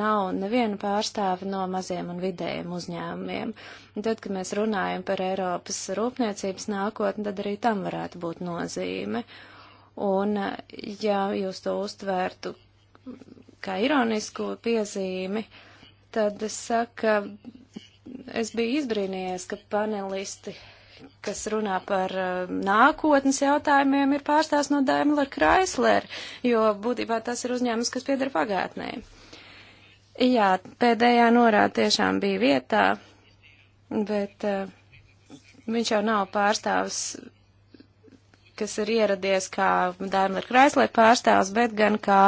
nav neviena pārstāve no maziem un vidējiem uzņēmumiem. Un tad, kad mēs runājam par Eiropas rūpniecības nākotni, tad arī tam varētu būt nozīme. Un, ja jūs to uztvērtu kā ironisku piezīmi, tad es saku, es biju izbrīnījies, ka panelisti kas runā par uh, nākotnes jautājumiem, ir pārstāvs no Daimler Chrysler, jo būtībā tas ir uzņēmums, kas pieder pagātnē. Jā, pēdējā norāda tiešām bija vietā, bet uh, viņš jau nav pārstāvis, kas ir ieradies kā Daimler Chrysler pārstāvis, bet gan kā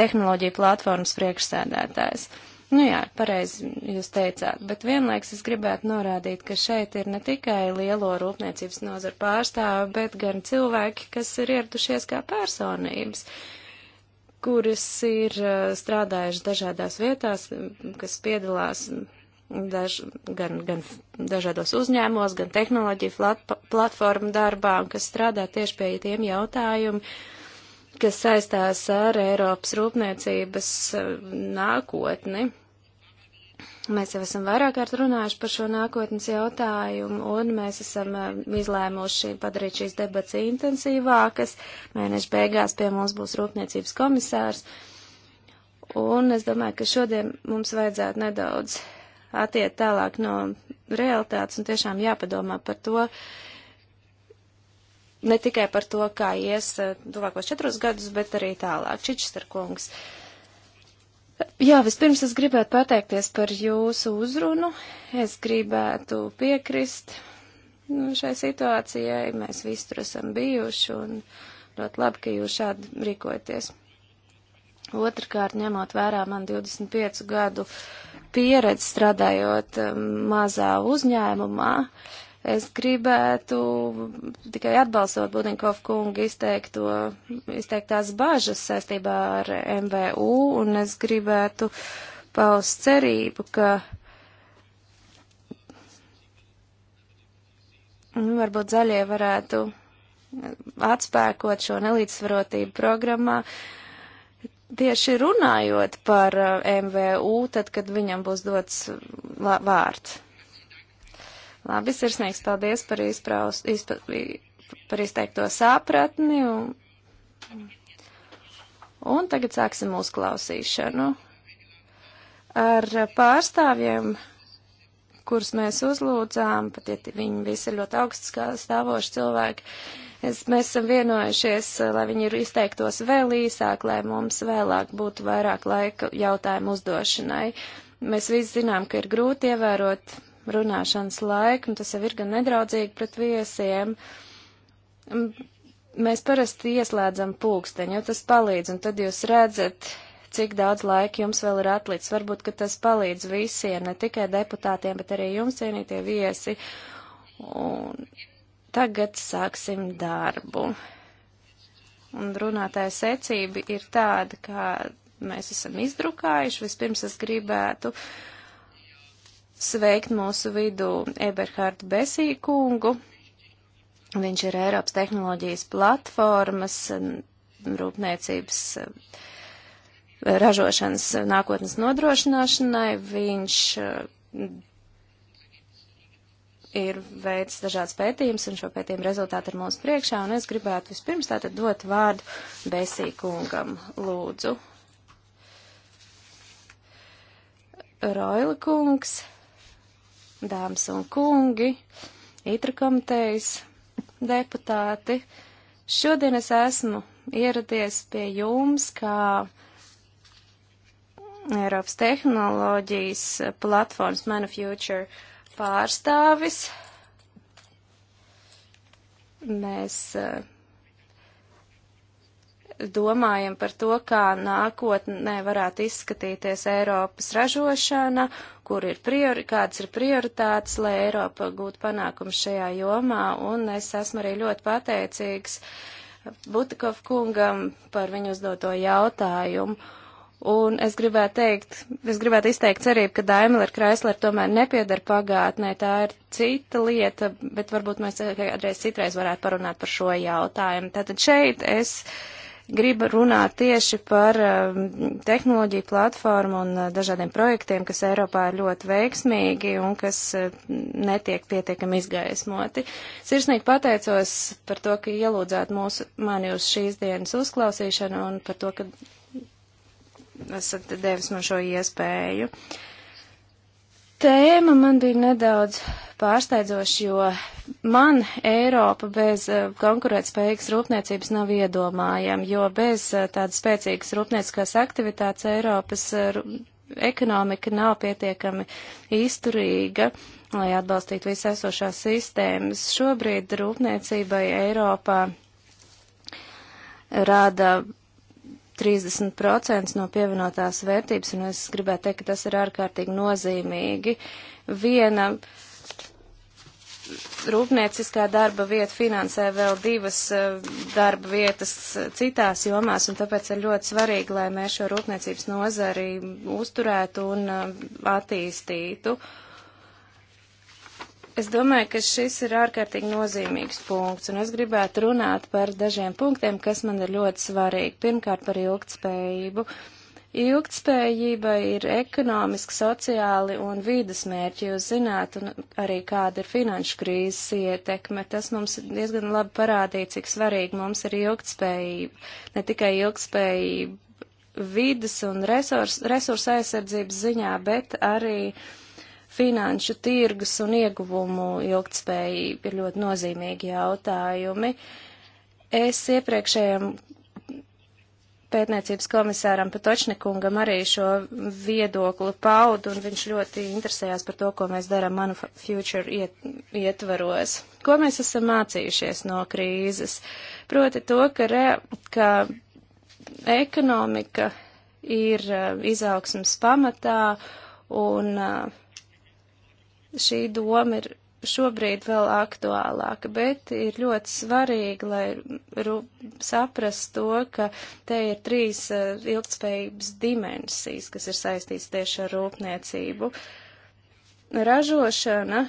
tehnoloģija platformas priekšsēdētājs. Nu jā, pareizi jūs teicāt, bet vienlaiks es gribētu norādīt, ka šeit ir ne tikai lielo rūpniecības nozaru pārstāvi, bet gan cilvēki, kas ir ieradušies kā personības. Uh, kuras ir strādājušas dažādās vietās, kas piedalās daž, gan, gan dažādos uzņēmumos, gan tehnoloģiju flat, platformu darbā, un kas strādā tieši pie tiem jautājumiem, kas saistās ar Eiropas rūpniecības nākotni. Mēs jau esam vairāk kārt runājuši par šo nākotnes jautājumu, un mēs esam eh, izlēmuši padarīt šīs debats intensīvākas. Mēneša beigās pie mums būs rūpniecības komisārs, un es domāju, ka šodien mums vajadzētu nedaudz attiet tālāk no realitātes un tiešām jāpadomā par to, ne tikai par to, kā ies eh, tuvākos četrus gadus, bet arī tālāk. Čičster kungs. Uh, Jā, vispirms es gribētu pateikties par jūsu uzrunu. Es gribētu piekrist nu, šai situācijai. Mēs visi tur esam bijuši un ļoti labi, ka jūs šādi rīkojaties. Otrakārt, ņemot vērā man 25 gadu pieredzi strādājot um, mazā uzņēmumā, uh, Es gribētu tikai atbalstot Budinkov kungu izteikto, izteiktās bažas saistībā ar MVU, un es gribētu paust cerību, ka nu, varbūt zaļie varētu atspēkot šo nelīdzsvarotību programmā. Tieši runājot par eh, MVU, tad, kad viņam būs dots vārds. Labi, sirsnīgs paldies par, izpraus, izpa, par izteikto sapratni. Un, un tagad sāksim uzklausīšanu ar pārstāvjiem, kurus mēs uzlūdzām, pat ja viņi visi ir ļoti augsts stāvoši cilvēki. Es, mēs esam vienojušies, lai viņi ir izteiktos vēl īsāk, lai mums vēlāk būtu vairāk laika jautājumu uzdošanai. Mēs visi zinām, ka ir grūti ievērot runāšanas laiku, un tas jau ir gan nedraudzīgi pret viesiem. Mēs parasti ieslēdzam pulksteņu, jo tas palīdz, un tad jūs redzat, cik daudz laika jums vēl ir atlicis. Varbūt, ka tas palīdz visiem, ne tikai deputātiem, bet arī jums cienītie viesi. Un tagad sāksim darbu. Un runātāja secība ir tāda, kā mēs esam izdrukājuši. Vispirms es gribētu uh, sveikt mūsu vidū Eberhārdu Besīkungu. Viņš ir Eiropas tehnoloģijas platformas rūpniecības e, ražošanas nākotnes nodrošināšanai. Viņš e, ir veids dažādas pētījumas, un šo pētījumu rezultāti ir mūsu priekšā, un es gribētu vispirms tātad dot vārdu Besīkungam. Lūdzu. Roila kungs dāmas un kungi, itra komitejas deputāti. Šodien es esmu ieradies pie jums kā Eiropas tehnoloģijas platformas Man of Future pārstāvis. Mēs uh, domājam par to, kā nākotnē varētu izskatīties Eiropas ražošana, kur ir priori, kādas ir prioritātes, lai Eiropa gūtu panākumu šajā jomā, un es esmu arī ļoti pateicīgs Butikov kungam par viņu uzdoto jautājumu. Un es gribētu teikt, es gribētu izteikt cerību, ka Daimler Chrysler tomēr nepiedara pagātnē, tā ir cita lieta, bet varbūt mēs kādreiz citreiz varētu parunāt par šo jautājumu. Tātad šeit es uh, gribu runāt tieši par um, tehnoloģiju platformu un uh, dažādiem projektiem, kas Eiropā ir ļoti veiksmīgi un kas uh, netiek pietiekami izgaismoti. Sirsnīgi pateicos par to, ka ielūdzāt mūsu, mani uz šīs dienas uzklausīšanu un par to, ka esat devis man šo iespēju. Tēma man bija nedaudz pārsteidzoši, jo man Eiropa bez eh, konkurētspējīgas rūpniecības nav iedomājama, jo bez eh, tādas spēcīgas rūpnieciskās aktivitātes Eiropas eh, ekonomika nav pietiekami izturīga, lai atbalstītu visu esošās sistēmas. Šobrīd rūpniecībai Eiropā rāda 30% no pievienotās vērtības, un es gribētu teikt, ka tas ir ārkārtīgi nozīmīgi. Viena uh, rūpnieciskā darba vieta finansē vēl divas eh, darba vietas eh, citās jomās, un tāpēc ir ļoti svarīgi, lai mēs šo rūpniecības nozari uzturētu un eh, attīstītu. Es domāju, ka šis ir ārkārtīgi nozīmīgs punkts, un es gribētu runāt par dažiem punktiem, kas man ir ļoti svarīgi. Pirmkārt, par ilgtspējību. Uh, Ilgtspējība ir ekonomiski, sociāli un vīdas mērķi, jūs zināt, un arī kāda ir finanšu krīzes ietekme. Tas mums diezgan labi parādīja, cik svarīgi mums ir ilgtspējība. Ne tikai ilgtspējība vidas un resurs, resursa aizsardzības ziņā, bet arī finanšu tirgus un ieguvumu ilgtspējība ir ļoti nozīmīgi jautājumi. Es iepriekšējiem pētniecības komisāram Patočnikungam arī šo viedokli paudu, un viņš ļoti interesējās par to, ko mēs darām manu future iet, ietvaros. Ko mēs esam mācījušies no krīzes? Proti to, ka, re, ka ekonomika ir eh, izaugsmas pamatā, un eh, šī doma ir šobrīd vēl aktuālāka, bet ir ļoti svarīgi, lai saprast to, ka te ir trīs eh, ilgspējības dimensijas, kas ir saistīts tieši ar rūpniecību. Ražošana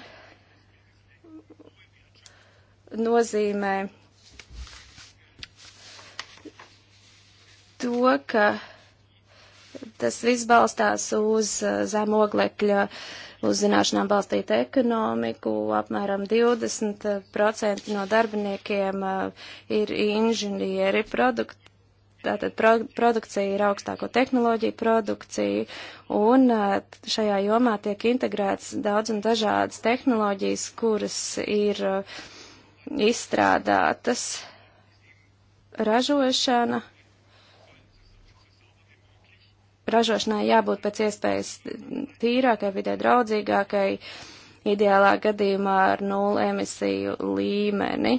nozīmē to, ka tas viss balstās uz eh, zemoglekļa uh, uz zināšanām balstītu ekonomiku, apmēram 20% no darbiniekiem uh, ir inženieri produkti. Tātad pro, produkcija ir augstāko tehnoloģiju produkcija, un uh, šajā jomā tiek integrēts daudz un dažādas tehnoloģijas, kuras ir uh, izstrādātas ražošana, ražošanai jābūt pēc iespējas tīrākai, vidē draudzīgākai, ideālā gadījumā ar nulli emisiju līmeni.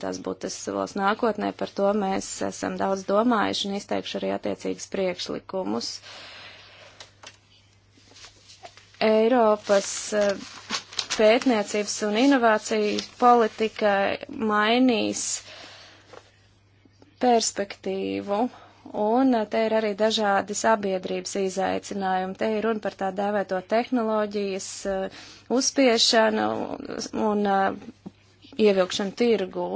Tas būtu tas solis nākotnē, par to mēs esam daudz domājuši un izteikšu arī attiecīgas priekšlikumus. Eiropas eh, pētniecības un inovāciju politika mainīs perspektīvu Un eh, te ir arī dažādi sabiedrības izaicinājumi. Te ir runa par tā dēvēto tehnoloģijas eh, uzspiešanu un eh, ievilkšanu tirgū.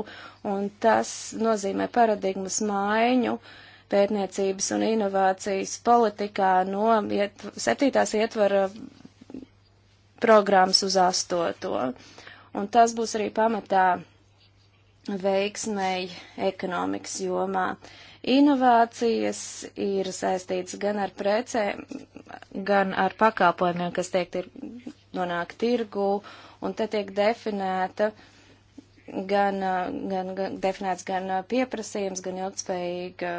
Un tas nozīmē paradigmas maiņu pētniecības un inovācijas politikā no iet, septītās ietvara programmas uz astoto. Un tas būs arī pamatā veiksmēji ekonomikas jomā. Uh, Inovācijas ir saistītas gan ar precēm, gan ar pakalpojumiem, kas tiek tir nonāk tirgu, un te tiek definēta gan, gan, gan definēts gan pieprasījums, gan ilgspējīga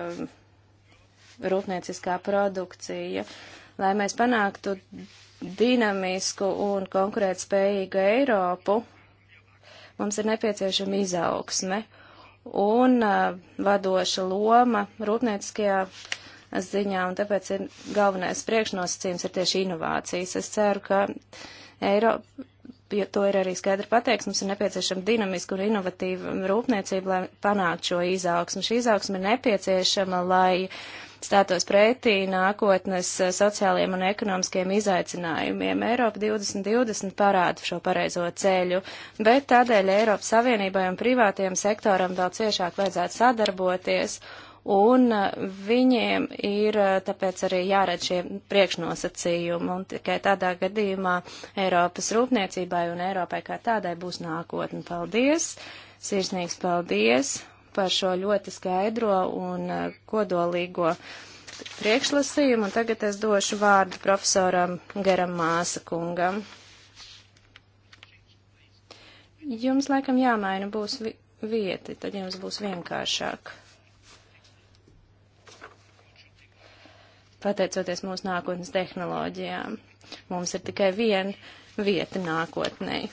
rūpnieciskā produkcija, lai mēs panāktu dinamisku un konkurētspējīgu Eiropu, mums ir nepieciešama izaugsme un uh, vadoša loma rūpnieciskajā ziņā, un tāpēc ir galvenais priekšnosacījums ir tieši inovācijas. Es ceru, ka Eiropa, ja to ir arī skaidri pateikts, mums ir nepieciešama dinamiska un inovatīva rūpniecība, lai panāktu šo izaugsmu. Šī izaugsma ir nepieciešama, lai uh, stātos pretī nākotnes eh, sociālajiem un ekonomiskiem izaicinājumiem. Eiropa 2020 parāda šo pareizo ceļu, bet tādēļ Eiropas Savienībai un privātiem sektoram vēl ciešāk vajadzētu sadarboties. Un eh, viņiem ir eh, tāpēc arī jāredz šie priekšnosacījumi, un tikai tādā gadījumā Eiropas rūpniecībai un Eiropai kā tādai būs nākotne. Paldies! Sirsnīgs paldies! par šo ļoti skaidro un eh, kodolīgo priekšlasījumu. Un tagad es došu vārdu profesoram Geram Māsa kungam. Jums laikam jāmaina būs vi vieta, tad jums būs vienkāršāk. Pateicoties mūsu nākotnes tehnoloģijām, mums ir tikai viena vieta nākotnēji.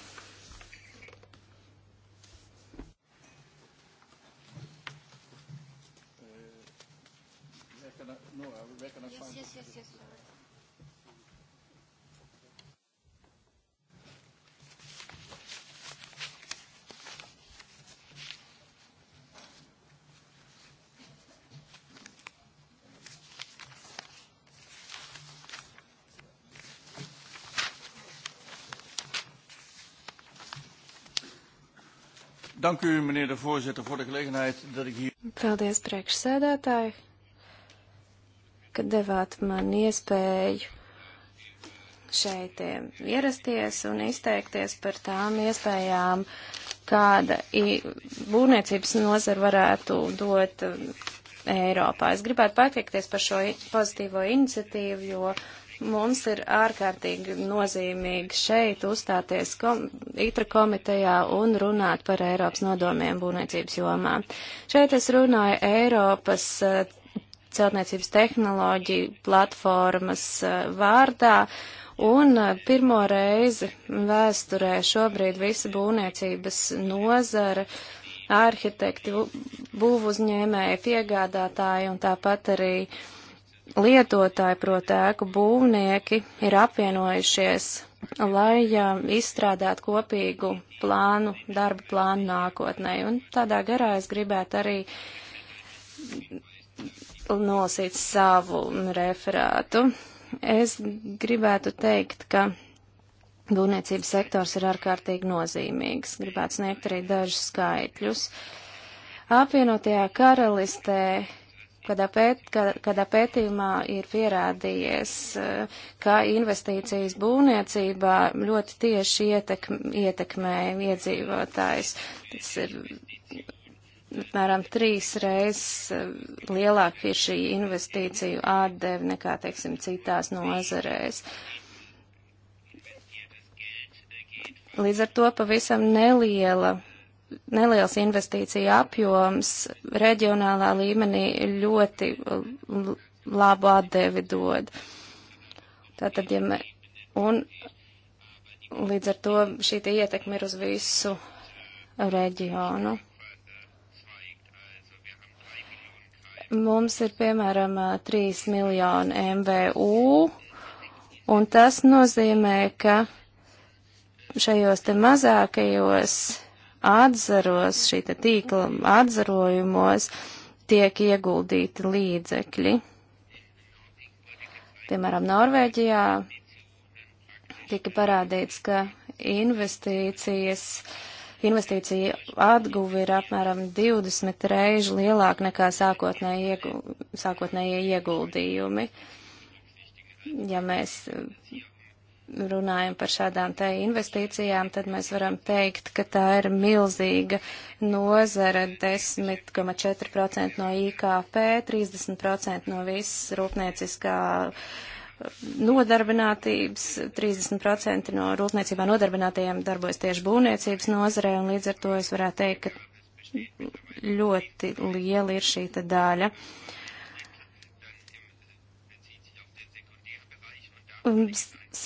Yes, yes, yes, yes. Dank u, meneer de voorzitter, voor de gelegenheid dat ik hier. Paldies, priekšsēdētāji, ka devāt man iespēju šeit eh, ierasties un izteikties par tām iespējām, kāda būvniecības nozara varētu dot eh, Eiropā. Es gribētu pateikties par šo pozitīvo iniciatīvu, jo mums ir ārkārtīgi nozīmīgi šeit uzstāties kom ITRA komitejā un runāt par Eiropas nodomiem būvniecības jomā. Šeit es runāju Eiropas eh, celtniecības tehnoloģiju platformas eh, vārdā. Un eh, pirmo reizi vēsturē šobrīd visa būvniecības nozara, arhitekti, būvu uzņēmēji, piegādātāji un tāpat arī lietotāji, proti ēku būvnieki, ir apvienojušies, lai eh, izstrādātu kopīgu plānu, darba plānu nākotnē. Un tādā garā es gribētu arī nolasīt savu referātu. Es gribētu teikt, ka būvniecības sektors ir ārkārtīgi nozīmīgs. Gribētu sniegt arī dažus skaitļus. Apvienotajā karalistē, kādā, pēt, kādā pētījumā ir pierādījies, ka investīcijas būvniecībā ļoti tieši ietekm, ietekmē iedzīvotājs. Tas ir apmēram trīs reizes lielāka ir šī investīciju atdeve nekā, teiksim, citās nozarēs. Līdz ar to pavisam neliela, neliels investīcija apjoms reģionālā līmenī ļoti labu atdevi dod. Tātad, ja mē, un līdz ar to šī ietekme ir uz visu reģionu. Mums ir piemēram 3 miljoni MVU, un tas nozīmē, ka šajos te mazākajos atzaros, šī te tīkla atzarojumos tiek ieguldīti līdzekļi. Piemēram, Norvēģijā tika parādīts, ka investīcijas uh, investīcija atguva ir apmēram 20 reižu lielāka nekā sākotnēji iegu, sākotnējie ieguldījumi. Ja mēs eh, runājam par šādām te investīcijām, tad mēs varam teikt, ka tā ir milzīga nozara 10,4% no IKP, 30% no visas rūpnieciskā uh, nodarbinātības, 30% no rūpniecībā nodarbinātajiem darbojas tieši būvniecības nozarē, un līdz ar to es varētu teikt, ka ļoti liela ir šī daļa.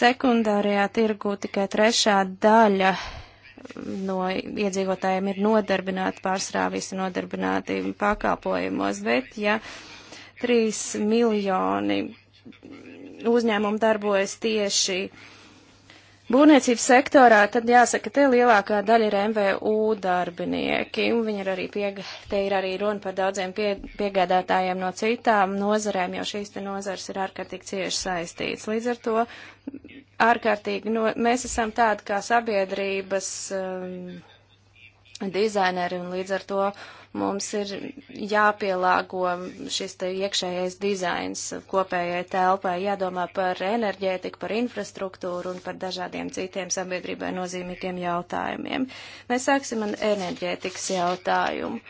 Sekundārajā tirgu tikai trešā daļa no iedzīvotājiem ir nodarbināti, pārsvarā visi nodarbināti pakalpojumos, bet ja 3 miljoni uzņēmumi darbojas tieši būvniecības sektorā, tad jāsaka, te lielākā daļa ir MVU darbinieki. Viņi ir arī pieg te ir arī runa par daudziem pie piegādātājiem no citām nozarēm, jo šīs te nozars ir ārkārtīgi cieši saistīts. Līdz ar to ārkārtīgi, no, mēs esam tādi kā sabiedrības um, dizaineri un līdz ar to uh, Mums ir jāpielāgo šis te iekšējais dizains kopējai telpai, jādomā par enerģētiku, par infrastruktūru un par dažādiem citiem sabiedrībai nozīmīgiem jautājumiem. Mēs sāksim ar enerģētikas jautājumu.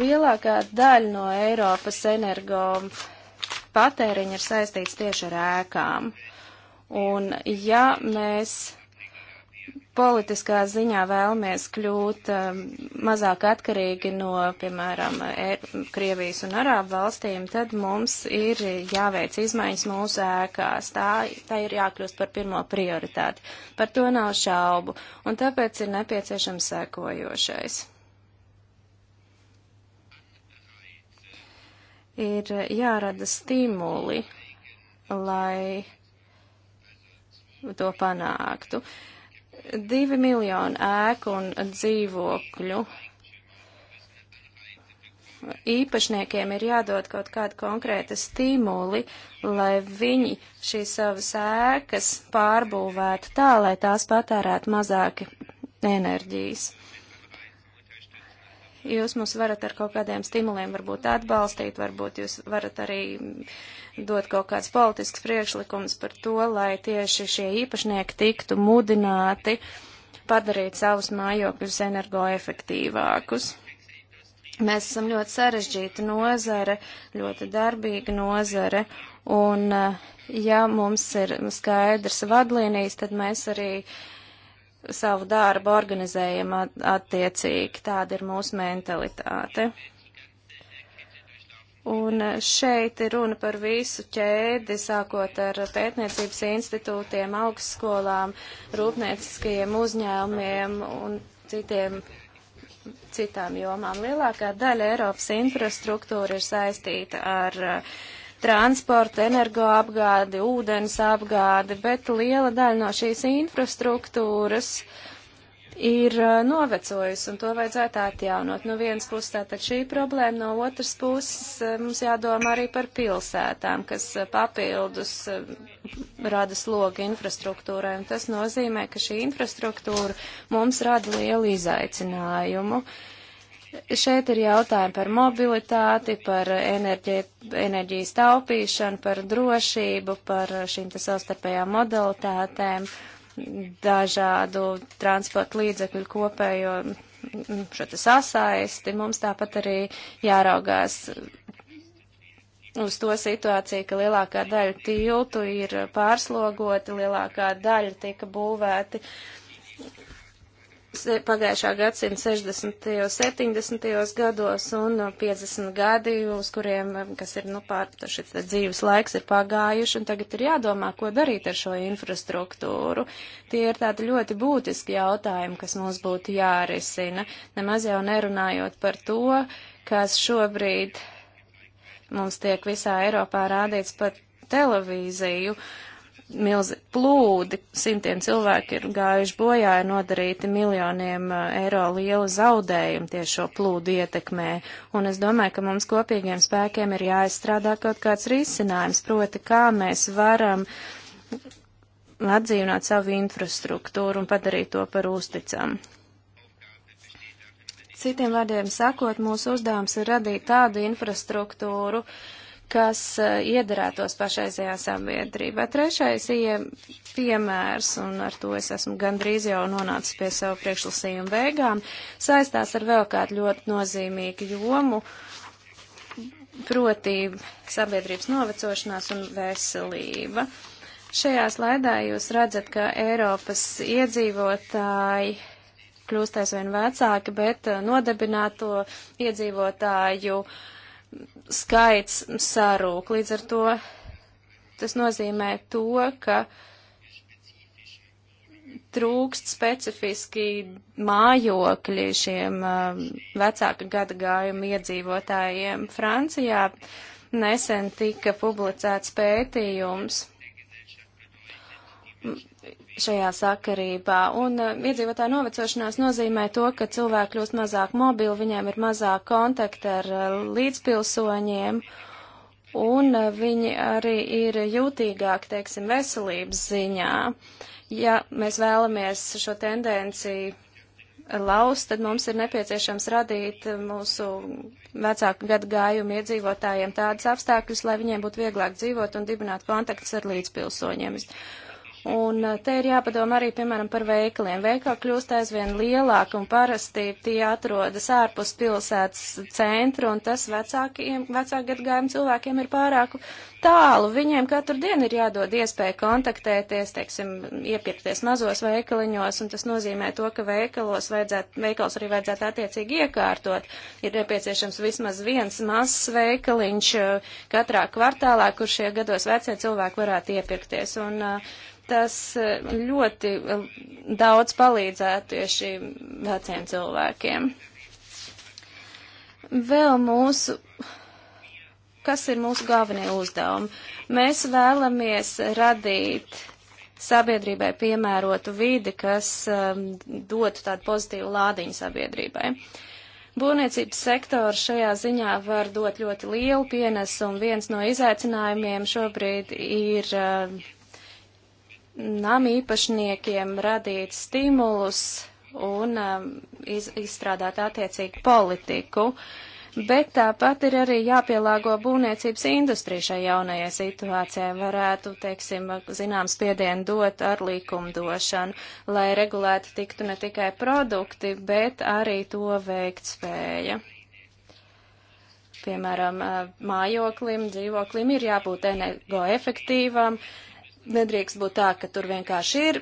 Lielākā daļa no Eiropas energo patēriņa ir saistīts tieši ar ēkām. Un ja mēs politiskā ziņā vēlamies kļūt um, mazāk atkarīgi no, piemēram, e Krievijas un Arābu valstīm, tad mums ir jāveic izmaiņas mūsu ēkās. Tā, tā ir jākļūst par pirmo prioritāti. Par to nav šaubu, un tāpēc ir nepieciešams sēkojošais. Ir jārada stimuli, lai to panāktu. Uh, divi miljoni ēku un dzīvokļu. Īpašniekiem ir jādod kaut kāda konkrēta stimuli, lai viņi šīs savas ēkas pārbūvētu tā, lai tās patērētu mazāk enerģijas. Jūs mūs varat ar kaut kādiem stimuliem varbūt atbalstīt, varbūt jūs varat arī dot kaut kāds politisks priekšlikums par to, lai tieši šie īpašnieki tiktu mudināti padarīt savus mājokļus energoefektīvākus. Mēs esam ļoti sarežģīta nozare, ļoti darbīga nozare, un eh, ja mums ir skaidrs vadlīnijas, tad mēs arī uh, savu darbu organizējam attiecīgi. Tāda ir mūsu mentalitāte. Un šeit ir runa par visu ķēdi, sākot ar pētniecības institūtiem, augstskolām, rūpnieciskajiem uzņēmumiem un citiem, citām jomām. Lielākā daļa Eiropas infrastruktūra ir saistīta ar uh, transportu, energoapgādi, ūdens apgādi, bet liela daļa no šīs infrastruktūras ir uh, novecojusi un to vajadzētu atjaunot. No nu, vienas puses tātad šī problēma, no otras puses uh, mums jādomā arī par pilsētām, kas uh, papildus rada slogu infrastruktūrai. Un tas nozīmē, ka šī infrastruktūra mums rada lielu izaicinājumu. Uh, Šeit ir jautājumi par mobilitāti, par enerģi, enerģijas taupīšanu, par drošību, par šīm te savstarpējām modalitātēm, dažādu transporta līdzekļu kopējo mm, šo te sasaisti. Mums tāpat arī jāraugās uz to situāciju, ka lielākā daļa tiltu ir pārslogoti, lielākā daļa tika būvēti. Uh, pagājušā gadsimta 60. un 70. gados un 50 uh, gadi, uz kuriem, um, kas ir, nu, pār šis dzīves laiks ir pagājuši, un tagad ir jādomā, ko darīt ar šo infrastruktūru. Tie ir tādi ļoti būtiski jautājumi, kas mums būtu jārisina, nemaz jau nerunājot par to, kas šobrīd mums tiek visā Eiropā rādīts pat televīziju, milzi plūdi, simtiem cilvēki ir gājuši bojā, ir nodarīti miljoniem eiro liela zaudējuma tieši šo plūdu ietekmē. Un es domāju, ka mums kopīgiem spēkiem ir jāizstrādā kaut kāds risinājums, proti, kā mēs varam atdzīvināt savu infrastruktūru un padarīt to par uzticamu. Citiem vārdiem sakot, mūsu uzdevums ir radīt tādu infrastruktūru, uh, kas eh, iederētos pašreizajā sabiedrībā. Trešais piemērs, un ar to es esmu gandrīz jau nonācis pie savu priekšlasījumu beigām, saistās ar vēl kādu ļoti nozīmīgu jomu, proti sabiedrības novecošanās un veselība. Šajā slaidā jūs redzat, ka Eiropas iedzīvotāji kļūst aizvien vecāki, bet eh, nodarbināto iedzīvotāju uh, skaits sarūk. Līdz ar to tas nozīmē to, ka trūkst specifiski mājokļi šiem uh, vecāka gada gājuma iedzīvotājiem. Francijā nesen tika publicēts pētījums šajā sakarībā. Un eh, iedzīvotāju novecošanās nozīmē to, ka cilvēki kļūst mazāk mobili, viņiem ir mazāk kontakta ar eh, līdzpilsoņiem, un eh, viņi arī ir jūtīgāki, teiksim, veselības ziņā. Ja mēs vēlamies šo tendenciju laust, tad mums ir nepieciešams radīt mūsu vecāku gadu gājumu iedzīvotājiem tādas apstākļus, lai viņiem būtu vieglāk dzīvot un dibināt kontaktus ar līdzpilsoņiem. Es Un eh, te ir jāpadomā arī, piemēram, par veikaliem. Veikali kļūst aizvien lielāki un parasti tie atrodas ārpus pilsētas centru, un tas vecākiem, vecāku gadgājumu cilvēkiem ir pārāku tālu. Viņiem katru dienu ir jādod iespēja kontaktēties, teiksim, iepirkties mazos veikaliņos, un tas nozīmē to, ka veikalos vajadzētu, veikals arī vajadzētu attiecīgi iekārtot. Ir nepieciešams vismaz viens mazs veikaliņš eh, katrā kvartālā, kur šie gados vecie cilvēki varētu iepirkties. Un, uh, Tas eh, ļoti eh, daudz palīdzētu tieši veciem cilvēkiem. Vēl mūsu, kas ir mūsu galvenie uzdevumi? Mēs vēlamies radīt sabiedrībai piemērotu vidi, kas um, dotu tādu pozitīvu lādiņu sabiedrībai. Būvniecības sektors šajā ziņā var dot ļoti lielu pienesumu. Viens no izaicinājumiem šobrīd ir uh, nama īpašniekiem radīt stimulus un um, iz, izstrādāt attiecīgu politiku. Bet tāpat ir arī jāpielāgo būvniecības industrija šai jaunajai situācijai. Varētu, teiksim, zinām spiedienu dot ar likumdošanu, lai regulēti tiktu ne tikai produkti, bet arī to veikt spēja piemēram, uh, mājoklim, dzīvoklim ir jābūt energoefektīvam, Nedrīkst būt tā, ka tur vienkārši ir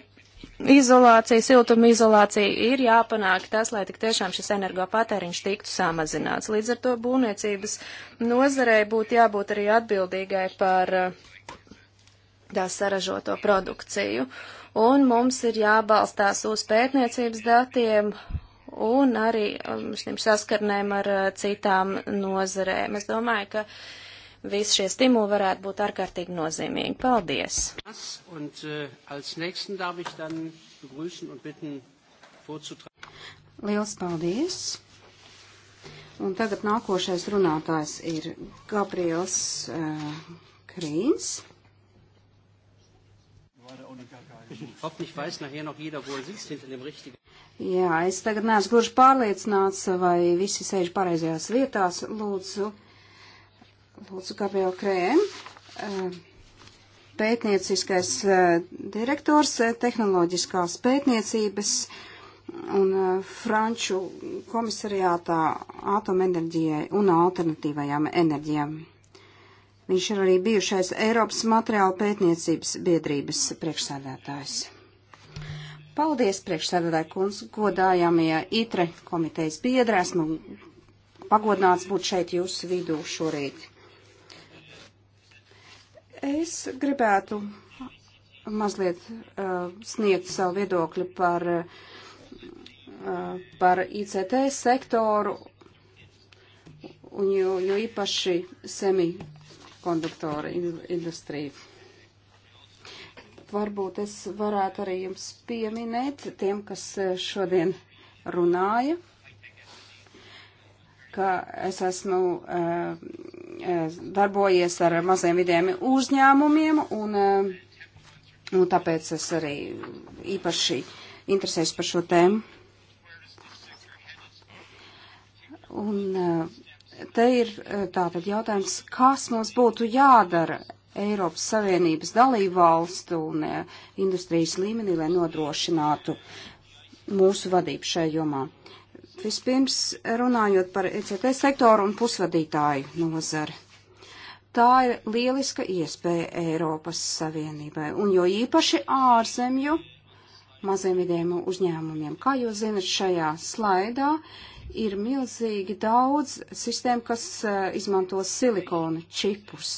izolācija, siltuma izolācija, ir jāpanāk tas, lai tik tiešām šis energopatēriņš tiktu samazināts. Līdz ar to būvniecības nozarei būtu jābūt arī atbildīgai par eh, tās saražoto produkciju. Un mums ir jābalstās uz pētniecības datiem un arī šīm um, saskarnēm ar eh, citām nozarēm. Es domāju, ka visi šie stimuli varētu būt ārkārtīgi nozīmīgi. Paldies! Eh, Liels paldies! Un tagad nākošais runātājs ir Gabriels uh, Krīns. Hoffentlich weiß nachher noch jeder, wo er sitzt hinter dem richtigen. Jā, es tagad neesmu gluži pārliecināts, vai visi sēž pareizajās vietās. Lūdzu, Lūdzu, Gabriela Krēm, eh, pētnieciskais eh, direktors eh, tehnoloģiskās pētniecības un Franču komisariātā atomenerģijai un alternatīvajām enerģijām. Viņš ir arī bijušais Eiropas materiāla pētniecības biedrības priekšsēdētājs. Paldies priekšsēdētāji kungs, godājamie ITRE komitejas biedri, esmu pagodināts būt šeit jūsu vidū šorīt. Es gribētu mazliet uh, sniegt savu viedokli par, uh, par ICT sektoru, un jo, jo īpaši semikonduktora industriju. Varbūt es varētu arī jums pieminēt tiem, kas uh, šodien runāja ka es esmu uh, darbojies ar maziem vidiem uzņēmumiem, un, uh, un tāpēc es arī īpaši interesējos par šo tēmu. Un uh, te ir tātad jautājums, kas mums būtu jādara Eiropas Savienības dalību valstu un industrijas līmenī, lai nodrošinātu mūsu vadību šajā jomā. Vispirms runājot par ECT sektoru un pusvadītāju nozari. Tā ir lieliska iespēja Eiropas Savienībai, un jo īpaši ārzemju maziem vidiem uzņēmumiem. Kā jūs zinat, šajā slaidā ir milzīgi daudz sistēmu, kas eh, izmanto silikona čipus.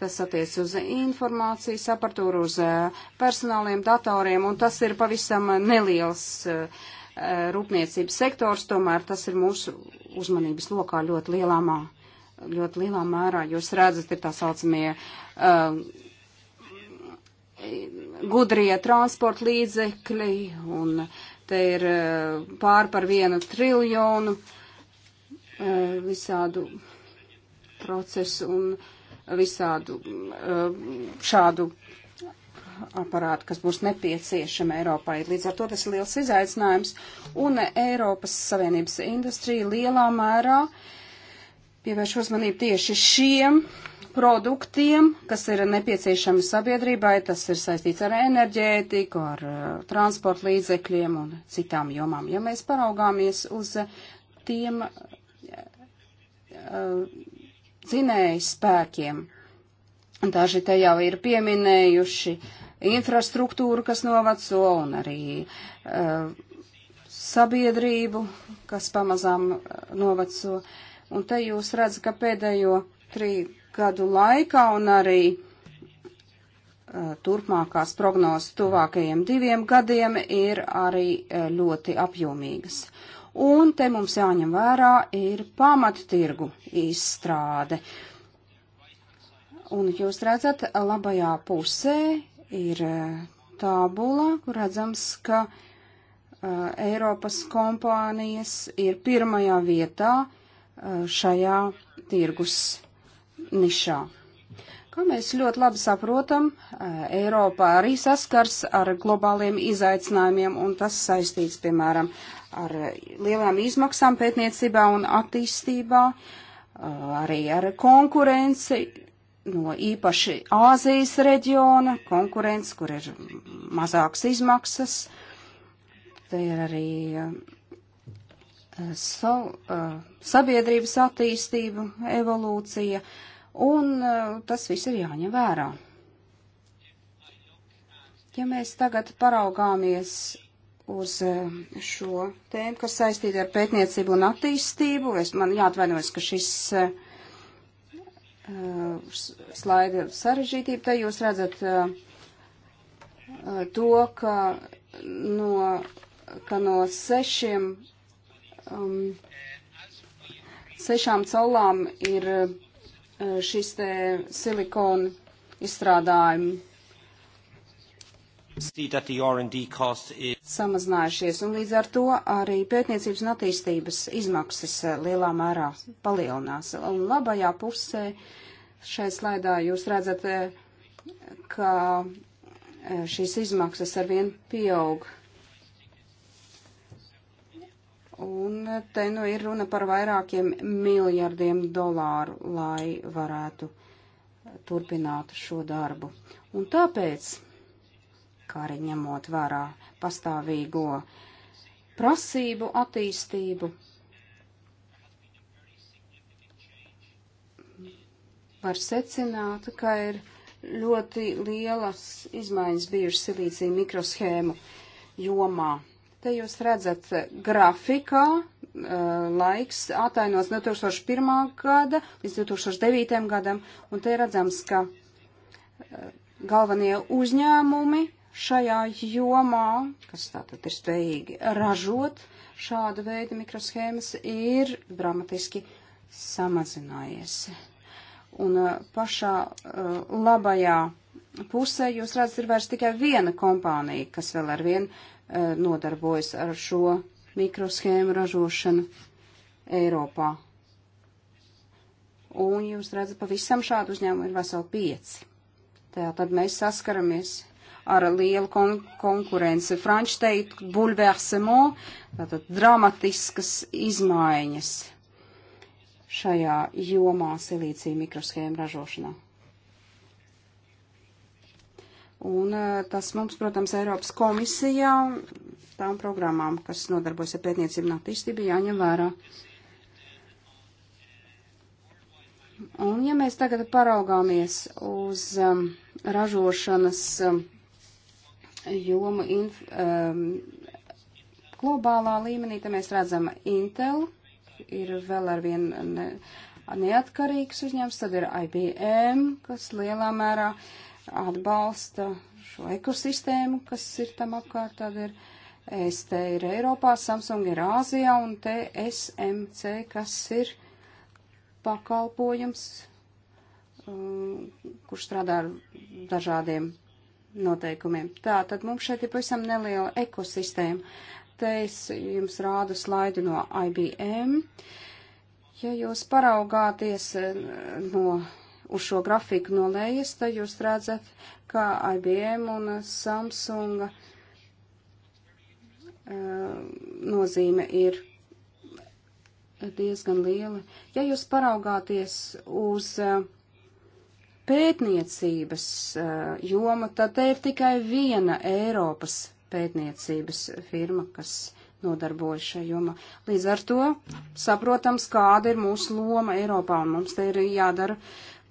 Tas attiec uz informācijas aparatūru, uz eh, personāliem datoriem, un tas ir pavisam neliels uh, rūpniecības sektors, tomēr tas ir mūsu uzmanības lokā ļoti lielā, mā, ļoti lielā mērā. Jūs redzat, ir tā saucamie uh, gudrie transporta līdzekļi, un te ir uh, pār par vienu triljonu uh, visādu procesu un visādu uh, šādu aparātu, kas būs nepieciešama Eiropai. Līdz ar to tas ir liels izaicinājums, un Eiropas Savienības industrija lielā mērā pievērš uzmanību tieši šiem produktiem, kas ir nepieciešami sabiedrībai, tas ir saistīts ar enerģētiku, ar uh, transporta līdzekļiem un citām jomām. Ja mēs paraugāmies uz tiem uh, dzinēju spēkiem, daži te jau ir pieminējuši infrastruktūru, kas novaco, un arī uh, sabiedrību, kas pamazām eh, novaco. Un te jūs redzat, ka pēdējo trīs gadu laikā un arī uh, turpmākās prognozes tuvākajiem diviem gadiem ir arī uh, ļoti apjomīgas. Un te mums jāņem vērā ir pamattirgu izstrāde. Un jūs redzat, labajā pusē ir e, tabula, kur redzams, ka uh, Eiropas kompānijas ir pirmajā vietā uh, šajā tirgus nišā. Kā mēs ļoti labi saprotam, Eiropā arī saskars ar globāliem izaicinājumiem, un tas saistīts, piemēram, ar lielām izmaksām pētniecībā un attīstībā, arī ar konkurenci no īpaši Āzijas reģiona, konkurence, kur ir mazāks izmaksas. Te ir arī eh, so, eh, sabiedrības attīstība, evolūcija, un eh, tas viss ir jāņem vērā. Ja mēs tagad paraugāmies uz šo tēmu, kas saistīta ar pētniecību un attīstību, es man jāatvainojas, ka šis uh, Uh, slaida sarežģītību, te jūs redzat uh, uh, to, ka no, ka no sešiem, um, sešām caulām ir šis te silikona izstrādājumi. See that the R&D cost is samazinājušies, un līdz ar to arī pētniecības un attīstības izmaksas eh, lielā mērā palielinās. Un labajā pusē šai slaidā jūs redzat, eh, ka eh, šīs izmaksas arvien pieaug. Un te nu ir runa par vairākiem miljardiem dolāru, lai varētu turpināt šo darbu. Un tāpēc, kā arī ņemot vērā pastāvīgo prasību attīstību. Var secināt, ka ir ļoti lielas izmaiņas bijušas silīcija mikroshēmu jomā. Te jūs redzat grafikā, laiks atainots 2001. gada līdz 2009. gadam, un te redzams, ka galvenie uzņēmumi šajā jomā, kas tātad ir spējīgi ražot šādu veidu mikroshēmas, ir dramatiski samazinājies. Un uh, pašā uh, labajā pusē jūs redzat, ir vairs tikai viena kompānija, kas vēl ar vienu uh, nodarbojas ar šo mikroshēmu ražošanu Eiropā. Un jūs redzat, pavisam šādu uzņēmumu ir veseli pieci. Tā tad mēs saskaramies ar lielu kon konkurenci. Franči teikt bulversemo, tātad dramatiskas izmaiņas šajā jomā silīcija mikroshēma ražošanā. Un tas mums, protams, Eiropas komisijā, tām programmām, kas nodarbojas ar pētniecību un attīstību, jāņem vērā. Un ja mēs tagad paraugāmies uz um, ražošanas um, jomu inf, um, globālā līmenī, tad mēs redzam Intel, ir vēl ar vien ne, neatkarīgs uzņēmums, tad ir IBM, kas lielā mērā atbalsta šo ekosistēmu, kas ir tam apkārt, tad ir ST ir Eiropā, Samsung ir Āzijā un TSMC, kas ir pakalpojums, um, kurš strādā ar dažādiem noteikumiem. Tā, tad mums šeit ir pavisam neliela ekosistēma. Te es jums rādu slaidu no IBM. Ja jūs paraugāties eh, no, uz šo grafiku no lejas, tad jūs redzat, ka IBM un Samsunga eh, nozīme ir diezgan liela. Ja jūs paraugāties uz uh, pētniecības uh, joma, tad te ir tikai viena Eiropas pētniecības firma, kas nodarbojas šajā jomā. Līdz ar to saprotams, kāda ir mūsu loma Eiropā, un mums te ir jādara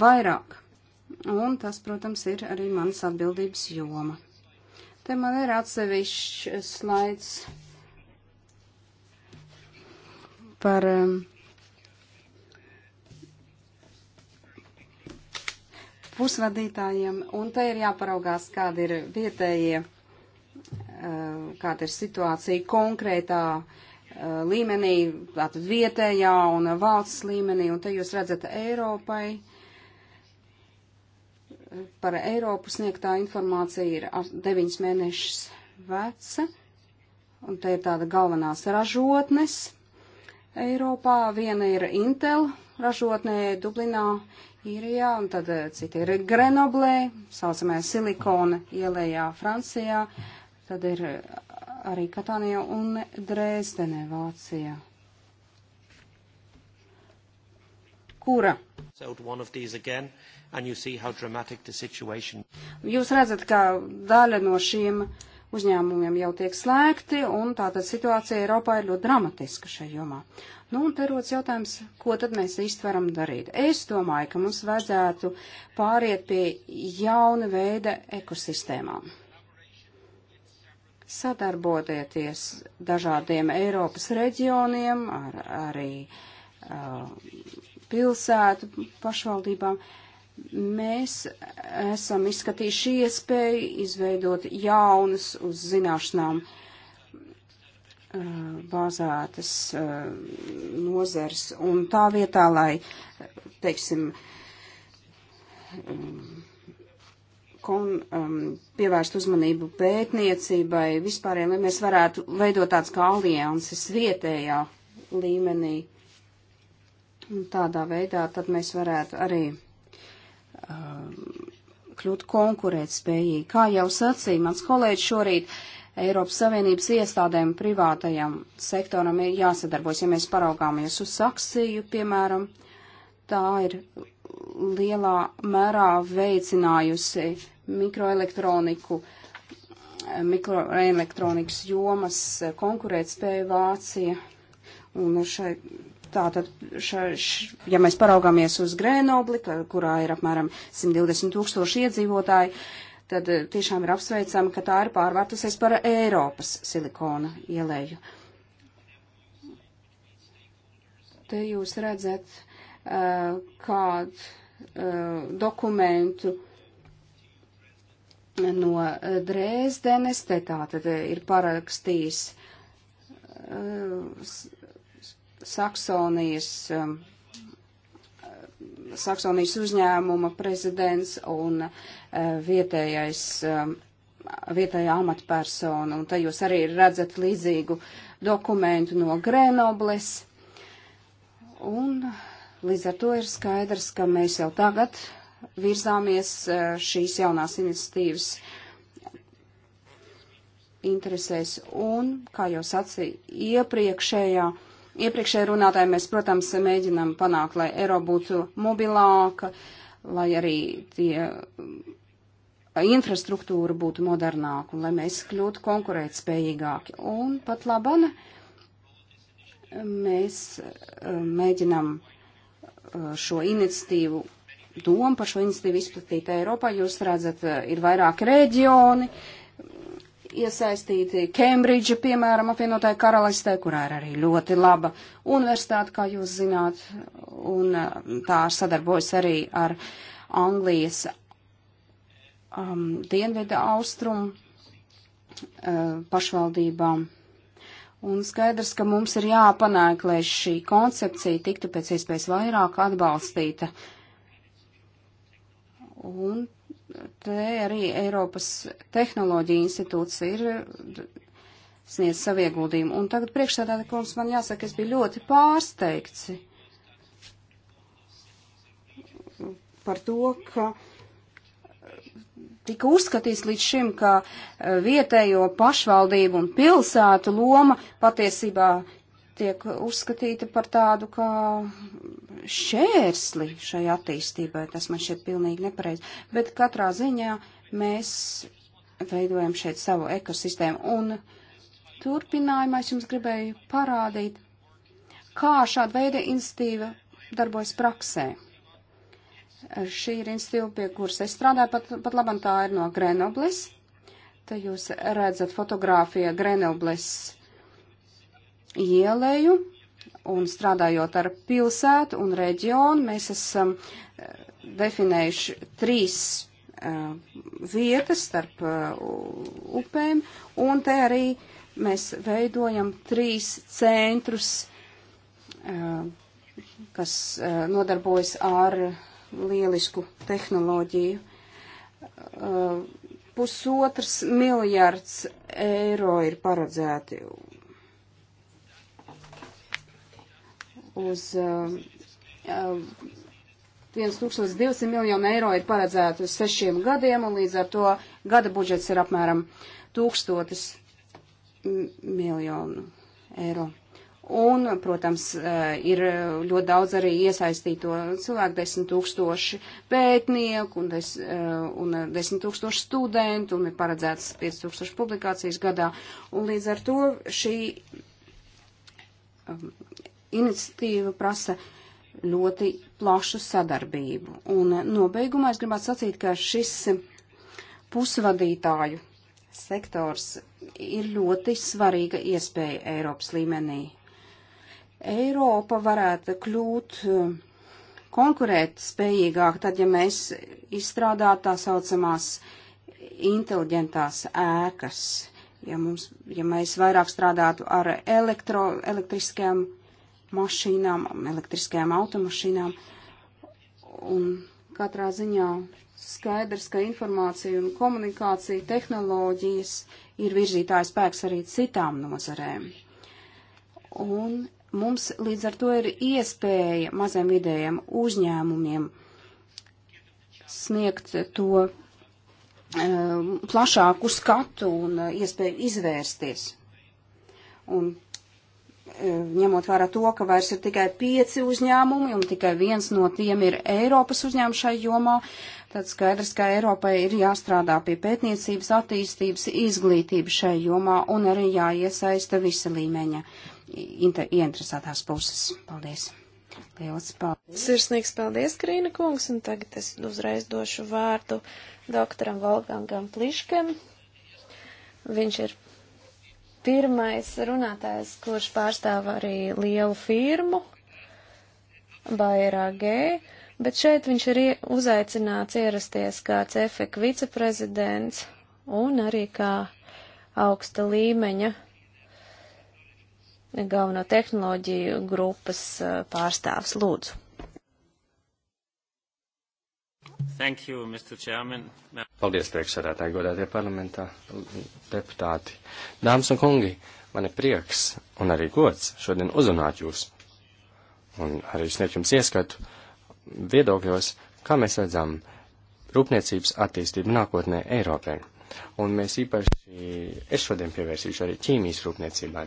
vairāk. Un tas, protams, ir arī mans atbildības joma. Te man ir atsevišķs slaids par um, pusvadītājiem, un te ir jāparaugās, kāda ir vietējie, eh, kāda ir situācija konkrētā eh, līmenī, tātad vietējā un valsts līmenī, un te jūs redzat Eiropai par Eiropu sniegtā informācija ir 9 mēnešus veca, un te ir tāda galvenās ražotnes Eiropā. Viena ir Intel ražotnē Dublinā, Īrijā, un tad eh, citi ir Grenoblē, saucamajā Silikona ielējā Francijā, tad ir eh, arī Katānija un Dresdenē Vācijā. Kura? Jūs redzat, ka daļa no šiem uh, uzņēmumiem jau tiek slēgti, un tātad situācija Eiropā ir ļoti dramatiska šajā jomā. Nu, un te rodas jautājums, ko tad mēs īsti varam darīt? Es domāju, ka mums vajadzētu pāriet pie jauna veida ekosistēmām. Sadarbotieties dažādiem Eiropas reģioniem, ar, arī uh, pilsētu pašvaldībām. Uh, Mēs esam izskatījuši iespēju izveidot jaunas uz zināšanām uh, bāzētas uh, nozars, un tā vietā, lai, teiksim, um, kon, um, pievērst uzmanību pētniecībai vispāriem, lai mēs varētu veidot tāds kā alianses vietējā līmenī. Un tādā veidā tad mēs varētu arī Um, kļūt konkurētspējīgi. Kā jau sacīja mans kolēģis šorīt, Eiropas Savienības iestādēm privātajam sektoram ir jāsadarbojas. Ja mēs paraugāmies uz Saksiju, piemēram, tā ir lielā mērā veicinājusi mikroelektroniku, mikroelektronikas jomas konkurētspēju Vācija. Un šai Tātad, ša, š, ja mēs paraugāmies uz Grēnobli, kurā ir apmēram 120 tūkstoši iedzīvotāji, tad eh, tiešām ir apsveicami, ka tā ir pārvērtusies par Eiropas silikona ielēju. Te jūs redzat uh, kādu uh, dokumentu no Dresdenes, te tātad ir parakstījis uh, Saksonijas, um, Saksonijas uzņēmuma prezidents un uh, vietējais, um, vietējā amatpersona, un te jūs arī redzat līdzīgu dokumentu no Grenobles. Un līdz ar to ir skaidrs, ka mēs jau tagad virzāmies uh, šīs jaunās iniciatīvas interesēs un, kā jau sacīja iepriekšējā iepriekšēji runātāji mēs, protams, mēģinām panākt, lai eiro būtu mobilāka, lai arī tie mm, infrastruktūra būtu modernāka un lai mēs kļūtu konkurētspējīgāki. Un pat labana mēs mm, mēģinam mm, šo iniciatīvu, domu par šo iniciatīvu izplatīt Eiropā. Jūs redzat, ir vairāki reģioni, uh, iesaistīti Kembridža, piemēram, apvienotāja karalistē, kurā ir arī ļoti laba universitāte, kā jūs zināt, un uh, tā sadarbojas arī ar Anglijas um, dienvida austrumu uh, pašvaldībām. Un skaidrs, ka mums ir jāpanāk, lai šī koncepcija tiktu pēc iespējas vairāk atbalstīta. Un Te arī Eiropas tehnoloģija institūts ir sniedz savu ieguldījumu. Un tagad priekšsēdētāji kungs man jāsaka, es biju ļoti pārsteigts par to, ka tika uzskatīts līdz šim, ka e, vietējo pašvaldību un pilsētu loma patiesībā tiek uzskatīta par tādu kā šērsli šai attīstībai, tas man šķiet pilnīgi nepareizi. Bet katrā ziņā mēs veidojam šeit savu ekosistēmu. Un turpinājumā es jums gribēju parādīt, kā šāda veida institīva darbojas praksē. Šī ir institīva, pie kuras es strādāju, pat, pat labam tā ir no Grenobles. Te jūs redzat fotogrāfija Grenobles ielēju Un strādājot ar pilsētu un reģionu, mēs esam eh, definējuši trīs eh, vietas starp eh, upēm, un te arī mēs veidojam trīs centrus, kas nodarbojas ar lielisku tehnoloģiju. Pusotrs miljards eiro ir paredzēti uz uh, um, 1200 um, miljonu eiro ir paredzēta uz sešiem gadiem, un līdz ar to gada budžets ir apmēram tūkstotis miljonu eiro. Un, protams, uh, ir ļoti daudz arī iesaistīto cilvēku, desmit tūkstoši pētnieku un, des, uh, un desmit tūkstoši studentu, un ir paredzētas 5000 publikācijas gadā. Un līdz ar to šī um, iniciatīva prasa ļoti plašu sadarbību. Un eh, nobeigumā es gribētu sacīt, ka šis pusvadītāju sektors ir ļoti svarīga iespēja Eiropas līmenī. Eiropa varētu kļūt eh, konkurēt spējīgāk, tad, ja mēs izstrādātu tā saucamās inteliģentās ēkas, ja, mums, ja mēs vairāk strādātu ar elektro, elektriskajām mašīnām, elektriskajām automašīnām. Un katrā ziņā skaidrs, ka informācija un komunikācija tehnoloģijas ir virzītājs spēks arī citām nozarēm. Un mums līdz ar to ir iespēja maziem vidējiem uzņēmumiem sniegt to eh, plašāku skatu un eh, iespēju izvērsties. Un E, ņemot vērā to, ka vairs ir tikai pieci uzņēmumi un tikai viens no tiem ir Eiropas uzņēmums šai jomā, tad skaidrs, ka Eiropai ir jāstrādā pie pētniecības, attīstības, izglītības šai jomā un arī jāiesaista visa līmeņa ieinteresētās puses. Paldies! Lielas paldies! Sirsnīgs paldies, Krīna kungs, un tagad es uzreiz došu vārdu doktoram Volgangam Pliškem. Viņš ir pirmais runātājs, kurš pārstāv arī lielu firmu, Bairāgē, bet šeit viņš ir uzaicināts ierasties kā CFK viceprezidents un arī kā augsta līmeņa galveno tehnoloģiju grupas eh, pārstāvs. Lūdzu! Thank you, Mr. Chairman. Paldies, priekšsēdētāji, godātie parlamentā deputāti. Dāmas un kungi, man ir prieks un arī gods šodien uzrunāt jūs un arī sniegt jums ieskatu viedokļos, kā mēs redzam rūpniecības attīstību nākotnē Eiropē. Un mēs īpaši, es šodien pievērsīšu arī ķīmijas rūpniecībai.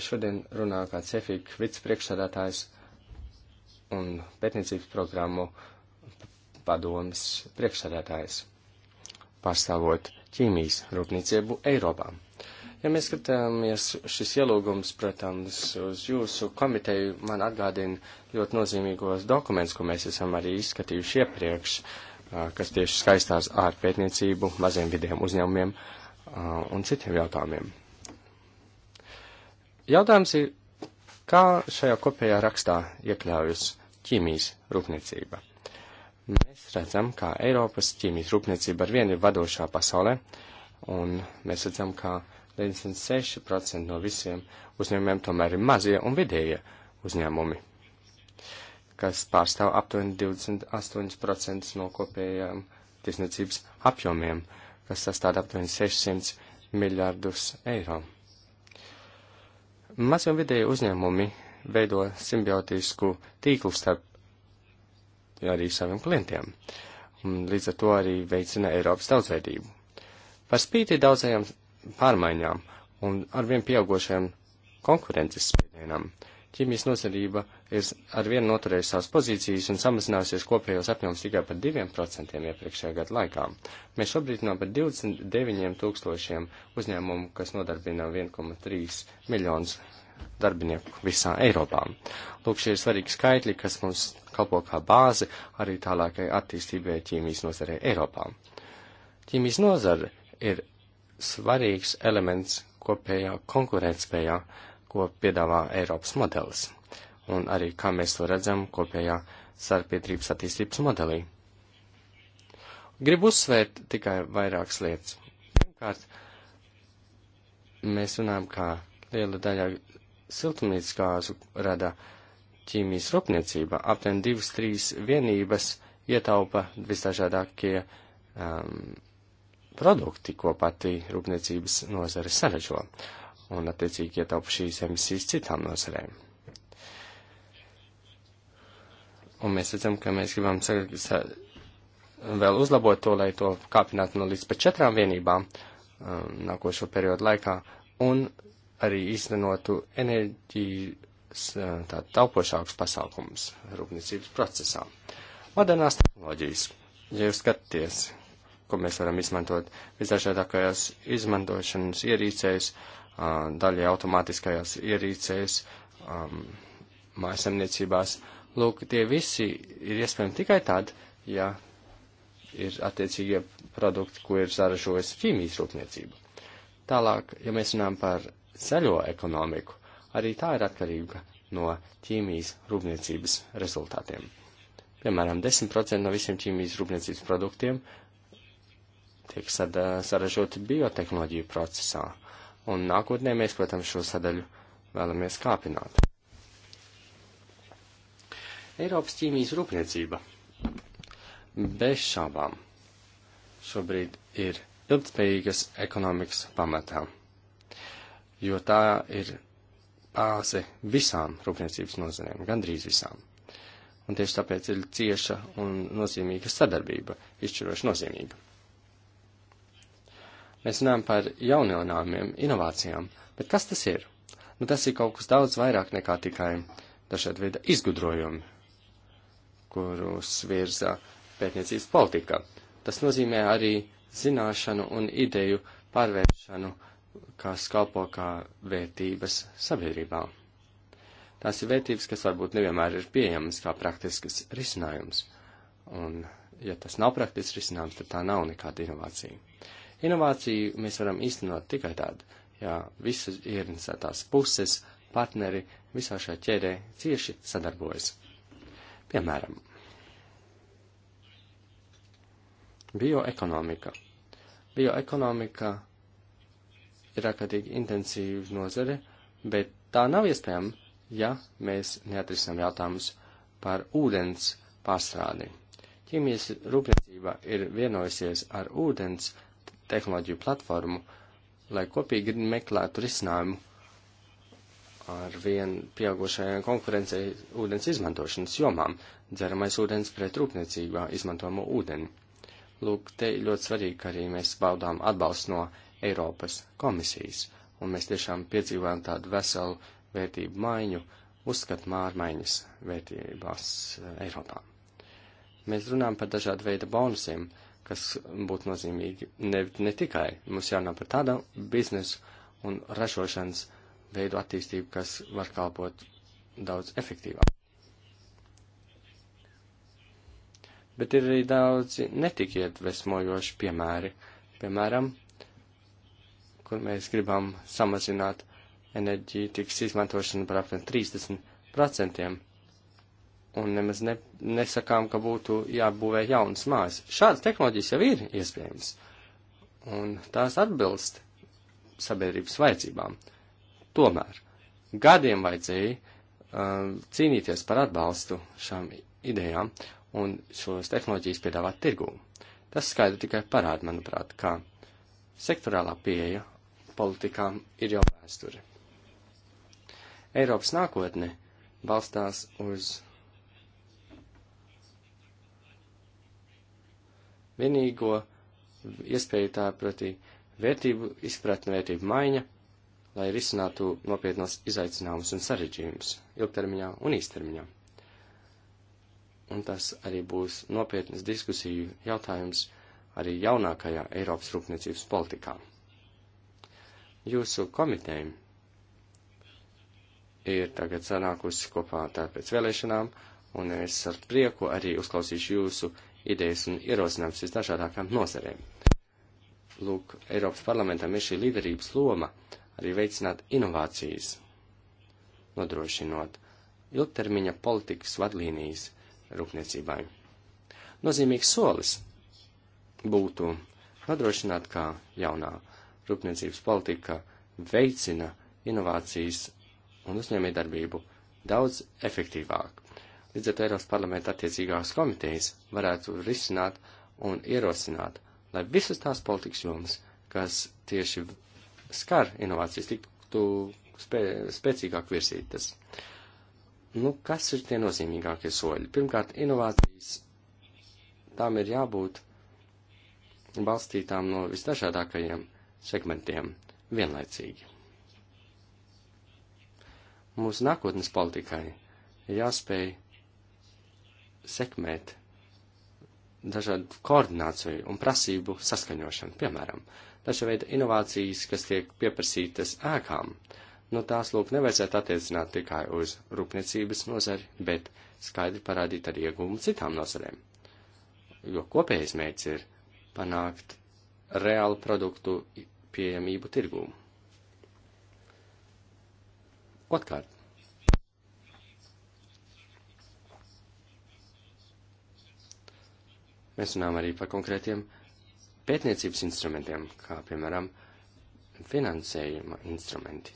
Es šodien runāju kā CEFIK vicepriekšsādātājs un pētniecības programmu uh, padomas priekšsādātājs, pārstāvot ķīmijas rūpniecību Eiropā. Ja mēs skatāmies šis ielūgums, protams, uz jūsu komiteju, man atgādina ļoti nozīmīgos dokumentus, ko mēs esam arī izskatījuši iepriekš, kas tieši skaistās ar pētniecību, maziem vidiem uzņēmumiem un citiem jautājumiem. Jautājums ir, kā šajā kopējā rakstā iekļaujas ķīmijas rūpniecība? Mēs redzam, ka Eiropas ķīmijas rūpniecība ar vienu ir vadošā pasaulē, un mēs redzam, ka 96% no visiem uzņēmumiem tomēr ir mazie un vidējie uzņēmumi, kas pārstāv aptuveni 28% no kopējām tiesniecības apjomiem, kas sastāda aptuveni 600 miljārdus eiro. Mazie un vidēji uzņēmumi veido simbiotisku tīklu starp arī saviem klientiem. Un līdz ar to arī veicina Eiropas daudzveidību. Par spīti daudzajām pārmaiņām un arvien pieaugošajām konkurences spiedienam, ķīmijas nozarība ir arvien noturējusi savas pozīcijas un samazinājusies kopējos apjoms tikai par 2% iepriekšējā gada laikā. Mēs šobrīd runājam par 29 tūkstošiem uzņēmumu, kas nodarbina 1,3 miljonus darbinieku visā Eiropā. Lūk, šie ir svarīgi skaitļi, kas mums kalpo kā bāzi arī tālākai attīstībai ķīmijas nozarē Eiropā. Ķīmijas nozara ir svarīgs elements kopējā konkurētspējā, ko piedāvā Eiropas modelis, un arī, kā mēs to redzam, kopējā sarpiedrības attīstības modelī. Gribu uzsvērt tikai vairākas lietas. Pirmkārt, mēs runājam, kā liela daļa siltumnīcas gāzu rada ķīmijas rūpniecība. Aptuveni divas, trīs vienības ietaupa visdažādākie um, produkti, ko pati rūpniecības nozare saražo, un attiecīgi ietaupa šīs emisijas citām nozarēm. Un mēs redzam, ka mēs gribam vēl uzlabot to, lai to kāpinātu no līdz pat četrām vienībām um, nākošo periodu laikā, un arī īstenotu enerģijas eh, tādu taupošākus pasākumus rūpniecības procesā. Modernās tehnoloģijas, ja jūs skatāties, ko mēs varam izmantot visdažādākajās izmantošanas ierīcēs, eh, daļai automātiskajās ierīcēs, ehm, mājasemniecībās, lūk, tie visi ir iespējami tikai tad, ja ir attiecīgie produkti, ko ir saražojis ķīmijas rūpniecība. Tālāk, ja mēs runājam par zaļo ekonomiku, arī tā ir atkarīga no ķīmijas rūpniecības rezultātiem. Piemēram, 10% no visiem ķīmijas rūpniecības produktiem tiek saražoti biotehnoloģiju procesā, un nākotnē mēs, protams, šo sadaļu vēlamies kāpināt. Eiropas ķīmijas rūpniecība bez šābām šobrīd ir ilgspējīgas ekonomikas pamatām jo tā ir bāze visām rūpniecības nozarēm, gandrīz visām. Un tieši tāpēc ir cieša un nozīmīga sadarbība, izšķiroši nozīmīga. Mēs runājam par jaunionāmiem inovācijām, bet kas tas ir? Nu, tas ir kaut kas daudz vairāk nekā tikai dažāda veida izgudrojumi, kurus virza pētniecības politika. Tas nozīmē arī zināšanu un ideju pārvēršanu uh, kas kalpo kā vērtības sabiedrībā. Tās ir vērtības, kas varbūt nevienmēr ir pieejamas kā praktisks risinājums. Un, ja tas nav praktisks risinājums, tad tā nav nekāda inovācija. Inovāciju mēs varam īstenot tikai tad, ja visas ierinasētās puses, partneri visā šajā ķēdē cieši sadarbojas. Piemēram, bioekonomika. Bioekonomika ir ārkārtīgi intensīva nozare, bet tā nav iespējama, ja mēs neatrisinām jautājumus par ūdens pārstrādi. Ķīmijas rūpniecība ir vienojusies ar ūdens tehnoloģiju platformu, lai kopīgi meklētu risinājumu ar vien pieaugušajai konkurencei ūdens izmantošanas jomām, dzeramais ūdens pret rūpniecībā izmantojamo ūdeni. Lūk, te ļoti svarīgi, ka arī mēs baudām atbalstu no Eiropas komisijas, un mēs tiešām piedzīvojam tādu veselu vērtību maiņu, uzskatu mārmaiņas vērtībās eh, Eiropā. Mēs runājam par dažādu veidu bonusiem, kas būtu nozīmīgi ne, ne tikai mums jārunā par tādu biznesu un ražošanas veidu attīstību, kas var kalpot daudz efektīvāk. Bet ir arī daudzi netik iedvesmojoši piemēri. Piemēram, kur mēs gribam samazināt enerģītikas izmantošanu par apmēram 30%, un nemaz ne, nesakām, ka būtu jābūvē jaunas mājas. Šādas tehnoloģijas jau ir iespējams, un tās atbilst sabiedrības vajadzībām. Tomēr gadiem vajadzēja uh, cīnīties par atbalstu šām idejām un šos tehnoloģijas piedāvāt tirgū. Tas skaidri tikai parāda, manuprāt, kā sektorālā pieeja politikām ir jau vēsture. Eiropas nākotne balstās uz vienīgo iespēju tā proti vērtību, izpratne vērtību maiņa, lai risinātu nopietnos izaicinājumus un sarežģījumus ilgtermiņā un īstermiņā. Un tas arī būs nopietnas diskusiju jautājums arī jaunākajā Eiropas rūpniecības politikā. Jūsu komitejiem ir tagad sanākusi kopā tāpēc vēlēšanām, un es ar prieku arī uzklausīšu jūsu idejas un ierosinājumus visdažādākām nozarēm. Lūk, Eiropas parlamentam ir šī līderības loma arī veicināt inovācijas, nodrošinot ilgtermiņa politikas vadlīnijas rūpniecībai. Nozīmīgs solis būtu nodrošināt, kā jaunā rūpniecības politika veicina inovācijas un uzņēmējdarbību daudz efektīvāk. Līdz ar to Eiropas parlamenta attiecīgās komitejas varētu risināt un ierosināt, lai visas tās politikas jomas, kas tieši skar inovācijas, tiktu spē, spēcīgāk virsītas. Nu, kas ir tie nozīmīgākie soļi? Pirmkārt, inovācijas tām ir jābūt balstītām no visdažādākajiem segmentiem vienlaicīgi. Mūsu nākotnes politikai ir jāspēj sekmēt dažādu koordināciju un prasību saskaņošanu, piemēram, dažāda veida inovācijas, kas tiek pieprasītas ēkām. No tās lūk nevajadzētu attiecināt tikai uz rūpniecības nozari, bet skaidri parādīt arī iegūmu citām nozarēm. Jo kopējais mērķis ir panākt reālu produktu pieejamību tirgū. Otkārt. Mēs runājam arī par konkrētiem pētniecības instrumentiem, kā piemēram finansējuma instrumenti.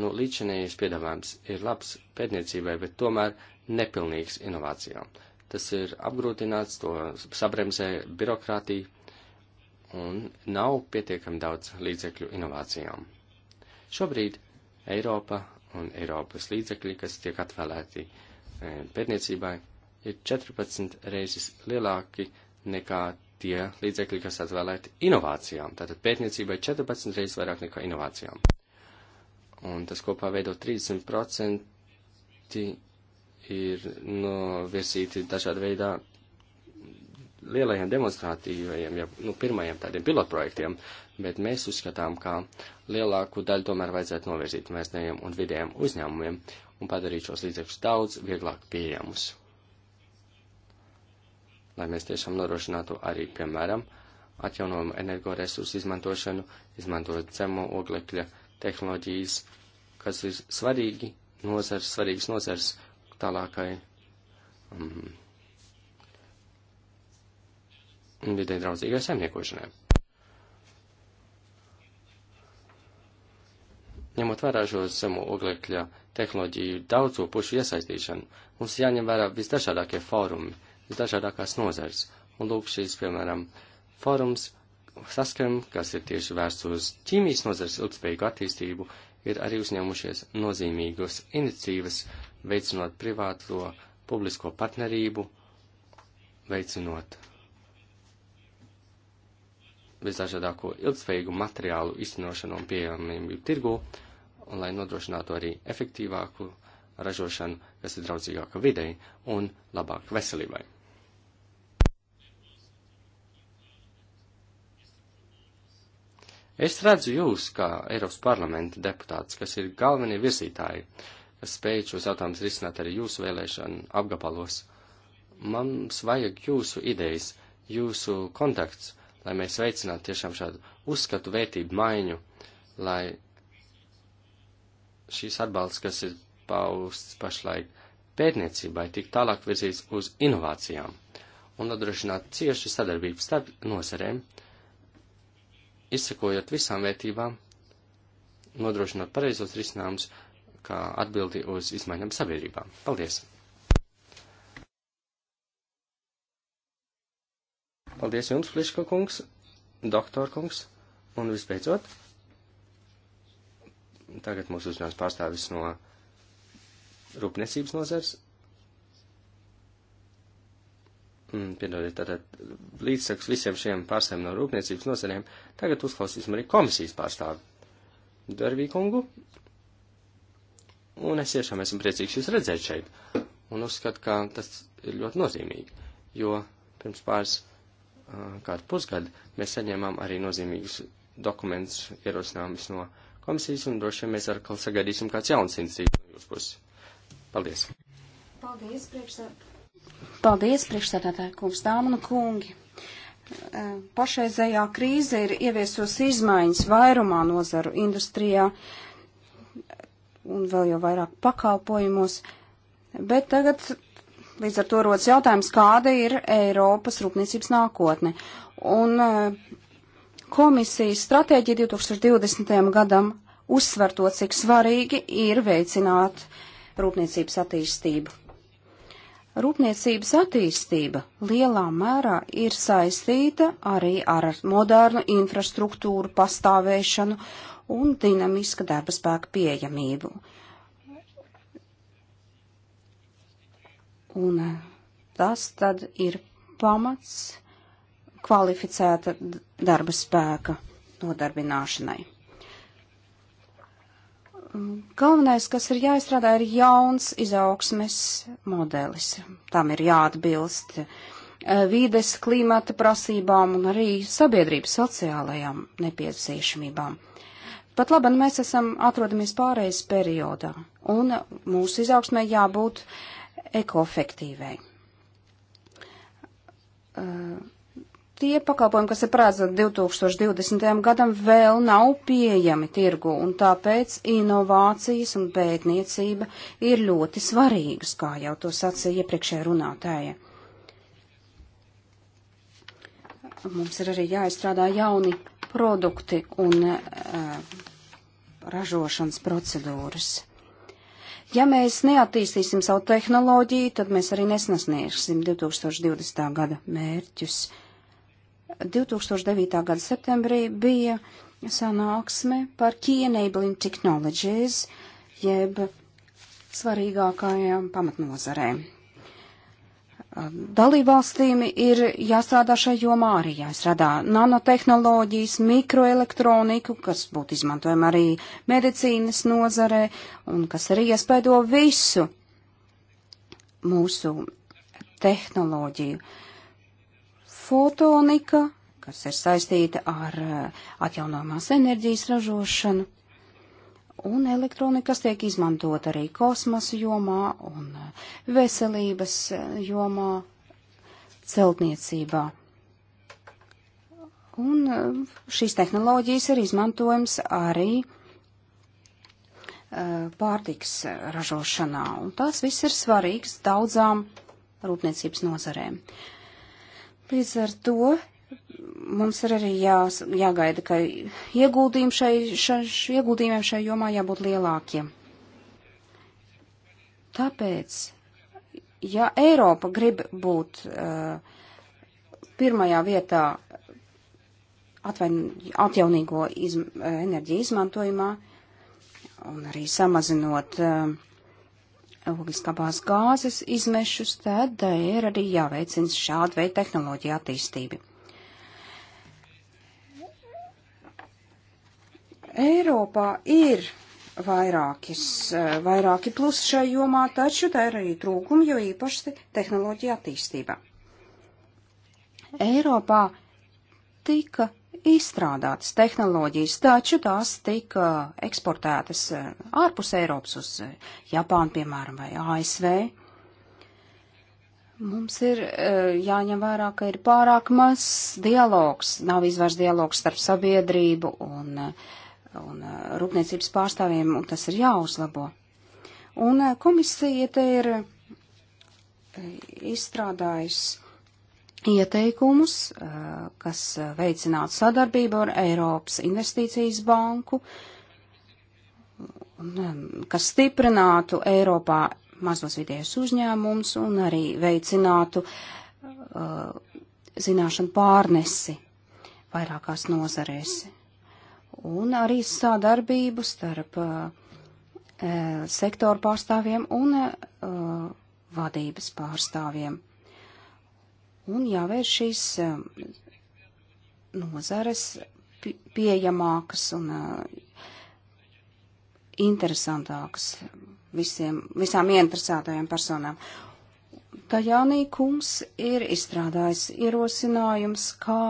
Nu, līdzinējais piedāvājums ir labs pētniecībai, bet tomēr nepilnīgs inovācijām. Tas ir apgrūtināts, to sabremzē birokrātija, un nav pietiekami daudz līdzekļu inovācijām. Šobrīd Eiropa un Eiropas līdzekļi, kas tiek atvēlēti e, pētniecībai, ir 14 reizes lielāki nekā tie līdzekļi, kas atvēlēti inovācijām. Tātad pētniecībai 14 reizes vairāk nekā inovācijām. Un tas kopā veido 30% ir novirzīti dažāda veidā lielajiem demonstratīvajiem, ja, nu, pirmajiem tādiem pilotprojektiem, bet mēs uzskatām, ka lielāku daļu tomēr vajadzētu novirzīt mēsnējiem un vidējiem uzņēmumiem un padarīt šos līdzekļus daudz vieglāk pieejamus. Lai mēs tiešām nodrošinātu arī, piemēram, atjaunojumu energoresursu izmantošanu, izmantojot zemo oglekļa tehnoloģijas, kas ir svarīgi nozars, svarīgs nozars tālākai um, vidē draudzīgai saimniekošanai. Ņemot vērā šo zemu oglekļa tehnoloģiju daudzo pušu iesaistīšanu, mums jāņem vērā visdažādākie fórumi, visdažādākās nozars, un lūk šīs, piemēram, fórums saskaram, kas ir tieši vērsts uz ķīmijas nozars ilgspējīgu attīstību, ir arī uzņēmušies nozīmīgas iniciatīvas, veicinot privāto publisko partnerību, veicinot visdažādāko ilgspējīgu materiālu izcinošanu un pieejamību tirgu, un lai nodrošinātu arī efektīvāku ražošanu, kas ir draudzīgāka videi un labāk veselībai. Es redzu jūs, kā Eiropas parlamenta deputāts, kas ir galvenie virzītāji, kas spēj šos jautājumus risināt arī jūsu vēlēšanu apgabalos. Mums vajag jūsu idejas, jūsu kontakts, lai mēs veicinātu tiešām šādu uzskatu vērtību maiņu, lai šīs atbalsts, kas ir pausts pašlaik pētniecībai, tik tālāk virzīts uz inovācijām un nodrošināt cieši sadarbību starp nozarēm, izsekojot visām vērtībām, nodrošinot pareizos risinājumus, kā atbildi uz izmaiņām sabiedrībā. Paldies! Paldies jums, Fliška kungs, doktor kungs, un visbeidzot, tagad mūs uzzinās pārstāvis no rūpniecības nozars. Mm, piedodiet, tātad līdzsaks visiem šiem pārstāvjiem no rūpniecības nozariem, tagad uzklausīsim arī komisijas pārstāvi Darvī kungu. Un es tiešām esmu priecīgs jūs redzēt šeit. Un uzskatu, ka tas ir ļoti nozīmīgi, jo pirms pāris kādu pusgadu, mēs saņēmām arī nozīmīgus dokumentus, ierosinājumus no komisijas, un droši vien mēs atkal sagaidīsim kāds jauns institūts no jūsu puses. Paldies! Paldies, priekšsēdētāji! Paldies, priekšsēdētāji, kungs, dāmas un kungi! Eh, pašreizējā krīze ir ieviesusi izmaiņas vairumā nozaru industrijā un vēl jau vairāk pakalpojumos, bet tagad Līdz ar to rodas jautājums, kāda ir Eiropas rūpniecības nākotne. Un eh, komisijas stratēģija 2020. gadam uzsver to, cik svarīgi ir veicināt rūpniecības attīstību. Rūpniecības attīstība lielā mērā ir saistīta arī ar modernu infrastruktūru pastāvēšanu un dinamiska darba spēka pieejamību. Un eh, tas tad ir pamats kvalificēta darba spēka nodarbināšanai. Mm, galvenais, kas ir jāizstrādā, ir jauns izaugsmes modelis. Tam ir jāatbilst eh, vides, klimata prasībām un arī sabiedrības sociālajām nepieciešamībām. Pat labi, mēs esam atrodamies pārējais periodā, un mūsu izaugsmē jābūt uh, ekoefektīvai. Uh, tie pakalpojumi, kas ir prātīgi 2020. gadam, vēl nav pieejami tirgu, un tāpēc inovācijas un pētniecība ir ļoti svarīgas, kā jau to sacīja iepriekšējā runātāja. Mums ir arī jāizstrādā jauni produkti un uh, ražošanas procedūras. Ja mēs neattīstīsim savu tehnoloģiju, tad mēs arī nesasniegsim 2020. gada mērķus. 2009. gada septembrī bija sanāksme par Key Enabling Technologies, jeb svarīgākajām pamatnozarēm Dalībvalstīm ir jāstrādā šai jomā arī jāizstrādā nanotehnoloģijas, mikroelektroniku, kas būtu izmantojama arī medicīnas nozarē un kas arī iespēdo visu mūsu tehnoloģiju. Fotonika, kas ir saistīta ar atjaunojumās enerģijas ražošanu un elektronika, kas tiek izmantot arī kosmosa jomā un eh, veselības eh, jomā, celtniecībā. Un eh, šīs tehnoloģijas ir izmantojams arī pārtiks ražošanā, un tas viss ir svarīgs daudzām rūpniecības nozarēm. Līdz ar to mums ir arī jā, jāgaida, ka ieguldījumi šai, šai, ieguldījumiem šai jomā jābūt lielākiem. Tāpēc, ja Eiropa grib būt uh, pirmajā vietā atvain, atjaunīgo izm, uh, enerģiju izmantojumā un arī samazinot uh, ogliskābās gāzes izmešus, tad uh, ir arī jāveicina šāda veida tehnoloģija attīstība. Eiropā ir vairākis, eh, vairāki plusi šai jomā, taču tā ir arī trūkumi, jo īpaši tehnoloģija attīstībā. Eiropā tika izstrādātas tehnoloģijas, taču tās tika eksportētas eh, ārpus Eiropas uz eh, Japānu, piemēram, vai ASV. Mums ir jāņem vērā, ka ir pārāk maz dialogs, nav izvairs dialogs starp sabiedrību un uh, un uh, rūpniecības pārstāvjiem, un tas ir jāuzlabo. Un uh, komisija te ir uh, izstrādājusi ieteikumus, kas veicinātu sadarbību ar Eiropas investīcijas banku, um, kas stiprinātu Eiropā mazos vidējos uzņēmums un arī veicinātu uh, zināšanu pārnesi vairākās nozarēs un arī sadarbību starp eh, sektoru pārstāvjiem un eh, vadības pārstāvjiem. Un jāvērš šīs eh, nozares pieejamākas un interesantākas visiem, visām ieinteresētajām personām. Tajānī kungs ir izstrādājis ierosinājums, kā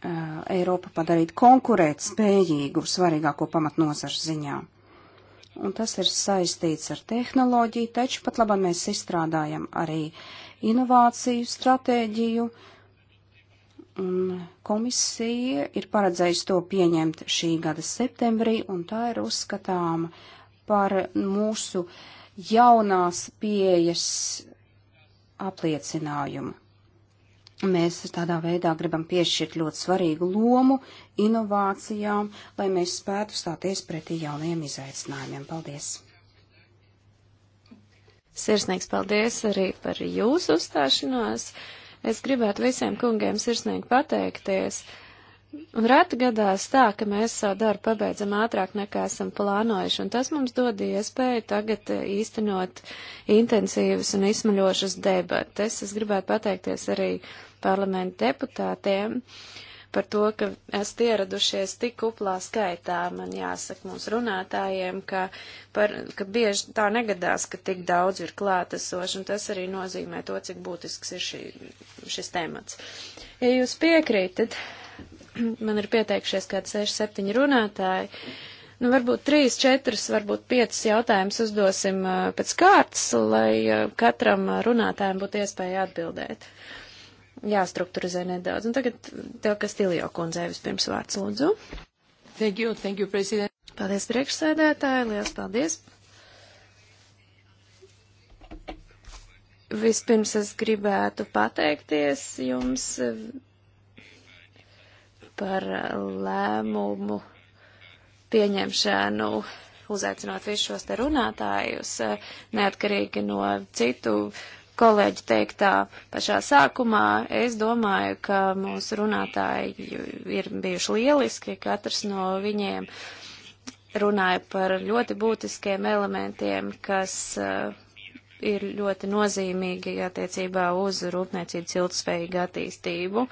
Uh, Eiropu padarīt konkurēt spējīgu svarīgāko pamatnozaru ziņā. Un tas ir saistīts ar tehnoloģiju, taču pat labāk mēs izstrādājam arī inovāciju stratēģiju, un komisija ir paredzējusi to pieņemt šī gada septembrī, un tā ir uzskatāma par mūsu jaunās pieejas apliecinājumu. Mēs tādā veidā gribam piešķirt ļoti svarīgu lomu inovācijām, lai mēs spētu stāties pretī jauniem izaicinājumiem. Paldies! Sirsnīgs paldies arī par jūsu uzstāšanos. Es gribētu visiem kungiem sirsnīgi pateikties. Un reti gadās tā, ka mēs savu darbu pabeidzam ātrāk nekā esam plānojuši, un tas mums dod iespēju tagad īstenot intensīvas un izsmaļošas debates. Es gribētu pateikties arī uh, parlamenta deputātiem par to, ka esat ieradušies tik kuplā skaitā. Man jāsaka mūsu runātājiem, ka, par, ka bieži tā negadās, ka tik daudz ir klātesoši, un tas arī nozīmē to, cik būtisks ir šī, šis temats. Ja jūs piekrītat, man ir pieteikšies kādi 6-7 runātāji. Nu, varbūt trīs, četras, varbūt piecas jautājumus uzdosim uh, pēc kārtas, lai uh, katram runātājiem būtu iespēja atbildēt. Uh, jāstrukturizē nedaudz. Un tagad tev, kas Tilijo kundzei vispirms vārds lūdzu. Thank you, thank you, president. Paldies priekšsēdētāji, liels paldies. Vispirms es gribētu pateikties jums eh, par eh, lēmumu pieņemšanu uzaicinot visus šos te runātājus, eh, neatkarīgi no citu uh, kolēģi teiktā pašā sākumā, es domāju, ka mūsu runātāji ir bijuši lieliski, katrs no viņiem runāja par ļoti būtiskiem elementiem, kas uh, ir ļoti nozīmīgi attiecībā uz rūpniecību ciltsveigu attīstību.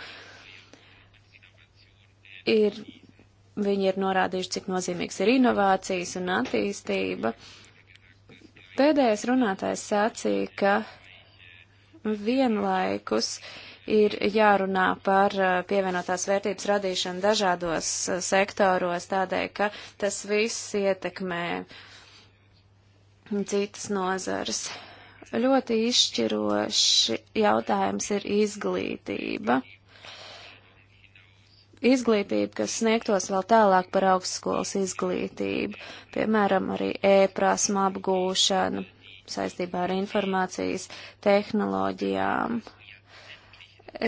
Ir, viņi ir norādījuši, cik nozīmīgs ir inovācijas un attīstība. Pēdējais runātājs sacīja, ka Vienlaikus ir jārunā par uh, pievienotās vērtības radīšanu dažādos uh, sektoros, tādēļ, ka tas viss ietekmē citas nozares. Ļoti izšķiroši jautājums ir izglītība. Izglītība, kas sniegtos vēl tālāk par augstskolas izglītību, piemēram, arī e-prasma apgūšana, saistībā ar informācijas tehnoloģijām.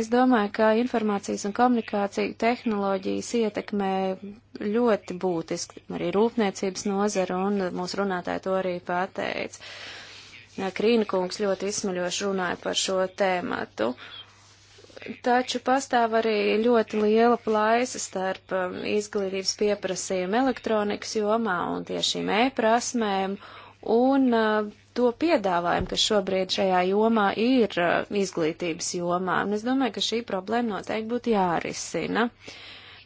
Es domāju, ka informācijas un komunikāciju tehnoloģijas ietekmē ļoti būtiski arī rūpniecības nozara, un mūsu runātāja to arī pateica. Krīnkungs ļoti izsmeļoši runāja par šo tēmatu. Taču pastāv arī ļoti liela plaisa starp um, izglītības pieprasījumu elektronikas jomā un tiešīm e-prasmēm un uh, to piedāvājumu, kas šobrīd šajā jomā ir uh, izglītības jomā. Un es domāju, ka šī problēma noteikti būtu jārisina.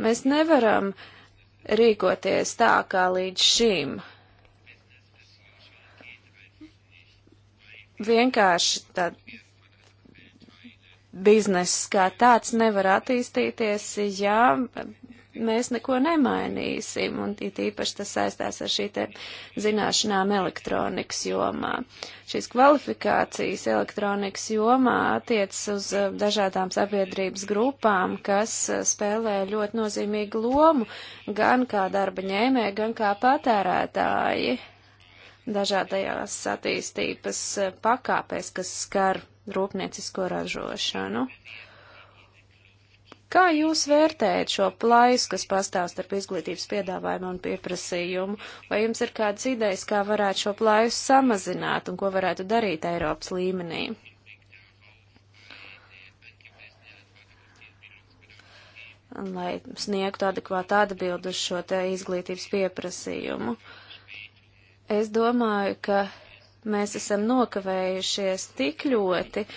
Mēs nevaram rīkoties tā, kā līdz šim. Vienkārši tā bizness kā tāds nevar attīstīties, ja mēs neko nemainīsim, un it īpaši tas saistās ar šī te zināšanām elektronikas jomā. Šīs kvalifikācijas elektronikas jomā attiecas uz eh, dažādām sabiedrības grupām, kas eh, spēlē ļoti nozīmīgu lomu gan kā darba ņēmē, gan kā patērētāji dažādajās attīstības eh, pakāpēs, kas skar rūpniecisko ražošanu. Nu Kā jūs vērtējat šo plaisu, kas pastāv starp izglītības piedāvājumu un pieprasījumu? Vai jums ir kādas idejas, kā varētu šo plaisu samazināt un ko varētu darīt Eiropas līmenī? Lai sniegtu adekvātu atbildu uz šo te izglītības pieprasījumu. Es domāju, ka mēs esam nokavējušies tik ļoti,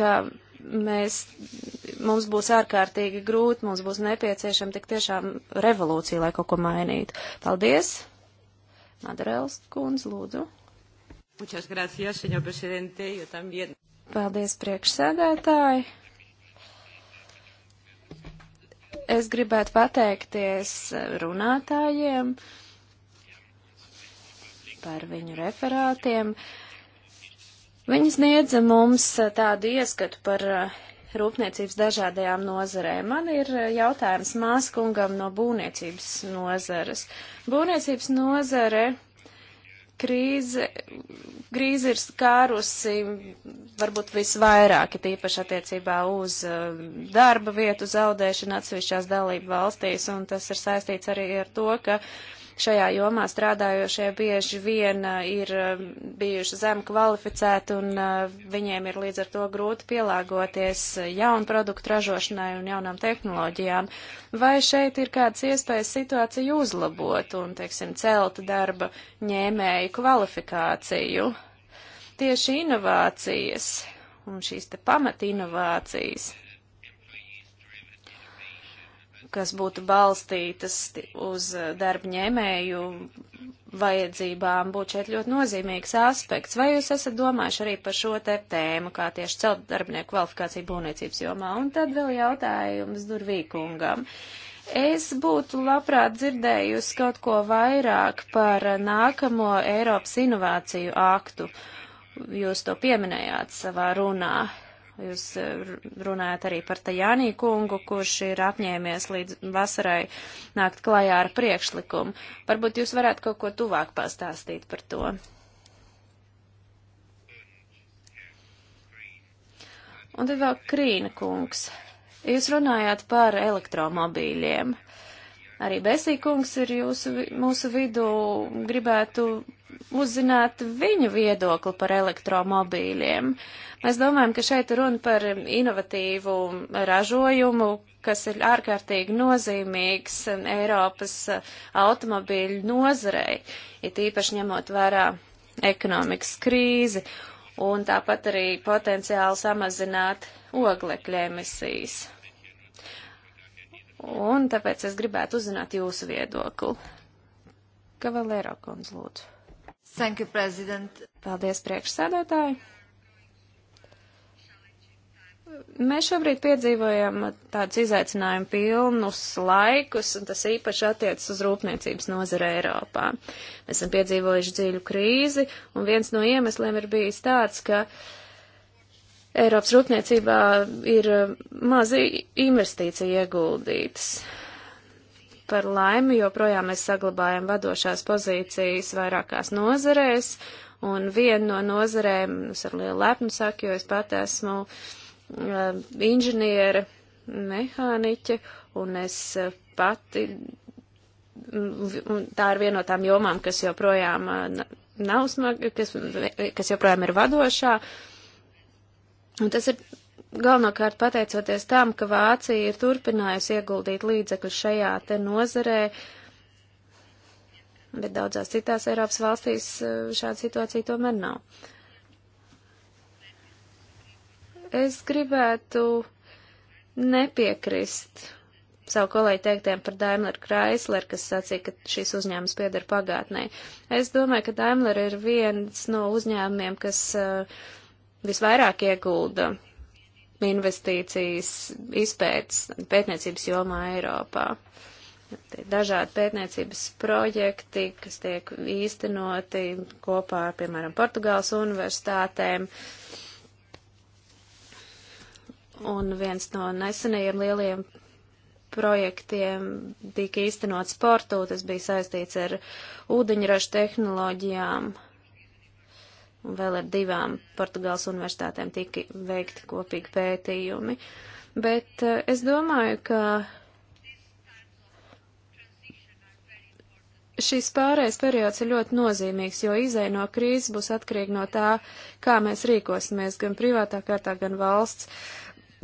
ka mēs, mums būs ārkārtīgi grūti, mums būs nepieciešama tik tiešām revolūcija, lai kaut ko mainītu. Paldies! Madarēls kundze, lūdzu. Muchas gracias, señor presidente, yo también. Paldies, priekšsēdētāji. Es gribētu pateikties runātājiem par viņu referātiem. Uh, Viņi sniedza mums eh, tādu ieskatu par eh, rūpniecības dažādajām nozarēm. Man ir eh, jautājums māskungam no būvniecības nozares. Būvniecības nozare krīze, krīze ir skārusi varbūt visvairāk, it īpaši attiecībā uz darba vietu zaudēšanu atsevišķās dalību valstīs, un tas ir saistīts arī ar to, ka uh, šajā jomā strādājošie bieži vien uh, ir um, bijuši zem kvalificēti un uh, viņiem ir līdz ar to grūti pielāgoties uh, jaunu produktu ražošanai un jaunām tehnoloģijām. Vai šeit ir kādas iespējas situāciju uzlabot un, teiksim, celt darba ņēmēju kvalifikāciju? Tieši inovācijas un šīs te pamatīnovācijas kas būtu balstītas uz eh, darbņēmēju vajadzībām, būtu šeit ļoti nozīmīgs aspekts. Vai jūs esat domājuši arī par šo te tēmu, kā tieši celt darbinieku kvalifikāciju būvniecības jomā? Un tad vēl jautājums Durvīkungam. Es būtu labprāt dzirdējusi kaut ko vairāk par nākamo Eiropas inovāciju aktu. Jūs to pieminējāt savā runā. Jūs eh, runājat arī par Tajānī kungu, kurš ir apņēmies līdz vasarai nākt klajā ar priekšlikumu. Varbūt jūs varētu kaut ko tuvāk pastāstīt par to. Un tad vēl Krīna kungs. Jūs runājāt par elektromobīļiem. Arī Besīkungs ir jūsu, mūsu vidū gribētu uzzināt viņu viedokli par elektromobīļiem. Mēs domājam, ka šeit runa par inovatīvu ražojumu, kas ir ārkārtīgi nozīmīgs Eiropas automobīļu nozarei, it īpaši ņemot vērā ekonomikas krīzi un tāpat arī potenciāli samazināt oglekļa emisijas. Un tāpēc es gribētu uzzināt jūsu viedokli. Kavalero kundz lūdzu. Thank you, President. Paldies, priekšsēdētāji. Mēs šobrīd piedzīvojam tādus izaicinājumu pilnus laikus, un tas īpaši attiecas uz rūpniecības nozare Eiropā. Mēs esam piedzīvojuši dziļu krīzi, un viens no iemesliem ir bijis tāds, ka Eiropas rūpniecībā ir mazi investīcija ieguldītas. Par laimi joprojām mēs saglabājam vadošās pozīcijas vairākās nozarēs, un viena no nozarēm, es ar lielu lepnu saku, jo es pat esmu uh, inženiere, mehāniķe, un es uh, pati, un tā ir viena no tām jomām, kas joprojām uh, nav smaga, kas, kas joprojām ir vadošā. Un tas ir galvenokārt pateicoties tam, ka Vācija ir turpinājusi ieguldīt līdzekļus šajā te nozarē, bet daudzās citās Eiropas valstīs eh, šāda situācija tomēr nav. Es gribētu nepiekrist savu kolēģi teiktiem par Daimler Chrysler, kas sacīja, ka šis uzņēmums pieder pagātnē. Es domāju, ka Daimler ir viens no uzņēmumiem, kas uh, visvairāk iegulda investīcijas izpētes pētniecības jomā Eiropā. Dažādi pētniecības projekti, kas tiek īstenoti kopā ar, piemēram, Portugāles universitātēm. Un viens no nesenajiem lielajiem projektiem tika īstenots sportū, tas bija saistīts ar ūdeņraža tehnoloģijām. Uh, un vēl ar divām Portugāles universitātēm tika veikti kopīgi pētījumi. Bet eh, es domāju, ka šīs pārējais periods ir ļoti nozīmīgs, jo izēja no krīzes būs atkarīgi no tā, kā mēs rīkosimies gan privātā kārtā, gan valsts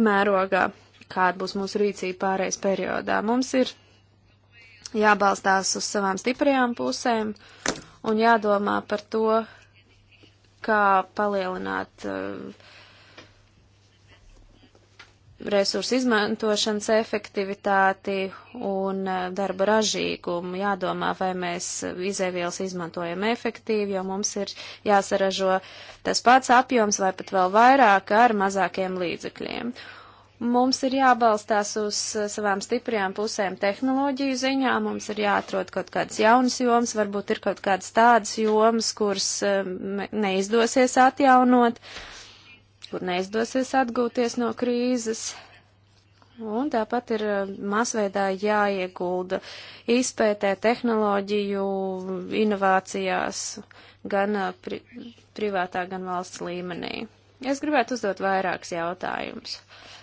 mērogā, kāda būs mūsu rīcība pārējais periodā. Mums ir jābalstās uz savām stiprajām pusēm un jādomā par to, kā palielināt eh, resursu izmantošanas efektivitāti un eh, darba ražīgumu. Jādomā, vai mēs izēvielas izmantojam efektīvi, jo mums ir jāsaražo tas pats apjoms vai pat vēl vairāk ar mazākiem līdzekļiem. Uh, Mums ir jābalstās uz eh, savām stiprajām pusēm tehnoloģiju ziņā, mums ir jāatrod kaut kādas jaunas jomas, varbūt ir kaut kādas tādas jomas, kuras eh, neizdosies atjaunot, kur neizdosies atgūties no krīzes. Un tāpat ir eh, masveidā jāiegulda izpētē tehnoloģiju inovācijās gan pri privātā, gan valsts līmenī. Es gribētu uzdot vairākus jautājumus. Uh,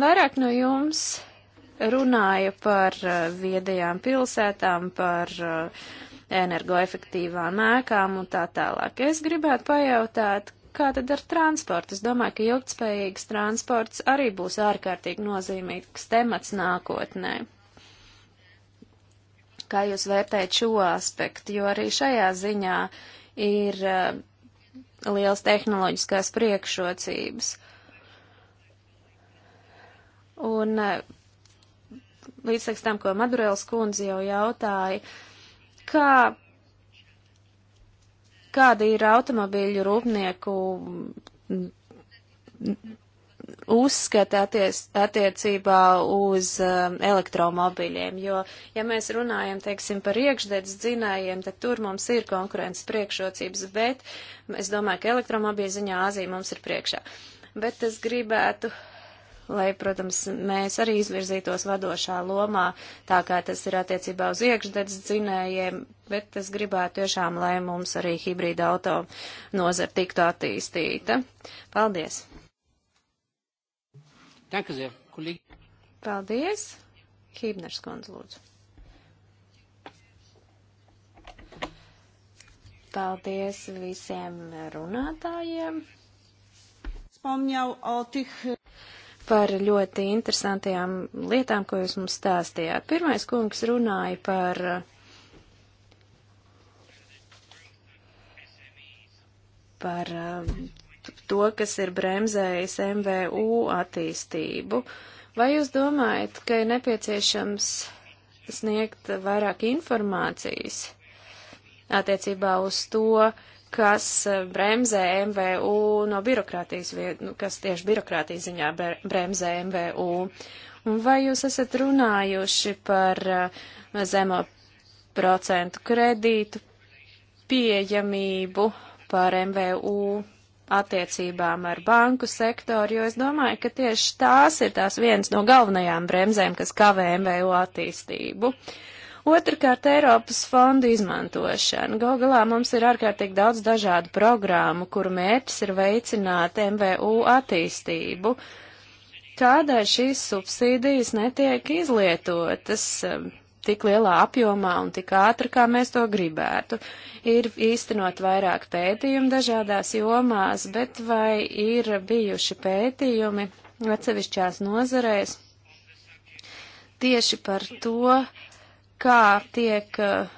Vairāk no jums runāja par uh, viedajām pilsētām, par uh, energoefektīvām ēkām un tā tālāk. Es gribētu pajautāt, kā tad ar transportu? Es domāju, ka ilgtspējīgs transports arī būs ārkārtīgi nozīmīgs temats nākotnē. Kā jūs vērtējat šo aspektu? Jo arī šajā ziņā ir uh, liels tehnoloģiskās priekšrocības. Un eh, līdz tam, ko Madurēls kundze jau jautāja, kā, kāda ir automobīļu rūpnieku mm, uzskata attiec, attiecībā uz um, eh, elektromobiļiem, jo, ja mēs runājam, teiksim, par iekšdedzes dzinējiem, tad tur mums ir konkurences priekšrocības, bet es domāju, ka elektromobīļu ziņā Āzija mums ir priekšā. Bet es gribētu lai, protams, mēs arī izvirzītos vadošā lomā, tā kā tas ir attiecībā uz iekšdedz dzinējiem, bet es gribētu tiešām, lai mums arī hibrīda auto nozara tiktu attīstīta. Paldies! Paldies! Hībners kundze, lūdzu. Paldies visiem runātājiem. Spomņau o tih par ļoti interesantajām lietām, ko jūs mums stāstījāt. Pirmais kungs runāja par par um, to, kas ir bremzējis MVU attīstību. Vai jūs domājat, ka ir nepieciešams sniegt vairāk informācijas attiecībā uz to, uh, kas eh, bremzē MVU no birokrātijas, nu, kas tieši birokrātijas ziņā bremzē MVU. Un vai jūs esat runājuši par eh, zemo procentu kredītu pieejamību par MVU attiecībām ar banku sektoru, jo es domāju, ka tieši tās ir tās viens no galvenajām bremzēm, kas kavē MVU attīstību. Uh, Otrakārt, Eiropas fondu izmantošana. Gaugalā mums ir ārkārtīgi daudz dažādu programmu, kuru mērķis ir veicināt MVU attīstību. Kādēļ šīs subsīdijas netiek izlietotas um, tik lielā apjomā un tik ātri, kā mēs to gribētu? Ir īstenot vairāk pētījumu dažādās jomās, bet vai ir bijuši pētījumi atsevišķās nozarēs tieši par to, kā tiek uh,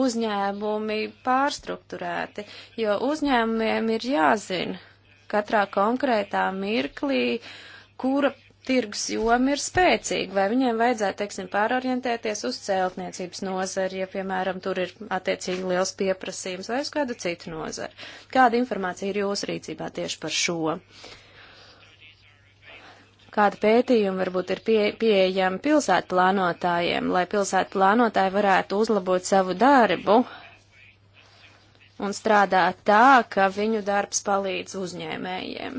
uzņēmumi pārstruktūrēti, jo uzņēmumiem ir jāzina katrā konkrētā mirklī, kura tirgus joma ir spēcīga, vai viņiem vajadzētu, teiksim, pārorientēties uz celtniecības nozari, ja, piemēram, tur ir attiecīgi liels pieprasījums vai uz kādu citu nozari. Kāda informācija ir jūsu rīcībā tieši par šo? Uh, kāda pētījuma varbūt ir pie, pieejama pilsētu plānotājiem, lai pilsētu plānotāji varētu uzlabot savu darbu un strādāt tā, ka viņu darbs palīdz uzņēmējiem.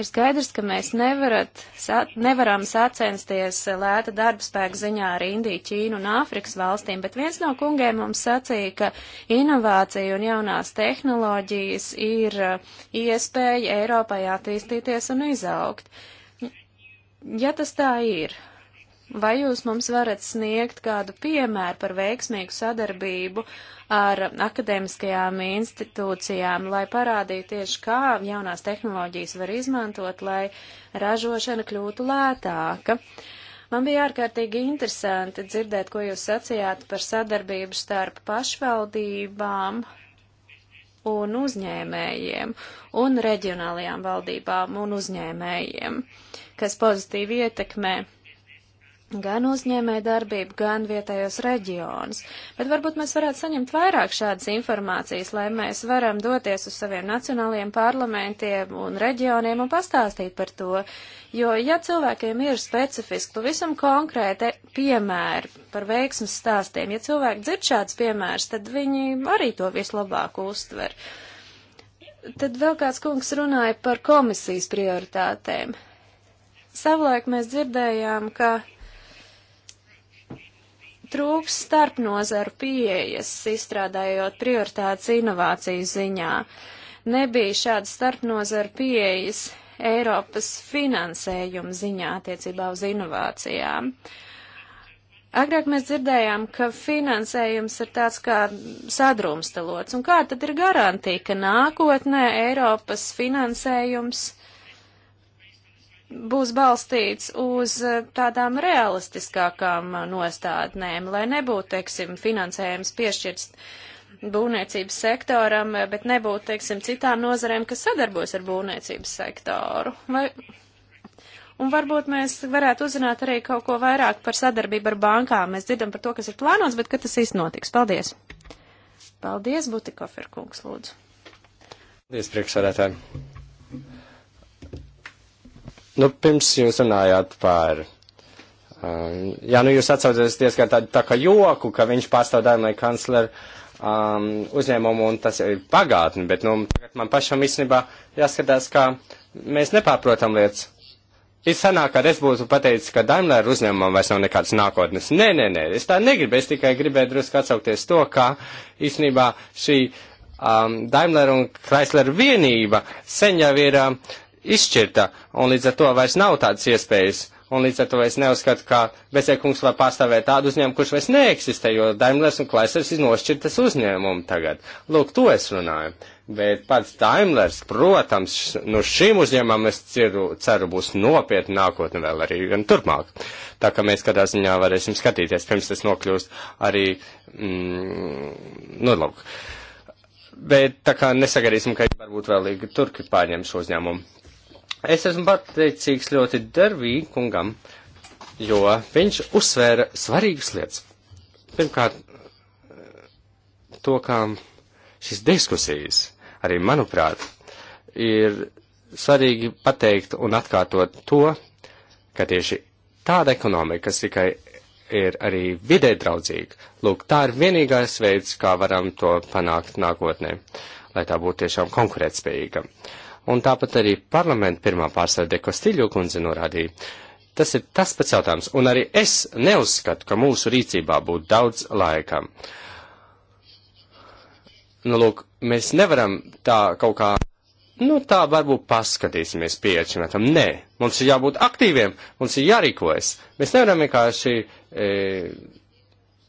Ir skaidrs, ka mēs nevarat, nevaram sacensties lēta darba spēka ziņā ar Indiju, Ķīnu un Āfrikas valstīm, bet viens no kungiem mums sacīja, ka inovācija un jaunās tehnoloģijas ir uh, iespēja Eiropai attīstīties un izaugt. Ja tas tā ir, Vai jūs mums varat sniegt kādu piemēru par veiksmīgu sadarbību ar akadēmiskajām institūcijām, lai parādītu tieši, kā jaunās tehnoloģijas var izmantot, lai ražošana kļūtu lētāka? Man bija ārkārtīgi interesanti dzirdēt, ko jūs sacījāt par sadarbību starp pašvaldībām un uzņēmējiem un reģionālajām valdībām un uzņēmējiem, kas pozitīvi ietekmē gan uzņēmē darbību, gan vietējos reģionus. Bet varbūt mēs varētu saņemt vairāk šādas informācijas, lai mēs varam doties uz saviem nacionālajiem parlamentiem un reģioniem un pastāstīt par to. Jo, ja cilvēkiem ir specifiski, pavisam konkrēti piemēri par veiksmas stāstiem, ja cilvēki dzird šāds piemērs, tad viņi arī to vislabāk uztver. Tad vēl kāds kungs runāja par komisijas prioritātēm. Savulaik mēs dzirdējām, ka trūks starpnozaru pieejas, izstrādājot prioritātes inovāciju ziņā. Nebija šāda starpnozaru pieejas Eiropas finansējuma ziņā attiecībā uz inovācijām. Agrāk mēs dzirdējām, ka finansējums ir tāds kā sadrumstalots, un kā tad ir garantija, ka nākotnē Eiropas finansējums būs balstīts uz eh, tādām realistiskākām eh, nostādnēm, lai nebūtu, teiksim, finansējums piešķirts būvniecības sektoram, eh, bet nebūtu, teiksim, citām nozarēm, kas sadarbojas ar būvniecības sektoru. Vai... Un varbūt mēs varētu uzzināt arī kaut ko vairāk par sadarbību ar bankām. Mēs dzirdam par to, kas ir plānots, bet kad tas īsti notiks. Paldies! Paldies, Butikofer kungs, lūdzu! Paldies, priekšsādātāji! Nu, pirms jūs runājāt par. Um, jā, nu jūs atsaucaties diezgan tādu tā kā joku, ka viņš pārstāv Daimler kancleru um, uzņēmumu un tas ir pagātni, bet nu, tagad man pašam īstenībā jāskatās, kā mēs nepārprotam lietas. Ir sanāk, ka es būtu pateicis, ka Daimler uzņēmumam vairs nav nekādas nākotnes. Nē, nē, nē, es tā negribēju, es tikai gribēju drusku atsaukties to, ka īstenībā šī um, Daimler un Chrysler vienība sen jau ir um, izšķirta, un līdz ar to vairs nav tādas iespējas, un līdz ar to es neuzskatu, ka Besēkungs var pastāvēt tādu uzņēmumu, kurš vairs neeksistē, jo Daimlers un Klaisers ir nošķirtas uzņēmumi tagad. Lūk, to es runāju. Bet pats Daimlers, protams, nu šīm uzņēmumam es ceru, ceru būs nopietni nākotni vēl arī gan turpmāk. Tā kā mēs kādā ziņā varēsim skatīties, pirms tas nokļūst arī, mm, nu lūk. Bet tā kā nesagaidīsim, ka varbūt vēl turki pārņems uzņēmumu. Es esmu pateicīgs ļoti dervīgi kungam, jo viņš uzsvēra svarīgas lietas. Pirmkārt, to, kā šis diskusijas arī, manuprāt, ir svarīgi pateikt un atkārtot to, ka tieši tāda ekonomika, kas tikai ir arī vidē draudzīga, lūk, tā ir vienīgais veids, kā varam to panākt nākotnē, lai tā būtu tiešām konkurētspējīga. Uh, un tāpat arī parlamenta pirmā pārstāvja Dekostiļo kundze norādīja. Tas ir tas pats jautājums, un arī es neuzskatu, ka mūsu rīcībā būtu daudz laika. Nu, lūk, mēs nevaram tā kaut kā, nu, tā varbūt paskatīsimies pieeķinātam. Nē, mums ir jābūt aktīviem, mums ir jārīkojas. Mēs nevaram vienkārši e,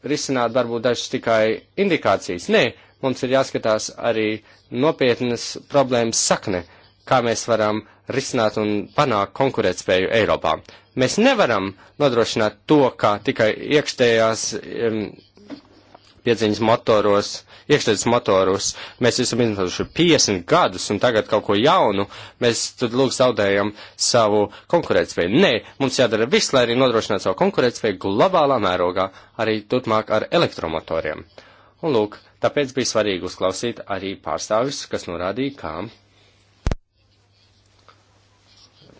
risināt varbūt dažas tikai indikācijas. Nē, mums ir jāskatās arī nopietnas problēmas sakne kā mēs varam risināt un panākt konkurētspēju Eiropā. Mēs nevaram nodrošināt to, ka tikai iekšējās um, piedziņas motoros, iekšējās motorus, mēs esam izmantojuši 50 gadus un tagad kaut ko jaunu, mēs tad lūk zaudējam savu konkurētspēju. Nē, mums jādara viss, lai arī nodrošinātu savu konkurētspēju globālā mērogā, arī turpmāk ar elektromotoriem. Un lūk, tāpēc bija svarīgi uzklausīt arī pārstāvis, kas norādīja, kā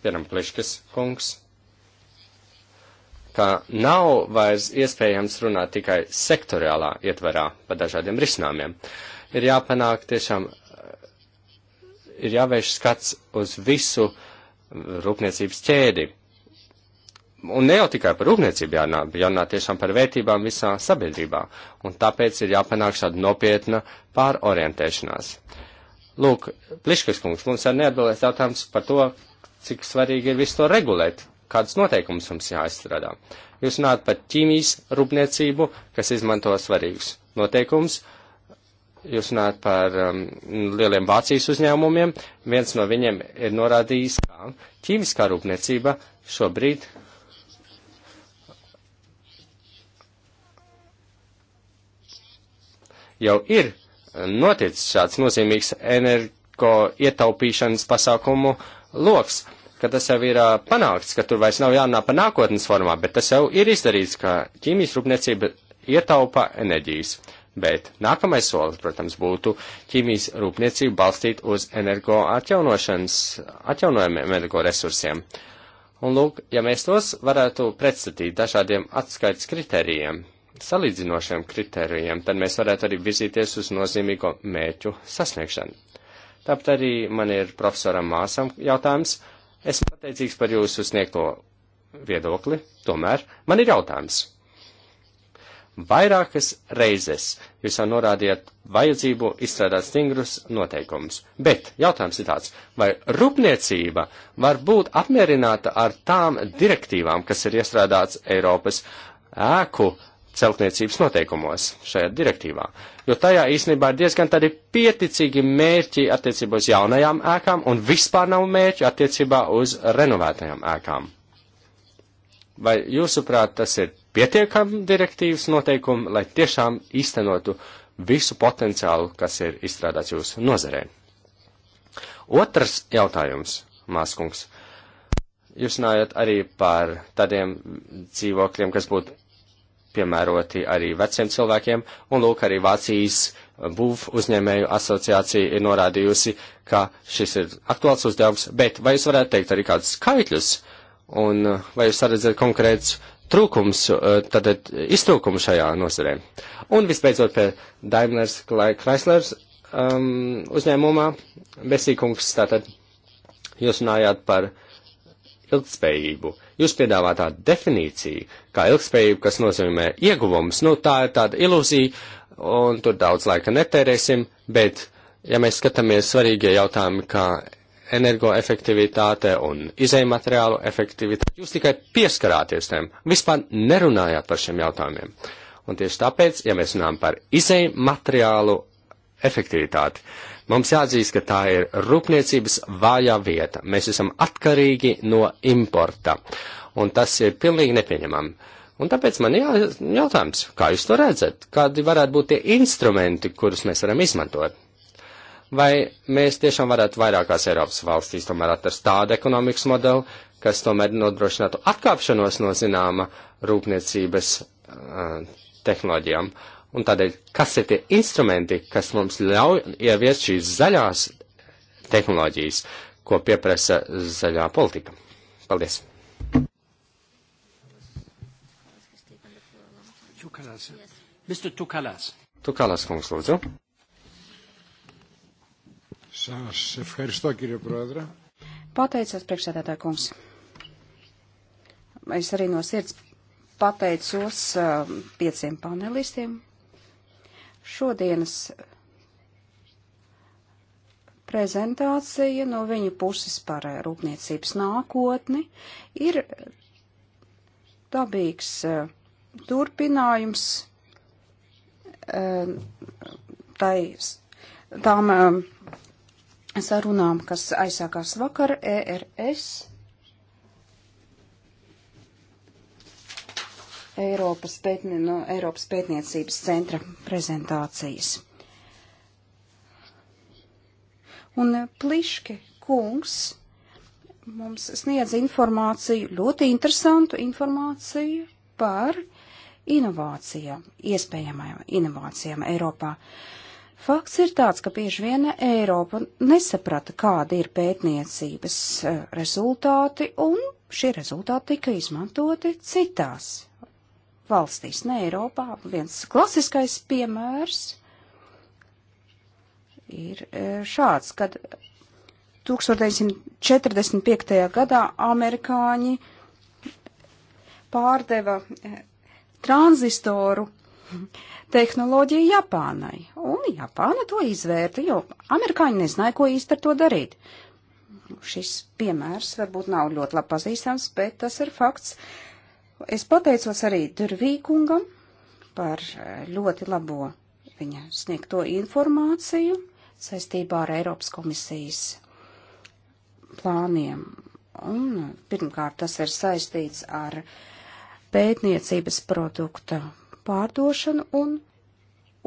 piemēram, Pliškas kungs, ka nav vairs iespējams runāt tikai sektoriālā ietverā par dažādiem risinājumiem. Ir jāpanāk tiešām, ir jāvērš skats uz visu rūpniecības ķēdi. Un ne jau tikai par rūpniecību jārunā, bet jārunā tiešām par vērtībām visā sabiedrībā. Un tāpēc ir jāpanāk šāda nopietna pārorientēšanās. Lūk, Pliškas kungs, mums ir neatbildēts jautājums par to, cik svarīgi ir visu to regulēt, kādas noteikumus mums jāizstrādā. Jūs runājat par ķīmijas rūpniecību, kas izmanto svarīgus noteikumus. Jūs runājat par um, lieliem Vācijas uzņēmumiem. Viens no viņiem ir norādījis, ka ķīmiskā rūpniecība šobrīd jau ir noticis šāds nozīmīgs energo ietaupīšanas pasākumu uh, loks, ka tas jau ir uh, panākts, ka tur vairs nav jārunā par nākotnes formā, bet tas jau ir izdarīts, ka ķīmijas rūpniecība ietaupa enerģijas. Bet nākamais solis, protams, būtu ķīmijas rūpniecību balstīt uz energo atjaunošanas, atjaunojumiem energoresursiem. Un lūk, ja mēs tos varētu pretstatīt dažādiem atskaits kritērijiem, salīdzinošiem kritērijiem, tad mēs varētu arī virzīties uz nozīmīgo mēķu sasniegšanu. Tāpat arī man ir profesoram māsam jautājums. Esmu pateicīgs par jūsu sniegto viedokli, tomēr man ir jautājums. Vairākas reizes jūs jau norādījāt vajadzību izstrādāt stingrus noteikumus, bet jautājums ir tāds, vai rūpniecība var būt apmierināta ar tām direktīvām, kas ir iestrādāts Eiropas ēku celtniecības noteikumos šajā direktīvā, jo tajā īstenībā ir diezgan tādi pieticīgi mērķi attiecībā uz jaunajām ēkām un vispār nav mērķi attiecībā uz renovētajām ēkām. Vai jūsuprāt, tas ir pietiekami direktīvas noteikumi, lai tiešām īstenotu visu potenciālu, kas ir izstrādāts jūsu nozarē? Otrs jautājums, Māskungs. Jūs runājat arī par tādiem dzīvokļiem, kas būtu piemēroti arī veciem cilvēkiem, un lūk, arī Vācijas būv uzņēmēju asociācija ir norādījusi, ka šis ir aktuāls uzdevums, bet vai jūs varētu teikt arī kādus skaitļus, un eh, vai jūs redzat konkrēts trūkums, eh, tad iztrūkums šajā nozarē? Un visbeidzot pie Daimlers Chryslers um, uzņēmumā, Besīkungs, tātad jūs runājāt par ilgspējību. Jūs piedāvātā definīcija, kā ilgspējība, kas nozīmē ieguvums, nu tā ir tāda ilūzija, un tur daudz laika netērēsim, bet, ja mēs skatāmies svarīgie jautājumi, kā energoefektivitāte un izējumateriālu efektivitāte, jūs tikai pieskarāties tiem, vispār nerunājāt par šiem jautājumiem. Un tieši tāpēc, ja mēs runājam par izējumateriālu efektivitāti, uh, Mums jāatzīst, ka tā ir rūpniecības vājā vieta. Mēs esam atkarīgi no importa. Un tas ir pilnīgi nepieņemami. Un tāpēc man jā, jautājums, kā jūs to redzat? Kādi varētu būt tie instrumenti, kurus mēs varam izmantot? Vai mēs tiešām varētu vairākās Eiropas valstīs tomēr atrast tādu ekonomikas modeli, kas tomēr nodrošinātu atkāpšanos no zināma rūpniecības uh, tehnoloģijām? Uh, Un tādēļ, kas ir tie instrumenti, kas mums ļauj ieviest šīs zaļās tehnoloģijas, ko pieprasa zaļā politika? Paldies! Tukalas. Mr. Tukalas. Tukalas, kungs, lūdzu. Σας ευχαριστώ, κύριε Πρόεδρε. Pateicos, priekšsēdētāj kungs. Es arī no sirds pateicos uh, pieciem panelistiem, Šodienas prezentācija no viņa puses par eh, rūpniecības nākotni ir dabīgs eh, turpinājums eh, tai, tām sarunām, kas aizsākās vakar ERS Eiropas, pētni, no Eiropas pētniecības centra prezentācijas. Un eh, Pliške kungs mums sniedz informāciju, ļoti interesantu informāciju par inovācijām, iespējamajām inovācijām Eiropā. Fakts ir tāds, ka bieži vien Eiropa nesaprata, kāda ir pētniecības eh, rezultāti, un šie rezultāti tika izmantoti citās valstīs, ne Eiropā. Viens klasiskais piemērs ir e, šāds, kad 1945. gadā amerikāņi pārdeva e, tranzistoru tehnoloģiju Japānai. Un Japāna to izvērta, jo amerikāņi nezināja, ko īsti ar to darīt. Šis piemērs varbūt nav ļoti labi pazīstams, bet tas ir fakts. Uh, Es pateicos arī Durvīkungam par eh, ļoti labo viņa sniegto informāciju saistībā ar Eiropas komisijas plāniem. Un eh, pirmkārt tas ir saistīts ar pētniecības produkta pārdošanu un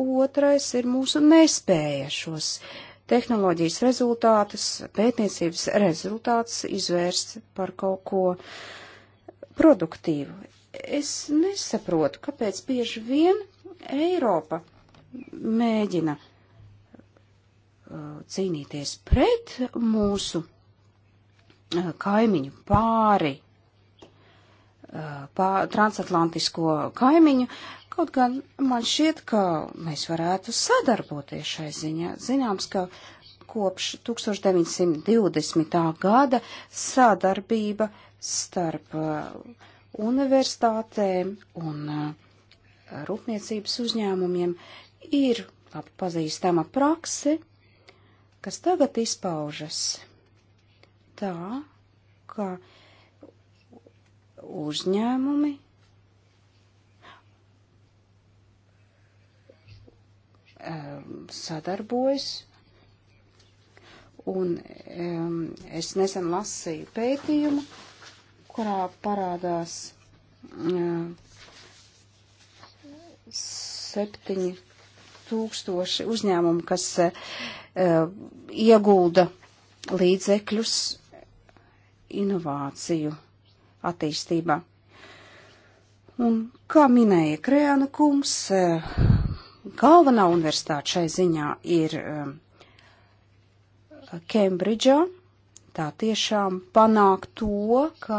otrais ir mūsu nespēja šos tehnoloģijas rezultātus, pētniecības rezultātus izvērst par kaut ko uh, produktīvu. Es nesaprotu, kāpēc bieži vien Eiropa mēģina uh, cīnīties pret mūsu uh, kaimiņu pāri, uh, pā, transatlantisko kaimiņu, kaut gan man šķiet, ka mēs varētu sadarboties šai ziņā. Zināms, ka kopš 1920. gada sadarbība starp uh, universitātēm un uh, rūpniecības uzņēmumiem ir labi pazīstama prakse, kas tagad izpaužas tā, ka uzņēmumi um, sadarbojas Un um, es nesen lasīju pētījumu, kurā parādās um, 7 tūkstoši uzņēmumu, kas uh, iegulda līdzekļus inovāciju attīstībā. Un, kā minēja Krēna kungs, galvenā universitāte šai ziņā ir Kembridžā tā tiešām panāk to, ka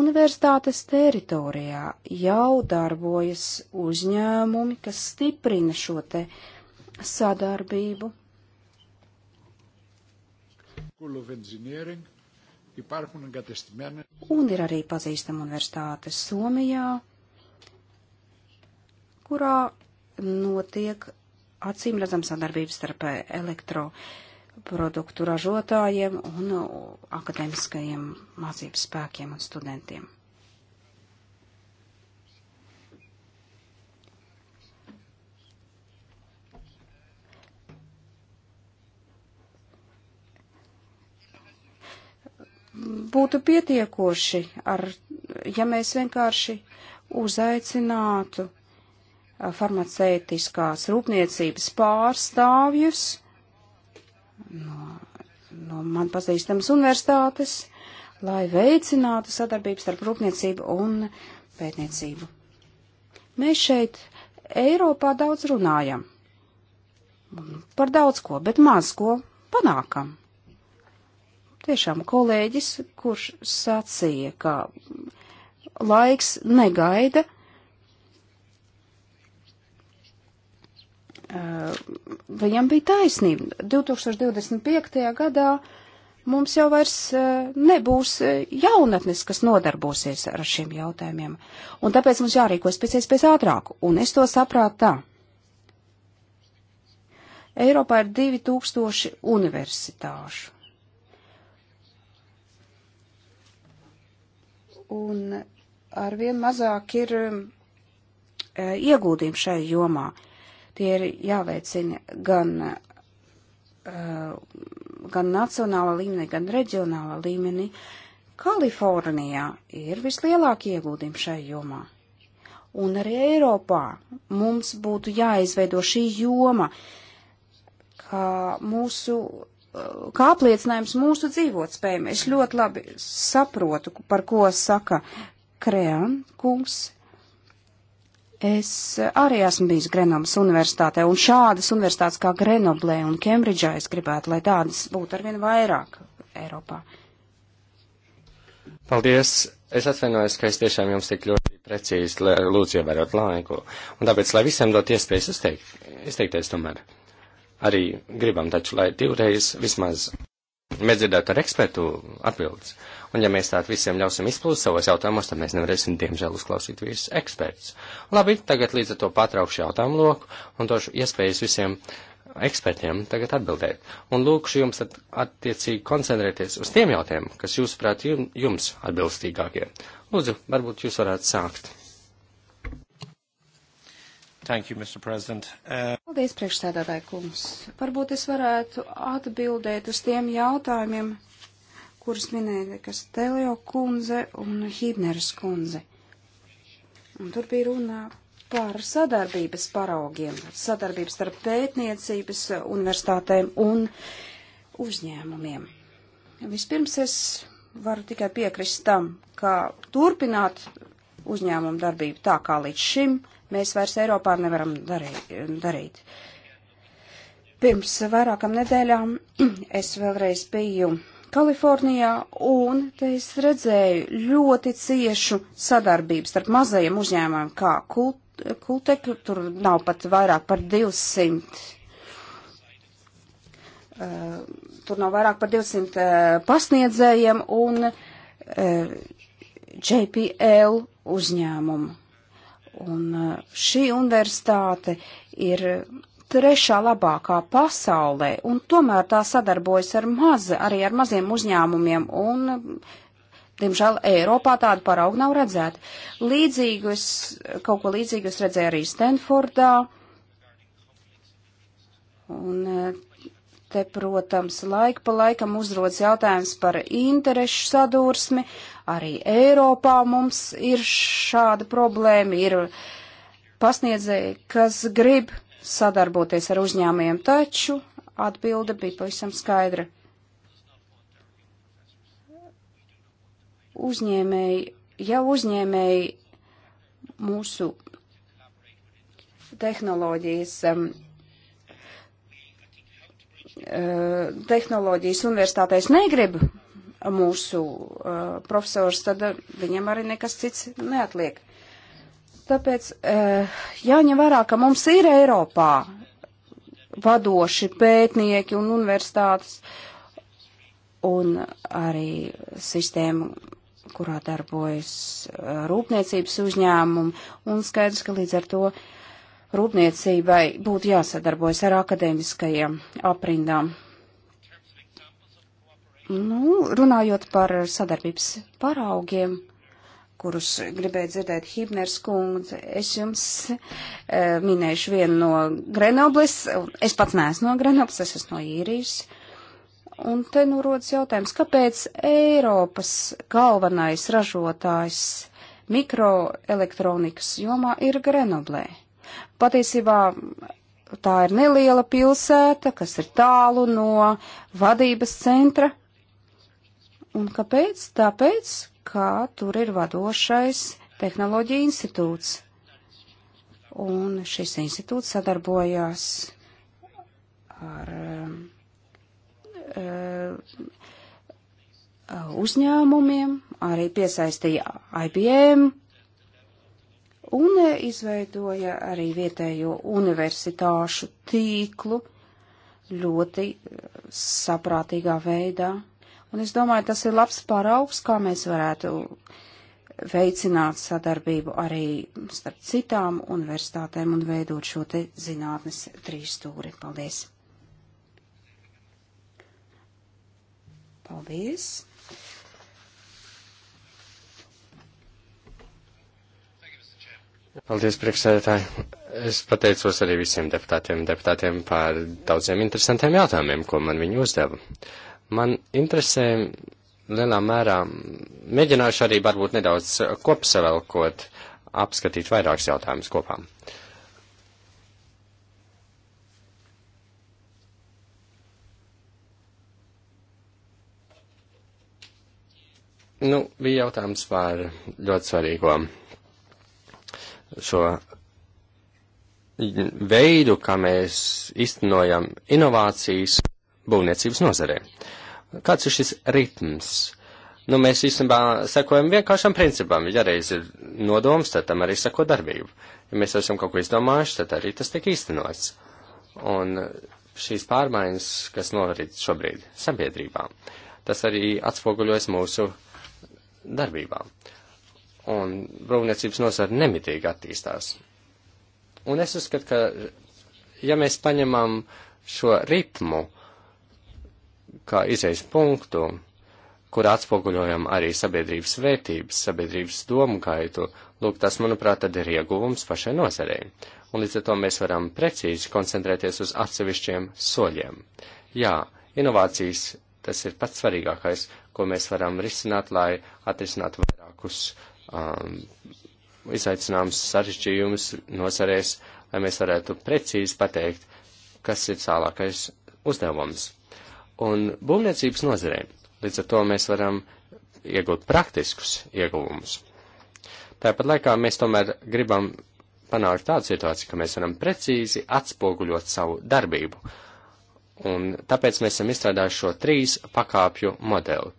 universitātes teritorijā jau darbojas uzņēmumi, kas stiprina šo te sadarbību. Un ir arī pazīstama universitāte Somijā, kurā notiek acīmredzama sadarbības starp eh, elektro uh, produktu ražotājiem un akadēmiskajiem mācības spēkiem un studentiem. Būtu pietiekoši, ar, ja mēs vienkārši uzaicinātu farmaceitiskās rūpniecības pārstāvjus, no, no man pazīstamas universitātes, lai veicinātu sadarbības starp rūpniecību un pētniecību. Mēs šeit Eiropā daudz runājam. Par daudz ko, bet maz ko panākam. Tiešām kolēģis, kurš sacīja, ka laiks negaida, Eh, viņam bija taisnība. 2025. gadā mums jau vairs eh, nebūs eh, jaunatnes, kas nodarbosies ar šiem jautājumiem. Un tāpēc mums jārīkojas pēc iespējas ātrāk. Un es to saprātu tā. Eiropā ir 2000 universitāšu. Un arvien mazāk ir ieguldījumi šai jomā. Uh, Tie ir jāveicina gan, uh, gan nacionāla līmenī, gan reģionāla līmenī. Kalifornijā ir vislielākie ieguldījumi šai jomā. Un arī Eiropā mums būtu jāizveido šī joma, kā mūsu uh, kā apliecinājums mūsu dzīvotspējam. Es ļoti labi saprotu, par ko saka Krean kungs, Es arī esmu bijis Grenoblas universitātē, un šādas universitātes kā Grenoblē un Kembridžā es gribētu, lai tādas būtu arvien vairāk Eiropā. Paldies! Es atvainojos, ka es tiešām jums tik ļoti precīzi lūdzu ievērot laiku, un tāpēc, lai visiem dot iespējas izteikt, izteikties tomēr, arī gribam taču, lai divreiz vismaz mēs dzirdētu ar ekspertu atbildes. Uh, Un ja mēs tātad visiem ļausim izplūst savos jautājumos, tad mēs nevarēsim, diemžēl, uzklausīt visus ekspertus. Labi, tagad līdz ar to pārtraukšu jautājumu loku un došu iespējas visiem ekspertiem tagad atbildēt. Un lūkšu jums at, attiecīgi koncentrēties uz tiem jautājumiem, kas jūsuprāt jums atbilstīgākie. Lūdzu, varbūt jūs varētu sākt. Thank you, Mr. President. Uh... Paldies, priekšstādātāji kungs. Varbūt es varētu atbildēt uz tiem jautājumiem, kuras minēja Kastelio kundze un Hibneras kundze. Un tur bija runa par sadarbības paraugiem, sadarbības starp pētniecības universitātēm un uzņēmumiem. Vispirms es varu tikai piekrist tam, ka turpināt uzņēmumu darbību tā kā līdz šim mēs vairs Eiropā nevaram darīt. Pirms vairākam nedēļām es vēlreiz biju Kalifornijā, un te es redzēju ļoti ciešu sadarbību starp mazajiem uzņēmumiem, kā kult, Kultek, tur nav pat vairāk par 200. Uh, eh, tur nav vairāk par 200 uh, eh, pasniedzējiem un uh, eh, JPL uzņēmumu. Un šī universitāte ir trešā labākā pasaulē, un tomēr tā sadarbojas ar maz, arī ar maziem uzņēmumiem, un, diemžēl, Eiropā tāda parauga nav redzēta. Līdzīgus, kaut ko līdzīgu es redzēju arī Stanfordā, un te, protams, laika pa laikam uzrodas jautājums par interešu sadursmi, arī Eiropā mums ir šāda problēma, ir pasniedzēji, kas grib sadarboties ar uzņēmējiem, taču atbilde bija pavisam skaidra. Uzņēmēji, ja uzņēmēji mūsu tehnoloģijas, um, uh, tehnoloģijas universitātēs negrib mūsu uh, profesors, tad viņam arī nekas cits neatliek. Tāpēc eh, jāņem vērā, ka mums ir Eiropā vadoši pētnieki un universitātes un arī sistēma, kurā darbojas eh, rūpniecības uzņēmumi, un skaidrs, ka līdz ar to rūpniecībai būtu jāsadarbojas ar akadēmiskajiem aprindām. Nu, runājot par sadarbības paraugiem, kurus gribēja dzirdēt Hibners kundze. Es jums e, minēšu vienu no Grenoblis. Es pats neesmu no Grenoblis, es esmu no īrijas. Un te nu rodas jautājums, kāpēc Eiropas galvenais ražotājs mikroelektronikas jomā ir Grenoblē? Patiesībā tā ir neliela pilsēta, kas ir tālu no vadības centra. Un kāpēc? Tāpēc, ka tur ir vadošais tehnoloģija institūts. Un šis institūts sadarbojās ar uh, uzņēmumiem, arī piesaistīja IBM un izveidoja arī vietējo universitāšu tīklu ļoti saprātīgā veidā. Un es domāju, tas ir labs paraugs, kā mēs varētu veicināt sadarbību arī starp citām universitātēm un veidot šo te zinātnes trīsstūri. Paldies! Paldies! Paldies, priekšsēdētāji. Es pateicos arī visiem deputātiem, deputātiem par daudziem interesantiem jautājumiem, ko man viņi uzdeva. Uh, Man interesē lielā mērā, mēģināšu arī varbūt nedaudz kopsavelkot, apskatīt vairākus jautājumus kopā. Nu, bija jautājums par ļoti svarīgo šo veidu, kā mēs iztenojam inovācijas būvniecības nozarē. Uh, Kāds ir šis ritms? Nu, mēs īstenībā sekojam vienkāršam principam. Ja reiz ir nodoms, tad tam arī sako darbību. Ja mēs esam kaut ko izdomājuši, tad arī tas tiek īstenots. Un šīs pārmaiņas, kas norit šobrīd sabiedrībā, tas arī atspoguļojas mūsu darbībā. Un rūpniecības nozara nemitīgi attīstās. Un es uzskatu, ka ja mēs paņemam šo ritmu, kā izējas punktu, kur atspoguļojam arī sabiedrības vērtības, sabiedrības domu gaitu, lūk, tas, manuprāt, tad ir ieguvums pašai nozarei. Un līdz ar to mēs varam precīzi koncentrēties uz atsevišķiem soļiem. Jā, inovācijas tas ir pats svarīgākais, ko mēs varam risināt, lai atrisinātu vairākus um, izaicinājumus, sarežģījumus nozarēs, lai mēs varētu precīzi pateikt, kas ir tālākais uzdevums un būvniecības nozarē. Līdz ar to mēs varam iegūt praktiskus ieguvumus. Tāpat laikā mēs tomēr gribam panākt tādu situāciju, ka mēs varam precīzi atspoguļot savu darbību. Un tāpēc mēs esam izstrādājuši šo trīs pakāpju modeli.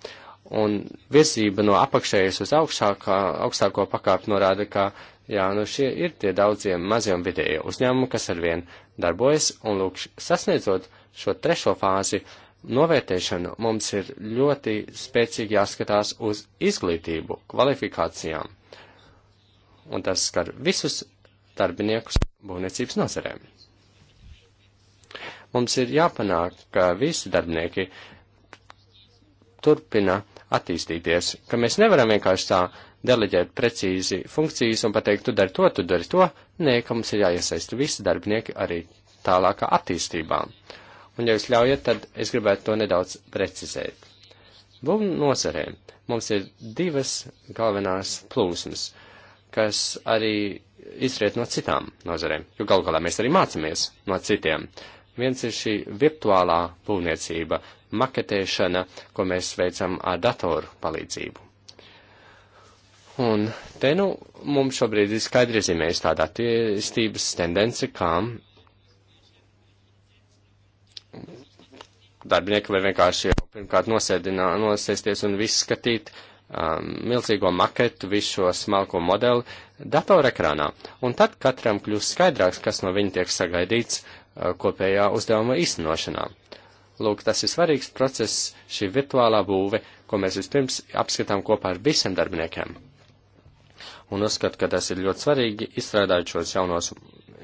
Un virzība no apakšējas uz augšākā, augstāko pakāpju norāda, ka jā, nu šie ir tie daudzie mazie un vidēji uzņēmumi, kas arvien darbojas, un lūk, sasniedzot šo trešo fāzi, uh, novērtēšanu, mums ir ļoti spēcīgi jāskatās uz izglītību, kvalifikācijām. Un tas skar visus darbiniekus būvniecības nozarēm. Mums ir jāpanāk, ka visi darbinieki turpina attīstīties, ka mēs nevaram vienkārši tā deleģēt precīzi funkcijas un pateikt, tu dari to, tu dari to, nē, ka mums ir jāiesaista visi darbinieki arī tālākā attīstībā. Uh, Un, ja jūs ļaujat, tad es gribētu to nedaudz precizēt. Būvnu nozarē mums ir divas galvenās plūsmas, kas arī izriet no citām nozarēm, jo gal galā mēs arī mācāmies no citiem. Viens ir šī virtuālā būvniecība, maketēšana, ko mēs veicam ar datoru palīdzību. Un te nu mums šobrīd ir skaidri zīmējas tādā attīstības tendence, kā darbinieki var vienkārši jau pirmkārt nosēdinā, nosēsties un viss skatīt um, milzīgo maketu, visu šo smalko modeli datorekrānā. Un tad katram kļūst skaidrāks, kas no viņa tiek sagaidīts uh, kopējā uzdevuma īstenošanā. Lūk, tas ir svarīgs process, šī virtuālā būve, ko mēs vispirms apskatām kopā ar visiem darbiniekiem. Un uzskatu, ka tas ir ļoti svarīgi izstrādāt šos jaunos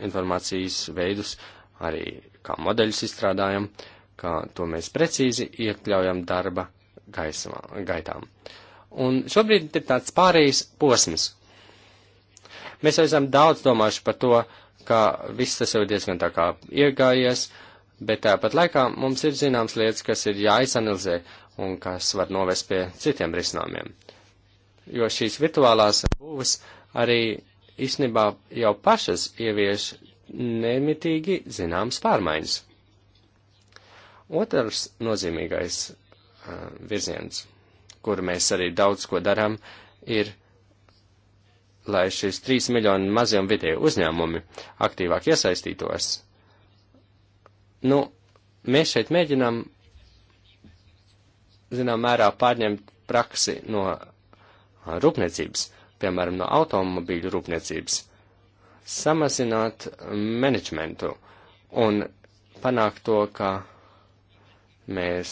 informācijas veidus, arī kā modeļus izstrādājam. Uh, kā to mēs precīzi iekļaujam darba gaismā, gaitām. Un šobrīd ir tāds pārējais posms. Mēs jau esam daudz domājuši par to, ka viss tas jau ir diezgan tā kā iegājies, bet tāpat laikā mums ir zināms lietas, kas ir jāizanalizē un kas var novest pie citiem risinājumiem. Jo šīs virtuālās būvas arī īstenībā jau pašas ievieš nemitīgi zināmas pārmaiņas. Otrs nozīmīgais uh, virziens, kur mēs arī daudz ko darām, ir, lai šis 3 miljoni mazie un vidēji uzņēmumi aktīvāk iesaistītos. Nu, mēs šeit mēģinām, zinām, mērā pārņemt praksi no uh, rūpniecības, piemēram, no automobīļu rūpniecības, samazināt uh, menedžmentu un panākt to, ka Mēs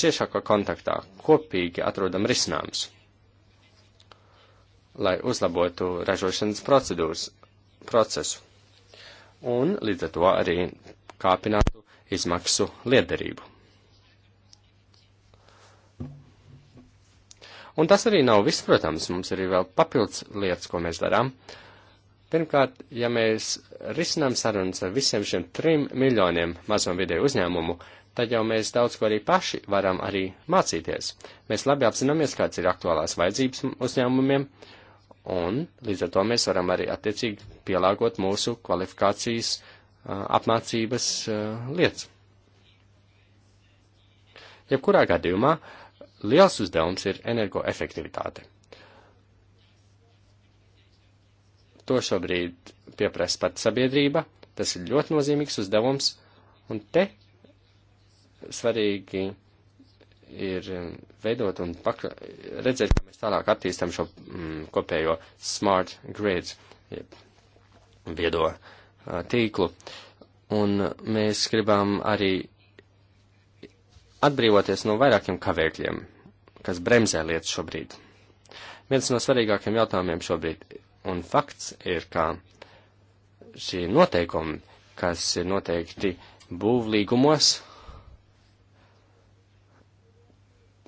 ciešākā kontaktā kopīgi atrodam risinājumus, lai uzlabotu ražošanas procedūras procesu un līdz ar to arī kāpinātu izmaksu liederību. Un tas arī nav viss, protams, mums ir vēl papildus lietas, ko mēs darām. Pirmkārt, ja mēs risinām sarunas ar visiem šiem trim miljoniem mazo un vidēju uzņēmumu, tad jau mēs daudz ko arī paši varam arī mācīties. Mēs labi apzināmies, kāds ir aktuālās vajadzības uzņēmumiem, un līdz ar to mēs varam arī attiecīgi pielāgot mūsu kvalifikācijas apmācības lietas. Jebkurā gadījumā liels uzdevums ir energoefektivitāte. To šobrīd pieprasa pat sabiedrība, tas ir ļoti nozīmīgs uzdevums, un te svarīgi ir veidot un pakla, redzēt, kā mēs tālāk attīstam šo mm, kopējo smart grids, viedo tīklu. Un mēs gribam arī atbrīvoties no vairākiem kavēkļiem, kas bremzē lietas šobrīd. Viens no svarīgākiem jautājumiem šobrīd un fakts ir, ka šie noteikumi, kas ir noteikti būvlīgumos,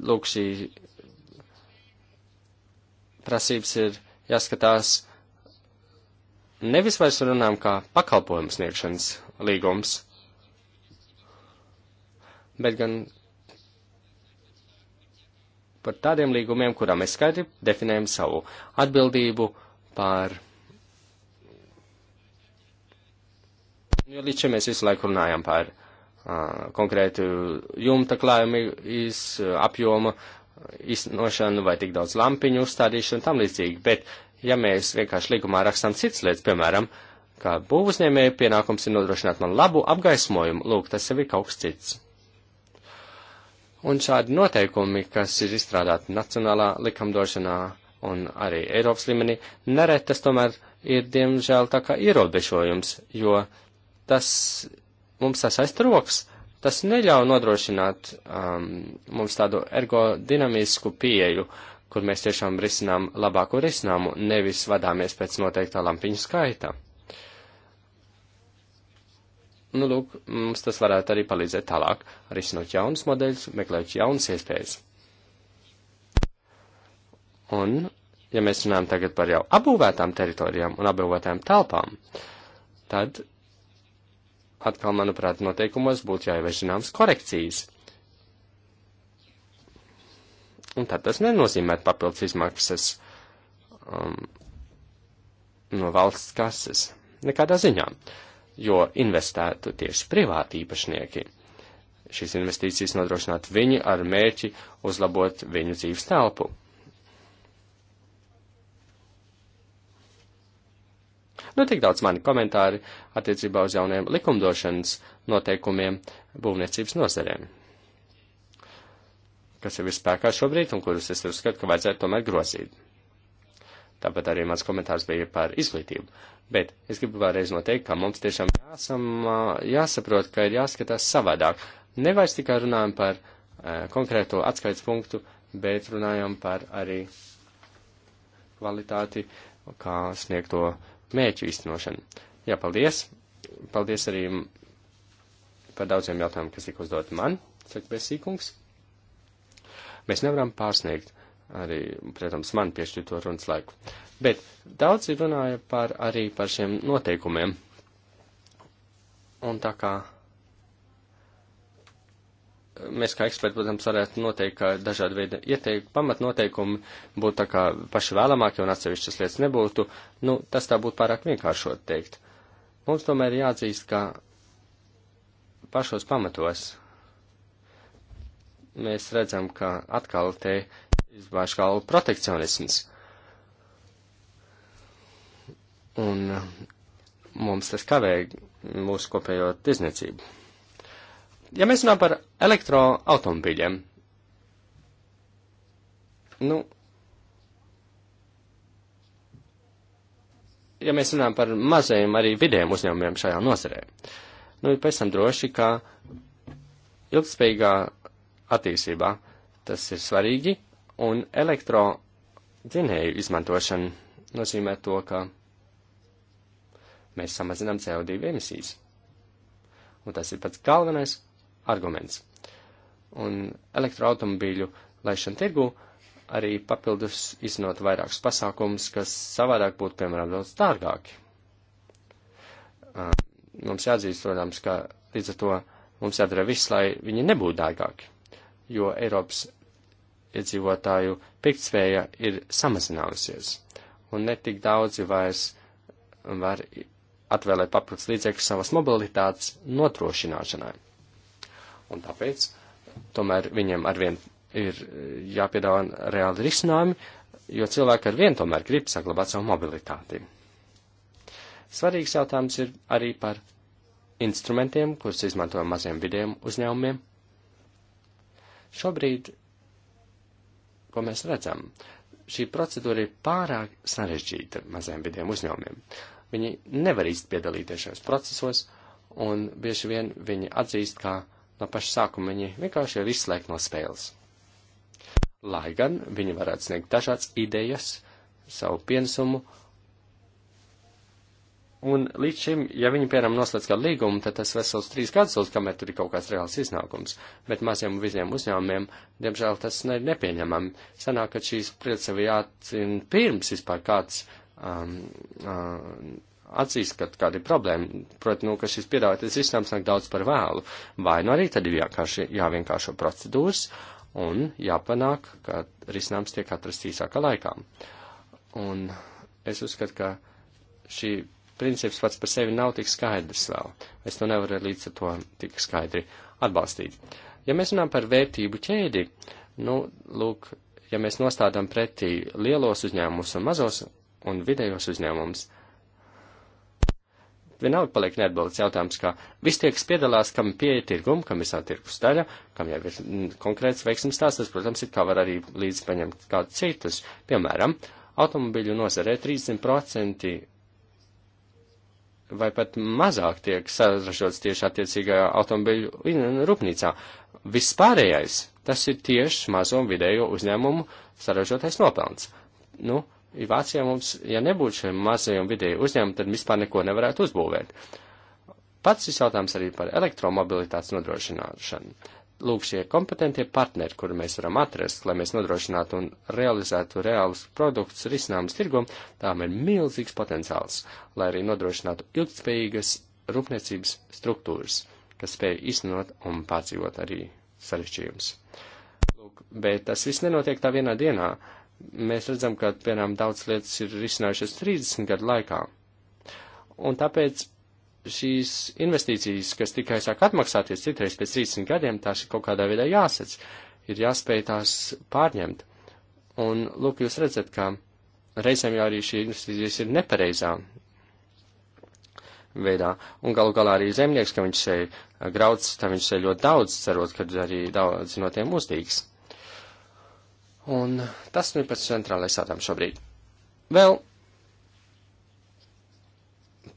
lūk, šī prasības ir jāskatās nevis vairs runām kā pakalpojumu sniegšanas līgums, bet gan par tādiem līgumiem, kurā mēs skaidri definējam savu atbildību par. Jo līdz šim mēs visu laiku runājam par konkrētu jumta klājuma iz, apjoma iznošanu vai tik daudz lampiņu uzstādīšanu un tam līdzīgi. Bet, ja mēs vienkārši līgumā rakstam cits lietas, piemēram, kā būvuzņēmēja pienākums ir nodrošināt man labu apgaismojumu, lūk, tas jau ir kaut kas cits. Un šādi noteikumi, kas ir izstrādāti nacionālā likumdošanā un arī Eiropas līmenī, neretas tomēr ir, diemžēl, tā kā ierobežojums, jo tas mums sasaist rokas, tas neļauj nodrošināt um, mums tādu ergodinamisku pieeju, kur mēs tiešām risinām labāko risinājumu, nevis vadāmies pēc noteiktā lampiņu skaita. Nu, lūk, mums tas varētu arī palīdzēt tālāk, risinot jaunus modeļus, meklēt jaunas iespējas. Un, ja mēs runājam tagad par jau apbūvētām teritorijām un apbūvētām telpām, tad atkal, manuprāt, noteikumos būtu jāievieš zināmas korekcijas. Un tad tas nenozīmē papildus izmaksas um, no valsts kases. Nekādā ziņā. Jo investētu tieši privāti īpašnieki. Šīs investīcijas nodrošinātu viņi ar mērķi uzlabot viņu dzīves telpu. Nu, tik daudz mani komentāri attiecībā uz jauniem likumdošanas noteikumiem būvniecības nozarēm kas jau ir spēkā šobrīd un kurus es uzskatu, ka vajadzētu tomēr grozīt. Tāpat arī mans komentārs bija par izglītību. Bet es gribu vēlreiz noteikt, ka mums tiešām jāsam, jāsaprot, ka ir jāskatās savādāk. Nevairs tikai runājam par e, konkrēto atskaits punktu, bet runājam par arī kvalitāti, kā sniegto mērķu īstenošanu. Jā, paldies! Paldies arī par daudziem jautājumiem, kas tika uzdot man, saka Besīkungs. Mēs nevaram pārsniegt arī, protams, man piešķirto runas laiku. Bet daudzi runāja par, arī par šiem noteikumiem. Un tā kā mēs kā eksperti, protams, varētu noteikt, ka dažādi veidi ieteikumi, pamatnoteikumi būtu tā kā paši vēlamākie un atsevišķas lietas nebūtu, nu, tas tā būtu pārāk vienkāršot teikt. Mums tomēr jāatzīst, ka pašos pamatos mēs redzam, ka atkal te izbāž kā protekcionisms. Un uh, mums tas kavē mūsu kopējo tirzniecību. Ja mēs runājam par elektroautomobīļiem, nu, ja mēs runājam par mazajiem arī vidējiem uzņēmumiem šajā nozarē, nu, ir pēc tam droši, ka ilgspējīgā attīstībā tas ir svarīgi, un elektrodzinēju izmantošana nozīmē to, ka mēs samazinām CO2 emisijas. Un tas ir pats galvenais arguments. Un elektroautomobīļu laišana tirgu arī papildus iznot vairākus pasākumus, kas savādāk būtu, piemēram, daudz dārgāki. Mums jāatzīst, protams, ka līdz ar to mums jādara viss, lai viņi nebūtu dārgāki, jo Eiropas iedzīvotāju piktspēja ir samazinājusies, un netik daudzi vairs var atvēlēt papildus līdzekļus savas mobilitātes notrošināšanai. Un tāpēc tomēr viņiem arvien ir eh, jāpiedāvā reāli risinājumi, jo cilvēki arvien tomēr grib saglabāt savu mobilitāti. Svarīgs jautājums ir arī par instrumentiem, kurus izmanto maziem vidiem uzņēmumiem. Šobrīd, ko mēs redzam, šī procedūra ir pārāk sarežģīta maziem vidiem uzņēmumiem. Viņi nevar īsti piedalīties šajos procesos, un bieži vien viņi atzīst, ka no paša sākuma viņi vienkārši ir izslēgti no spēles. Lai gan viņi varētu sniegt dažādas idejas, savu pienesumu, un līdz šim, ja viņi, piemēram, noslēdz kādu līgumu, tad tas vesels trīs gadus ilgs, kamēr tur ir kaut kāds reāls iznākums, bet maziem un visiem uzņēmumiem, diemžēl, tas ne, nepieņemam. Sanāk, ka šīs prieca sevi jāatcina pirms vispār kāds um, um, atzīst, ka kāda ir problēma, proti, nu, ka šis piedāvātais risinājums nāk daudz par vēlu, vai nu arī tad ir vienkārši jāvienkāršo procedūras un jāpanāk, ka risinājums tiek atrasts īsākā laikā. Un es uzskatu, ka šī princips pats par sevi nav tik skaidrs vēl. Es to nevaru līdz ar to tik skaidri atbalstīt. Ja mēs runājam par vērtību ķēdi, nu, lūk, ja mēs nostādām pretī lielos uzņēmumus un mazos un vidējos uzņēmumus, vienalga paliek neatbildes jautājums, ka viss tie, kas piedalās, kam pieeja tirgumu, kam ir savu tirgus daļa, kam jau ir konkrēts veiksmes tās, tas, protams, ir kā var arī līdz paņemt kādu citus. Piemēram, automobīļu nozarē 30% vai pat mazāk tiek saražots tieši attiecīgajā automobīļu rūpnīcā. Vispārējais, tas ir tieši mazo un vidējo uzņēmumu saražotais nopelns. Nu, Vācijā mums, ja nebūtu šiem mazajiem vidēju uzņēmumiem, tad vispār neko nevarētu uzbūvēt. Pats šis jautājums arī par elektromobilitātes nodrošināšanu. Lūk, šie kompetentie partneri, kuri mēs varam atrast, lai mēs nodrošinātu un realizētu reālus produktus risinājumus tirgum, tām ir milzīgs potenciāls, lai arī nodrošinātu ilgspējīgas rūpniecības struktūras, kas spēj iznot un pārdzīvot arī sarežģījumus. Lūk, bet tas viss nenotiek tā vienā dienā. Uh, mēs redzam, ka, piemēram, daudz lietas ir risinājušas 30 gadu laikā. Un tāpēc šīs investīcijas, kas tikai sāk atmaksāties citreiz pēc 30 gadiem, tās ir kaut kādā veidā jāsec, ir jāspēj tās pārņemt. Un, lūk, jūs redzat, ka reizēm jau arī šī investīcijas ir nepareizā veidā. Un galu galā arī zemnieks, ka viņš sēž grauds, tā viņš sēž ļoti daudz, cerot, ka arī daudz no tiem uzdīgs. Un tas nu ir pats centrālais ādams šobrīd. Vēl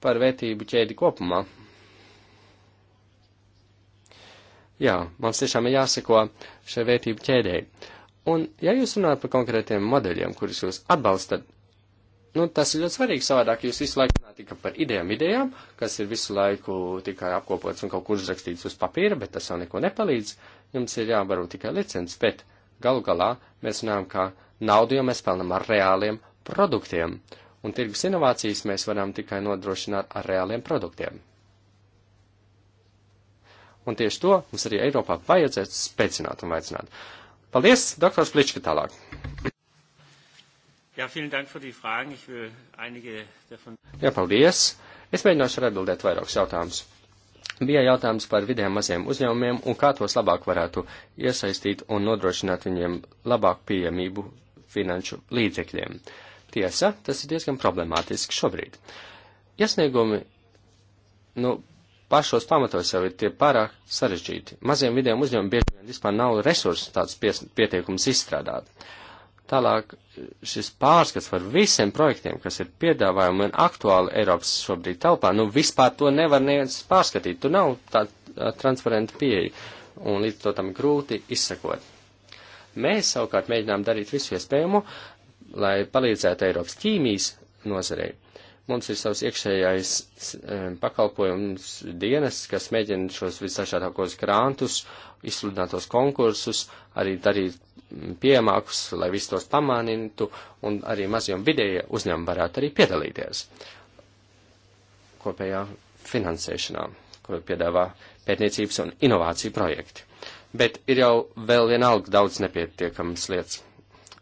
par vērtību ķēdi kopumā. Jā, mums tiešām ir jāseko šai vērtību ķēdēji. Un, ja jūs runājat par konkrētiem modeļiem, kurus jūs atbalstat, nu, tas ir ļoti svarīgi savādāk. Jūs visu laiku runājat tikai par idejām, idejām, kas ir visu laiku tikai apkopots un kaut kur uzrakstīts uz papīra, bet tas jau neko nepalīdz. Jums ir jābaro tikai licences, bet Galu galā mēs runājam, ka naudu jau mēs pelnam ar reāliem produktiem, un tirgus inovācijas mēs varam tikai nodrošināt ar reāliem produktiem. Un tieši to mums arī Eiropā vajadzētu spēcināt un veicināt. Paldies, doktors Plička, tālāk. Jā, ja, paldies. Es mēģināšu atbildēt vairākus jautājumus bija jautājums par vidiem maziem uzņēmumiem un kā tos labāk varētu iesaistīt un nodrošināt viņiem labāku pieejamību finanšu līdzekļiem. Tiesa, tas ir diezgan problemātiski šobrīd. Iesniegumi, nu, pašos pamatos jau ir tie pārāk sarežģīti. Maziem vidiem uzņēmumiem bieži vien vispār nav resursu tāds pies, pieteikums izstrādāt. Uh, Tālāk šis pārskats par visiem projektiem, kas ir piedāvājumi un aktuāli Eiropas šobrīd telpā, nu vispār to nevar neviens pārskatīt. Tu nav tāda transparenta pieeja un līdz to tam grūti izsekot. Mēs savukārt mēģinām darīt visu iespējamo, lai palīdzētu Eiropas ķīmijas nozarei. Mums ir savs iekšējais eh, pakalpojums dienas, kas mēģina šos visdažādākos grantus, izsludinātos konkursus, arī darīt mm, pieejamākus, lai visus tos pamanītu, un arī mazie un vidējie uzņēmumi varētu arī piedalīties kopējā finansēšanā, ko piedāvā pētniecības un inovāciju projekti. Bet ir jau vēl vienalga daudz nepietiekams lietas.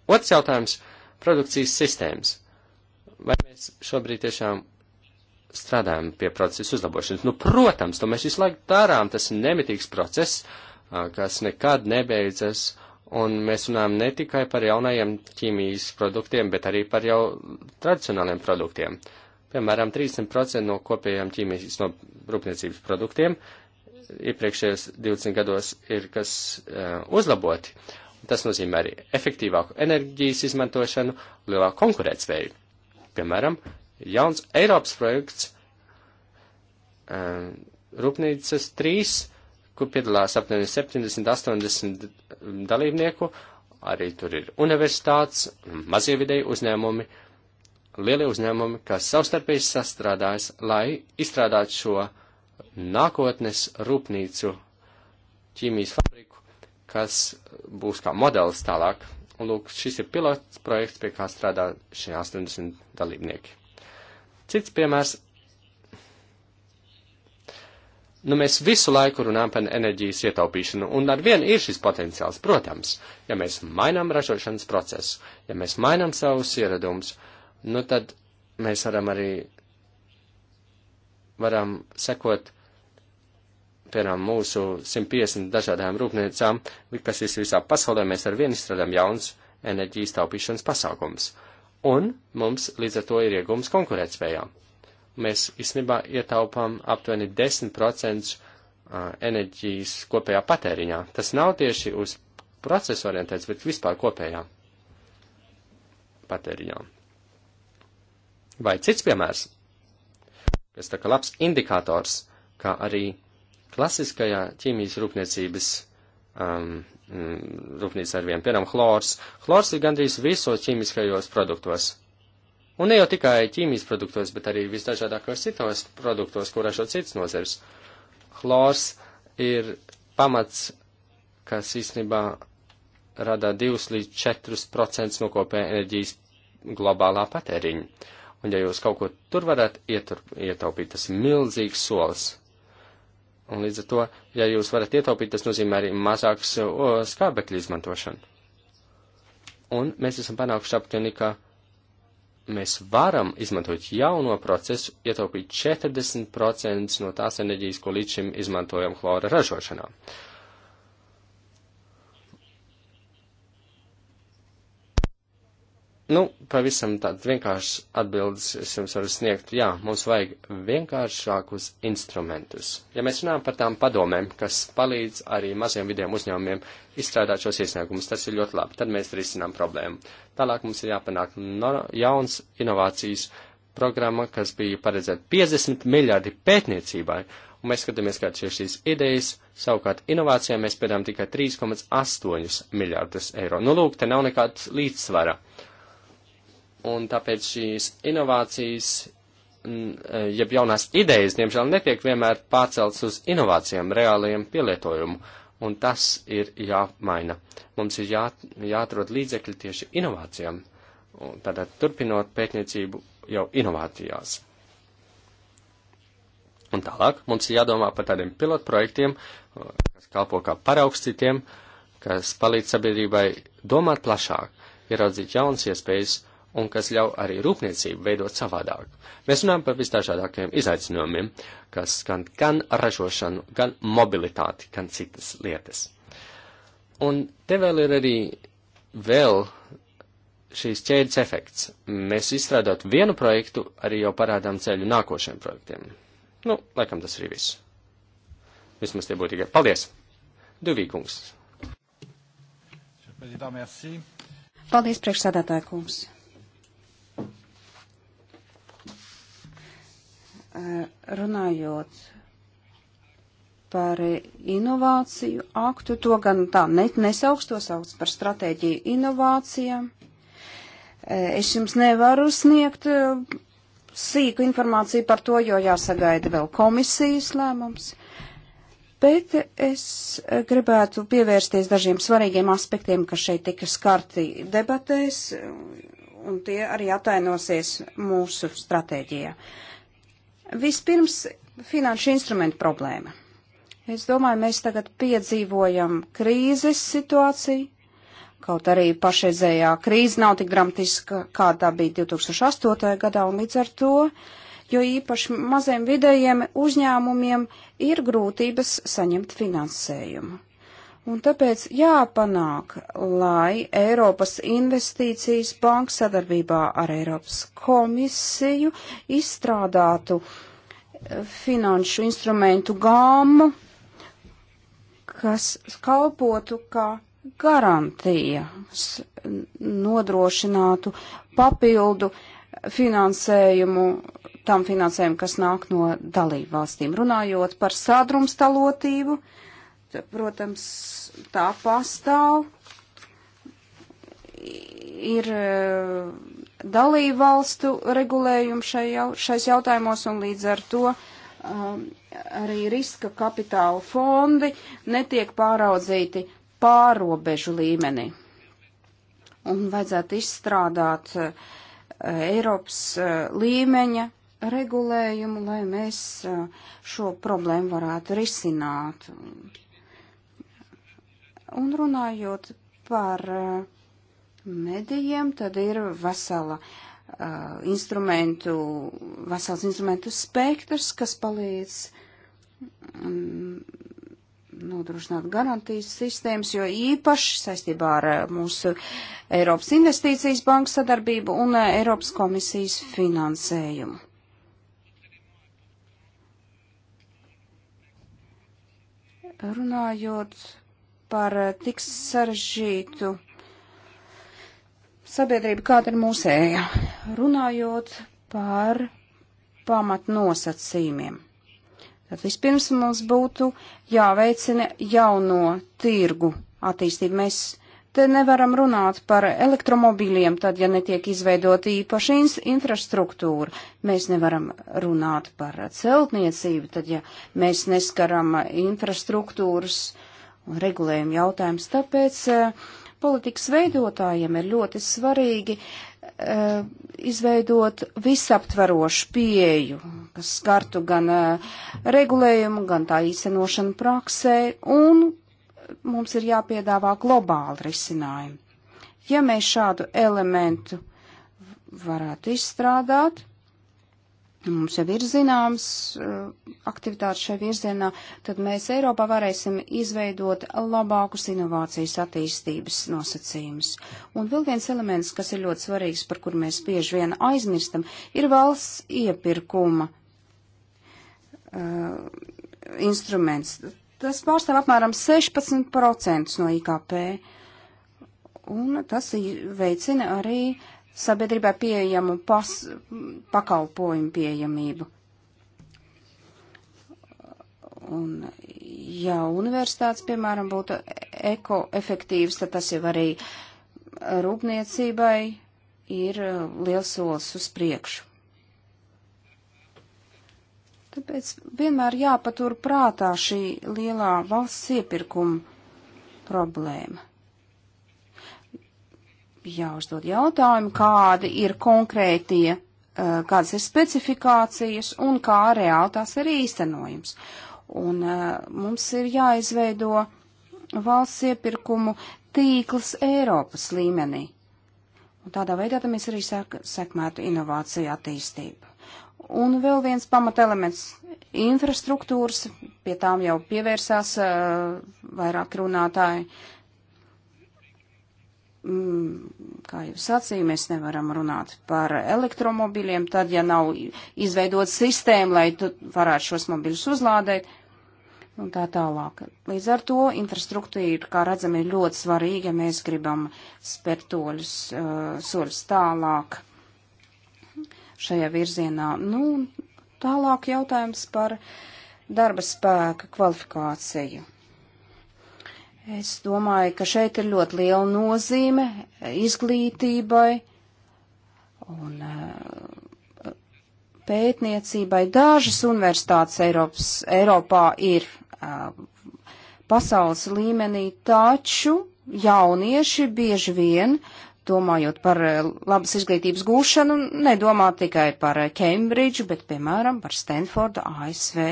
Otrs jautājums - produkcijas sistēmas vai mēs šobrīd tiešām strādājam pie procesa uzlabošanas? Nu, protams, to mēs visu laiku darām, tas ir nemitīgs process, kas nekad nebeidzas, un mēs runājam ne tikai par jaunajiem ķīmijas produktiem, bet arī par jau tradicionāliem produktiem. Piemēram, 30% no kopējām ķīmijas no rūpniecības produktiem iepriekšējos 20 gados ir kas uh, uzlaboti. Tas nozīmē arī efektīvāku enerģijas izmantošanu, lielāku konkurētspēju. Piemēram, jauns Eiropas projekts eh, Rūpnīcas 3, kur piedalās apmēram 70-80 dalībnieku, arī tur ir universitātes, mazie vidēji uzņēmumi, lielie uzņēmumi, kas savstarpēji sastrādājas, lai izstrādātu šo nākotnes rūpnīcu ķīmijas fabriku, kas būs kā modelis tālāk Un lūk, šis ir pilots projekts, pie kā strādā šie 80 dalībnieki. Cits piemērs. Nu, mēs visu laiku runājam par enerģijas ietaupīšanu, un ar vienu ir šis potenciāls, protams, ja mēs mainām ražošanas procesu, ja mēs mainām savus ieradumus, nu tad mēs varam arī varam sekot piemēram, mūsu 150 dažādām rūpniecām, kas ir visā pasaulē, mēs ar vienu izstrādājam jauns enerģijas taupīšanas pasākums. Un mums līdz ar to ir iegums konkurētspējā. Mēs īstenībā ietaupām aptuveni 10% enerģijas kopējā patēriņā. Tas nav tieši uz procesu orientēts, bet vispār kopējā patēriņā. Vai cits piemērs, kas tā kā labs indikators, kā arī Klasiskajā ķīmijas rūpniecības um, rūpnīca ar vienu, piemēram, chlors. Chlors ir gandrīz visos ķīmiskajos produktos. Un ne jau tikai ķīmijas produktos, bet arī visdažādākajos citos produktos, kurā šo cits nozars. Chlors ir pamats, kas īstenībā rada 2 līdz 4 procents no kopē enerģijas globālā patēriņa. Un ja jūs kaut ko tur varat ietur, ietaupīt, tas ir milzīgs solis. Un līdz ar to, ja jūs varat ietaupīt, tas nozīmē arī mazāks o, skābekļu izmantošanu. Un mēs esam panākuši aptuveni, ka mēs varam izmantot jauno procesu, ietaupīt 40% no tās enerģijas, ko līdz šim izmantojam chlora ražošanā. Uh, Nu, pavisam tāds vienkāršs atbildes es jums varu sniegt. Jā, mums vajag vienkāršākus instrumentus. Ja mēs runājam par tām padomēm, kas palīdz arī maziem vidiem uzņēmumiem izstrādāt šos iesniegumus, tas ir ļoti labi. Tad mēs risinām problēmu. Tālāk mums ir jāpanāk no, jauns inovācijas programma, kas bija paredzēta 50 miljardi pētniecībai, un mēs skatāmies, kā tieši šīs idejas, savukārt inovācijām mēs pēdām tikai 3,8 miljardus eiro. Nu, lūk, te nav nekāds līdzsvara un tāpēc šīs inovācijas, e, jeb jaunās idejas, diemžēl, netiek vienmēr pārceltas uz inovācijām, reālajiem pielietojumu, un tas ir jāmaina. Mums ir jā, jāatrod līdzekļi tieši inovācijām, un tātad turpinot pētniecību jau inovācijās. Un tālāk mums ir jādomā par tādiem pilotprojektiem, kas kalpo kā paraugs citiem, kas palīdz sabiedrībai domāt plašāk, ieraudzīt jaunas iespējas un kas ļauj arī rūpniecību veidot savādāk. Mēs runājam par visdažādākajiem izaicinājumiem, kas skan gan ražošanu, gan mobilitāti, gan citas lietas. Un te vēl ir arī vēl šīs ķēdes efekts. Mēs izstrādāt vienu projektu, arī jau parādām ceļu nākošiem projektiem. Nu, laikam tas arī viss. Vismaz tie būtu tikai. Paldies! Duvīkungs! Paldies, priekšsādātāja kungs! runājot par inovāciju aktu, to gan tā ne, nesauks, to sauc par stratēģiju inovācijām. Es jums nevaru sniegt sīku informāciju par to, jo jāsagaida vēl komisijas lēmums. Bet es gribētu pievērsties dažiem svarīgiem aspektiem, kas šeit tika skarti debatēs, un tie arī atainosies mūsu stratēģijā. Uh, Vispirms finanšu instrumentu problēma. Es domāju, mēs tagad piedzīvojam krīzes situāciju, kaut arī pašreizējā krīze nav tik dramatiska, kā tā bija 2008. gadā, un līdz ar to, jo īpaši maziem vidējiem uzņēmumiem ir grūtības saņemt finansējumu. Un tāpēc jāpanāk, lai Eiropas investīcijas banka sadarbībā ar Eiropas komisiju izstrādātu eh, finanšu instrumentu gāmu, kas kalpotu kā garantija, nodrošinātu papildu finansējumu tam finansējumu, kas nāk no dalību valstīm. Runājot par sadrumstalotību, uh, protams, tā pastāv. Ir eh, dalību valstu regulējumu šai jau, šais jautājumos un līdz ar to um, arī riska kapitāla fondi netiek pāraudzīti pārobežu līmenī. Un vajadzētu izstrādāt uh, Eiropas uh, līmeņa regulējumu, lai mēs uh, šo problēmu varētu risināt. Un, Un runājot par eh, medijiem, tad ir vesela uh, instrumentu, vesels instrumentu spektrs, kas palīdz um, nodrošināt garantijas sistēmas, jo īpaši saistībā ar eh, mūsu Eiropas investīcijas banku sadarbību un Eiropas komisijas finansējumu. Runājot par eh, tik sarežģītu sabiedrību, kāda ir mūsējā, runājot par pamatnosacījumiem. Tad vispirms mums būtu jāveicina jauno tirgu attīstību. Mēs te nevaram runāt par elektromobīļiem, tad, ja netiek izveidota īpaša infrastruktūra. Mēs nevaram runāt par celtniecību, tad, ja mēs neskaram infrastruktūras uh, un regulējuma jautājums. Tāpēc eh, politikas veidotājiem ir ļoti svarīgi eh, izveidot visaptvarošu pieju, kas skartu gan eh, regulējumu, gan tā īstenošanu praksē, un mums ir jāpiedāvā globāli risinājumi. Ja mēs šādu elementu varētu izstrādāt, Nu, mums jau ir zināms uh, aktivitātes šai virzienā, tad mēs Eiropā varēsim izveidot labākus inovācijas attīstības nosacījumus. Un vēl viens elements, kas ir ļoti svarīgs, par kur mēs bieži vien aizmirstam, ir valsts iepirkuma uh, instruments. Tas pārstāv apmēram 16% no IKP. Un tas veicina arī uh, sabiedrībai pieejamu pas, pakalpojumu pieejamību. Un, ja universitātes, piemēram, būtu ekoefektīvas, tad tas jau arī rūpniecībai ir uh, liels solis uz priekšu. Tāpēc vienmēr jāpatur prātā šī lielā valsts iepirkuma problēma jāuzdod jautājumi, kādi ir konkrētie, eh, kādas ir specifikācijas un kā reāli tās ir īstenojums. Un eh, mums ir jāizveido valsts iepirkumu tīkls Eiropas līmenī. Un tādā veidā mēs arī sek sekmētu inovāciju attīstību. Un vēl viens pamatelements - infrastruktūras, pie tām jau pievērsās uh, vairāk runātāji. Uh, kā jau sacīju, mēs nevaram runāt par elektromobīļiem, tad, ja nav izveidot sistēmu, lai tu varētu šos mobiļus uzlādēt, un tā tālāk. Līdz ar to infrastruktūra, kā redzam, ir ļoti svarīga, ja mēs gribam spērt toļus, uh, soļus tālāk šajā virzienā. Nu, tālāk jautājums par darba spēka kvalifikāciju Es domāju, ka šeit ir ļoti liela nozīme izglītībai un eh, pētniecībai. Dažas universitātes Eiropas, Eiropā ir eh, pasaules līmenī, taču jaunieši bieži vien domājot par eh, labas izglītības gūšanu, nedomā tikai par eh, Cambridge, bet, piemēram, par Stanfordu, ASV.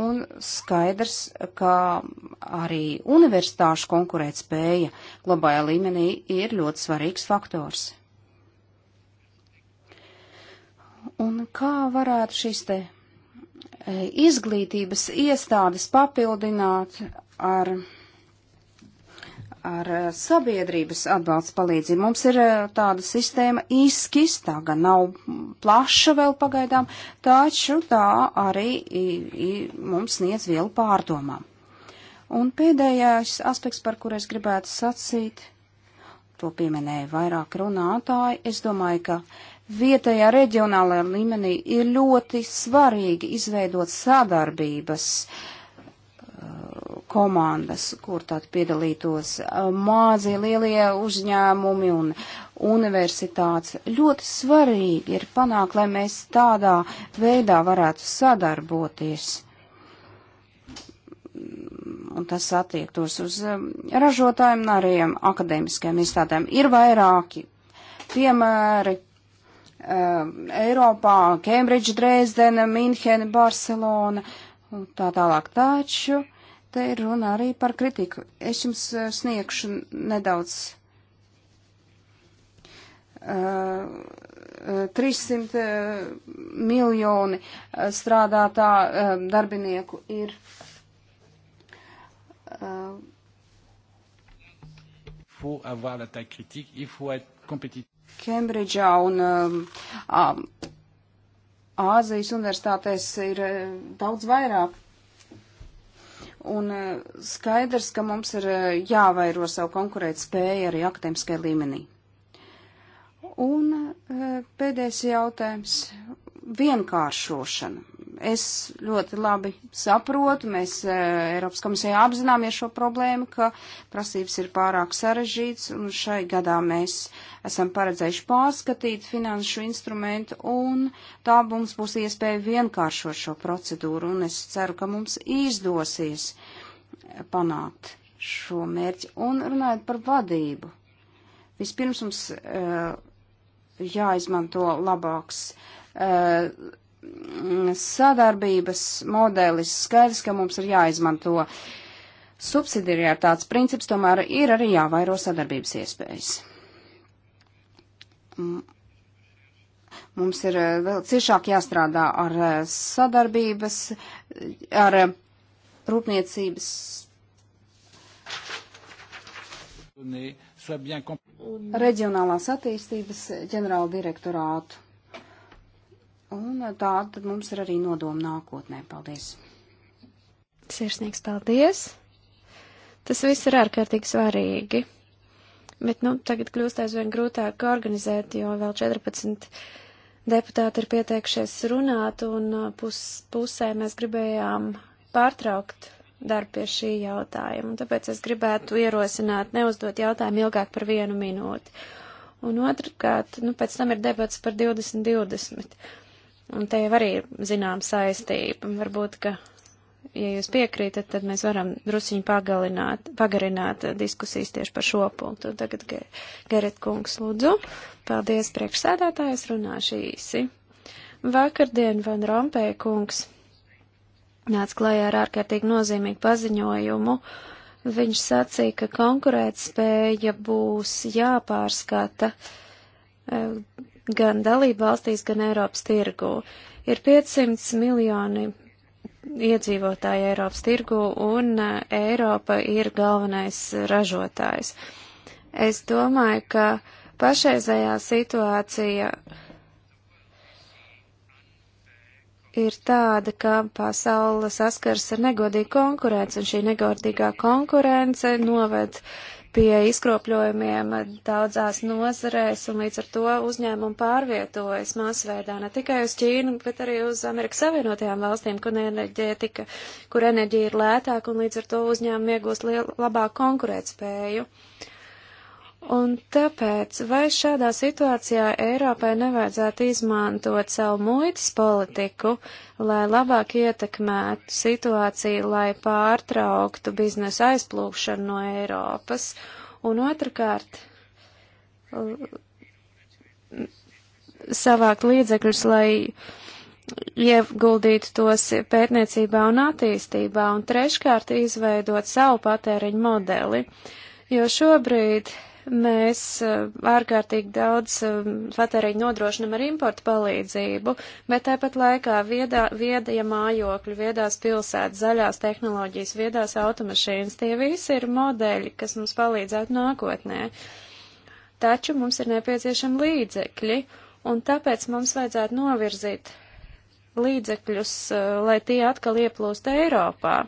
Un skaidrs, ka arī universitāšu konkurētspēja globālā līmenī ir ļoti svarīgs faktors. Un kā varētu šīs te eh, izglītības iestādes papildināt ar ar eh, sabiedrības atbalsta palīdzību. Mums ir eh, tāda sistēma īskis, tā gan nav plaša vēl pagaidām, taču tā arī i, i, mums sniedz vielu pārdomām. Un pēdējais aspekts, par kur es gribētu sacīt, to pieminēja vairāk runātāji, es domāju, ka vietējā reģionālajā līmenī ir ļoti svarīgi izveidot sadarbības uh, komandas, kur tad piedalītos māzie lielie uzņēmumi un universitātes. Ļoti svarīgi ir panākt, lai mēs tādā veidā varētu sadarboties. Un tas attiektos uz ražotājiem un arī akadēmiskajiem izstādēm. Ir vairāki piemēri uh, Eiropā, Kembridža, Dresdena, Minhena, Barcelona. Uh, un tā tālāk. Taču te ir runa arī par kritiku. Es jums eh, sniegšu nedaudz. Uh, eh, 300 eh, miljoni strādātā darbinieku ir. Kembridžā un um, Āzijas universitātēs ir e, daudz vairāk. Un e, skaidrs, ka mums ir e, jāvairo savu konkurēt spēju arī akadēmiskajā līmenī. Un pēdējais jautājums - vienkāršošana es ļoti labi saprotu, mēs eh, Eiropas komisijā apzināmies šo problēmu, ka prasības ir pārāk sarežģīts, un šai gadā mēs esam paredzējuši pārskatīt finanšu instrumentu, un tā mums būs iespēja vienkāršot šo procedūru, un es ceru, ka mums izdosies panākt šo mērķi. Un runājot par vadību, vispirms mums eh, jāizmanto labāks eh, Mm, sadarbības modelis, skaidrs, ka mums ir jāizmanto subsidiarietāts princips, tomēr ir arī jāvairo sadarbības iespējas. Mm. Mums ir eh, vēl ciešāk jāstrādā ar eh, sadarbības, ar eh, rūpniecības. Reģionālās attīstības ģenerāla direktorātu Un tāda tad mums ir arī nodoma nākotnē. Paldies! Sirsnīgs paldies! Tas viss ir ārkārtīgi svarīgi. Bet, nu, tagad kļūst aizvien grūtāk organizēt, jo vēl 14 deputāti ir pieteikšies runāt, un uh, pus, pusē mēs gribējām pārtraukt darbu pie šī jautājuma. Un tāpēc es gribētu ierosināt neuzdot jautājumu ilgāk par vienu minūti. Un otrkārt, nu, pēc tam ir debats par 2020. 20. Un te jau arī ir zinām saistība. Varbūt, ka, ja jūs piekrītat, tad mēs varam drusiņu pagalināt, pagarināt diskusijas tieši par šo punktu. Tagad Geret kungs lūdzu. Paldies priekšsēdētājs, runāšu īsi. Vakardien Van Rompē kungs nāca klajā ar ārkārtīgi nozīmīgu paziņojumu. Viņš sacīja, ka konkurētspēja būs jāpārskata eh, gan dalību valstīs, gan Eiropas tirgū. Ir 500 miljoni iedzīvotāji Eiropas tirgū, un eh, Eiropa ir galvenais ražotājs. Es domāju, ka pašreizējā situācija ir tāda, ka pasaule saskars ar negodīgu konkurenci, un šī negodīgā konkurence noved pie izkropļojumiem daudzās nozarēs, un līdz ar to uzņēmumu pārvietojas masveidā ne tikai uz Ķīnu, bet arī uz Amerikas Savienotajām valstīm, kur enerģētika, kur enerģija ir lētāka, un līdz ar to uzņēmumi iegūst liel, labāku konkurētspēju. Uh, Un tāpēc, vai šādā situācijā Eiropai nevajadzētu izmantot savu muitas politiku, lai labāk ietekmētu situāciju, lai pārtrauktu biznesa aizplūkšanu no Eiropas? Un otrkārt, savākt līdzekļus, lai ieguldītu tos pētniecībā un attīstībā, un treškārt izveidot savu patēriņu modeli, jo šobrīd mēs eh, ārkārtīgi daudz eh, patēriņu nodrošinam ar importu palīdzību, bet tāpat laikā viedā, viedie mājokļi, viedās pilsētas, zaļās tehnoloģijas, viedās automašīnas, tie visi ir modeļi, kas mums palīdzētu nākotnē. Taču mums ir nepieciešami līdzekļi, un tāpēc mums vajadzētu novirzīt līdzekļus, eh, lai tie atkal ieplūst Eiropā.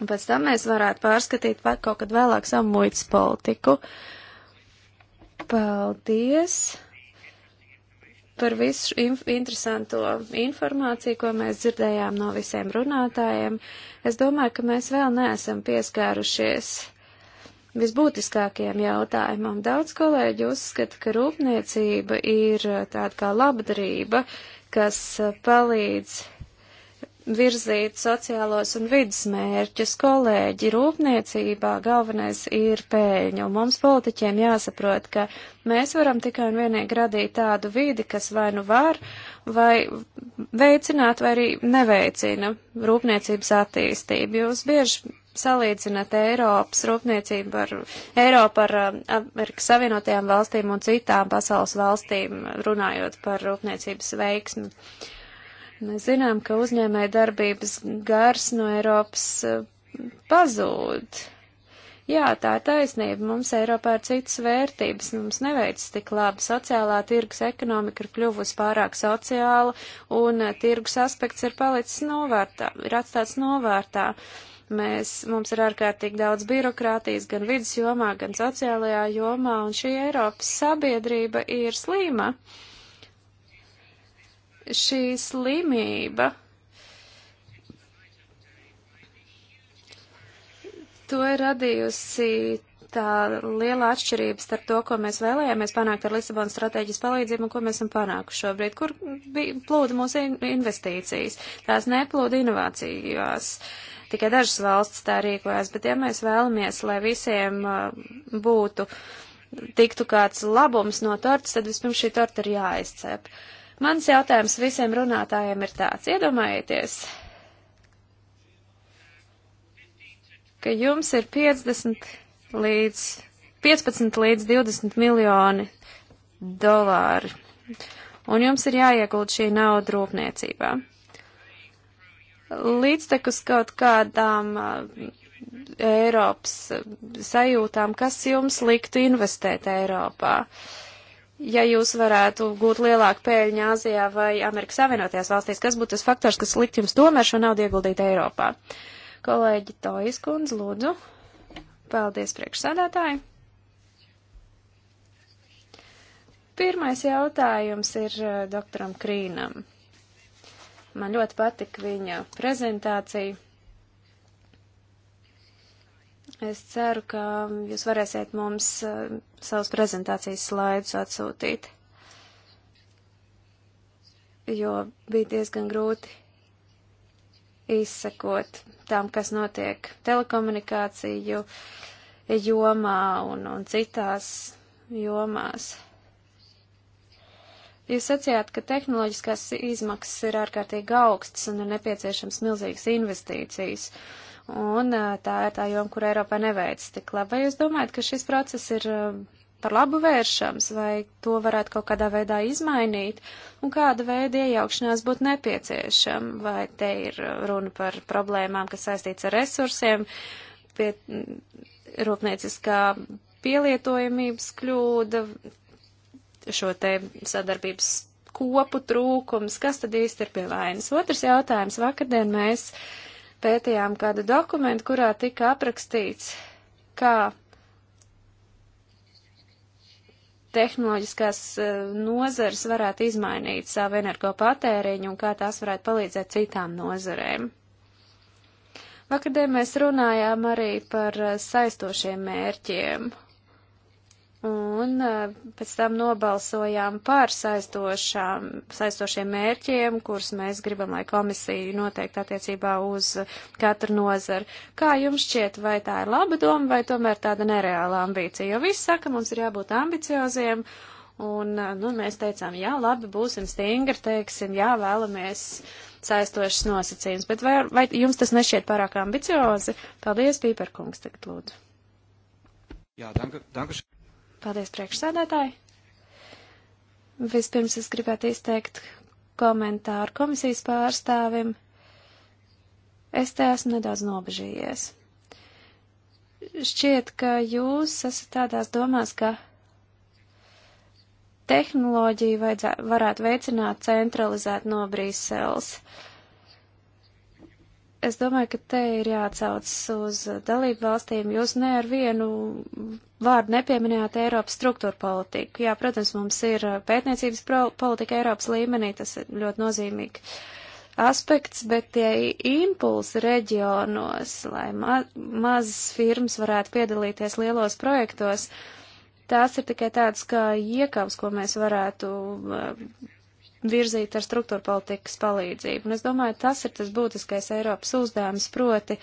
Un pēc tam mēs varētu pārskatīt vēl kaut kad vēlāk savu muitas politiku. Paldies par visu inf interesanto informāciju, ko mēs dzirdējām no visiem runātājiem. Es domāju, ka mēs vēl neesam pieskārušies visbūtiskākajiem jautājumam. Daudz kolēģi uzskata, ka rūpniecība ir tāda kā labdarība, kas palīdz virzīt sociālos un vidas mērķus. Kolēģi, rūpniecībā galvenais ir pēļņu. Mums politiķiem jāsaprot, ka mēs varam tikai un vienīgi radīt tādu vidi, kas vai nu var, vai veicināt, vai arī neveicina rūpniecības attīstību. Jūs bieži salīdzināt Eiropas rūpniecību ar Eiropu ar um, Amerikas Savienotajām valstīm un citām pasaules valstīm, runājot par rūpniecības veiksmi. Uh, Mēs zinām, ka uzņēmē darbības gars no Eiropas eh, pazūd. Jā, tā ir taisnība. Mums Eiropā ir citas vērtības. Mums neveicis tik labi. Sociālā tirgus ekonomika ir kļuvusi pārāk sociāla, un eh, tirgus aspekts ir palicis novārtā, ir atstāts novārtā. Mēs, mums ir ārkārtīgi daudz birokrātijas gan vidas jomā, gan sociālajā jomā, un šī Eiropas sabiedrība ir slīma. Uh, šī slimība. To ir radījusi tā liela atšķirība starp to, ko mēs vēlējāmies panākt ar Lisabonas stratēģijas palīdzību un ko mēs esam panākuši šobrīd, kur bija plūda mūsu investīcijas. Tās neplūda inovācijās. Tikai dažas valsts tā rīkojās, bet ja mēs vēlamies, lai visiem uh, būtu, tiktu kāds labums no tortas, tad vispirms šī torta ir jāizcep. Uh, Mans jautājums visiem runātājiem ir tāds. Iedomājieties, ka jums ir 50 līdz 15 līdz 20 miljoni dolāri, un jums ir jāiegūt šī nauda rūpniecībā. Līdztekus kaut kādām uh, Eiropas uh, sajūtām, kas jums liktu investēt Eiropā. Uh, ja jūs varētu gūt lielāku pēļņu Āzijā vai Amerikas Savienotajās valstīs, kas būtu tas faktors, kas likt jums tomēr šo naudu ieguldīt Eiropā? Kolēģi Tojas kundze, lūdzu. Paldies, priekšsādātāji. Pirmais jautājums ir eh, doktoram Krīnam. Man ļoti patika viņa prezentācija. Es ceru, ka jūs varēsiet mums eh, savus prezentācijas slaidus atsūtīt, jo bija diezgan grūti izsekot tam, kas notiek telekomunikāciju jomā un, un citās jomās. Jūs sacījāt, ka tehnoloģiskās izmaksas ir ārkārtīgi augstas un ir nepieciešams milzīgas investīcijas un tā ir tā joma, kur Eiropā neveic tik labi. Vai jūs domājat, ka šis process ir par labu vēršams, vai to varētu kaut kādā veidā izmainīt, un kāda veida iejaukšanās būtu nepieciešama, vai te ir runa par problēmām, kas saistīts ar resursiem, pie rūpnieciskā pielietojamības kļūda, šo te sadarbības kopu trūkums, kas tad īsti ir pie vainas. Otrs jautājums. Vakardien mēs uh, pētījām kādu dokumentu, kurā tika aprakstīts, kā tehnoloģiskās eh, nozares varētu izmainīt savu energopatēriņu un kā tās varētu palīdzēt citām nozarēm. Vakardien mēs runājām arī par eh, saistošiem mērķiem Un eh, pēc tam nobalsojām par saistošiem mērķiem, kurus mēs gribam, lai komisija noteikti attiecībā uz katru nozaru. Kā jums šķiet, vai tā ir laba doma, vai tomēr tāda nereāla ambīcija? Jo viss saka, mums ir jābūt ambicioziem, un eh, nu, mēs teicām, jā, labi, būsim stingri, teiksim, jā, vēlamies saistošas nosacījums, bet vai, vai jums tas nešķiet pārāk ambiciozi? Paldies, Pīperkungs, tagad lūdzu. Jā, danku, danku. Paldies, priekšsēdētāji! Vispirms es gribētu izteikt komentāru komisijas pārstāvim. Es te esmu nedaudz nobežījies. Šķiet, ka jūs esat tādās domās, ka tehnoloģiju varētu veicināt centralizēt no Brīseles. Uh, es domāju, ka te ir jāatsaucas uz dalību valstīm. Jūs ne ar vienu vārdu nepieminējāt Eiropas struktūra politiku. Jā, protams, mums ir uh, pētniecības politika Eiropas līmenī, tas ir ļoti nozīmīgi aspekts, bet tie impulsi reģionos, lai ma mazas firmas varētu piedalīties lielos projektos, tās ir tikai tāds kā iekavs, ko mēs varētu uh, virzīt ar struktūra politikas palīdzību. Un es domāju, tas ir tas būtiskais Eiropas uzdevums, proti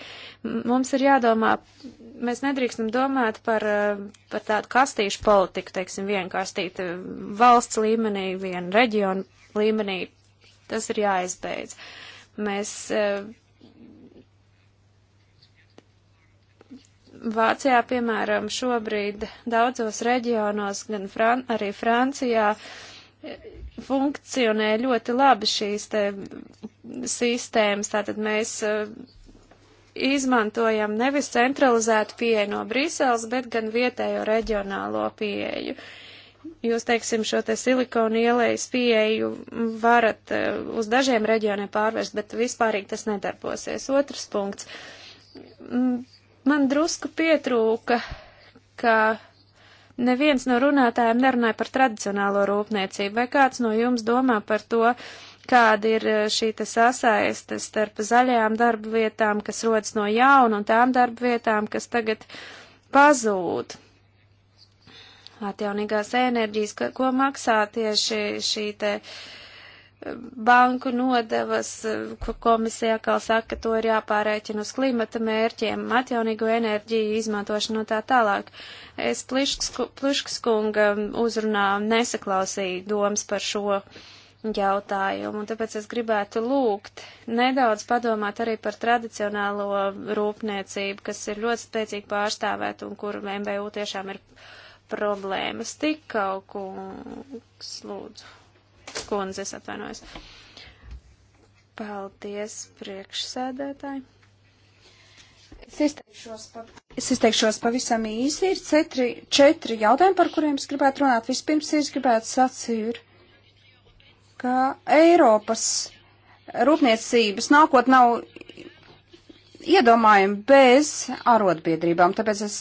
mums ir jādomā, mēs nedrīkstam domāt par, eh, par tādu kastīšu politiku, teiksim, vienkārstīt eh, valsts līmenī, vienu reģionu līmenī. Tas ir jāizbeidz. Mēs eh, Vācijā, piemēram, šobrīd daudzos reģionos, gan Fran arī Francijā, funkcionē ļoti labi šīs te sistēmas, tātad mēs e, izmantojam nevis centralizētu pieeju no Brīseles, bet gan vietējo reģionālo pieeju. Jūs, teiksim, šo te silikonu ielējas pieeju varat e, uz dažiem reģioniem pārvērst, bet vispārīgi tas nedarbosies. Otrs punkts. Man drusku pietrūka, ka Neviens no runātājiem nerunāja par tradicionālo rūpniecību, vai kāds no jums domā par to, kāda ir eh, šī sasaiste starp zaļajām darba vietām, kas rodas no jauna, un tām darba vietām, kas tagad pazūd. Atjaunīgās enerģijas, ko maksā tieši šī te uh, banku nodevas, ko komisija atkal saka, ka to ir jāpārēķina uz klimata mērķiem, atjaunīgo enerģiju izmantošanu un tā tālāk. Es Pliškskunga uzrunā nesaklausīju domas par šo jautājumu, un tāpēc es gribētu lūgt nedaudz padomāt arī par tradicionālo rūpniecību, kas ir ļoti spēcīgi pārstāvēt un kur MBU tiešām ir problēmas. Tikau kungs, lūdzu. Kundze, es atvainojos. Paldies, priekšsēdētāji. Es izteikšos, pa... es izteikšos pavisam īsi. Ir četri, četri jautājumi, par kuriem es gribētu runāt. Vispirms es gribētu sacīt, ka Eiropas rūpniecības nākotnē nav iedomājama bez arotbiedrībām, tāpēc es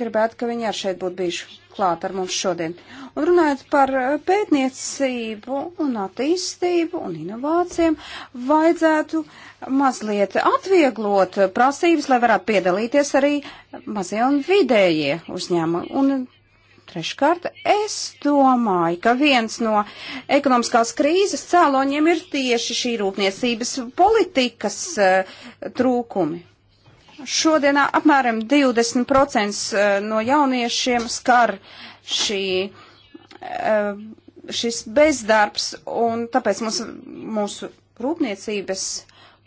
gribētu, ka viņi arī šeit būtu bijuši klāt ar mums šodien. Un runājot par eh, pētniecību un attīstību un inovācijām, vajadzētu mazliet atvieglot prasības, lai varētu piedalīties arī mazie un vidējie uzņēmumi. Un treškārt, es domāju, ka viens no ekonomiskās krīzes cēloņiem ir tieši šī rūpniecības politikas uh, trūkumi. Šodienā apmēram 20% eh, no jauniešiem skar šī, eh, šis bezdarbs, un tāpēc mums, mūsu rūpniecības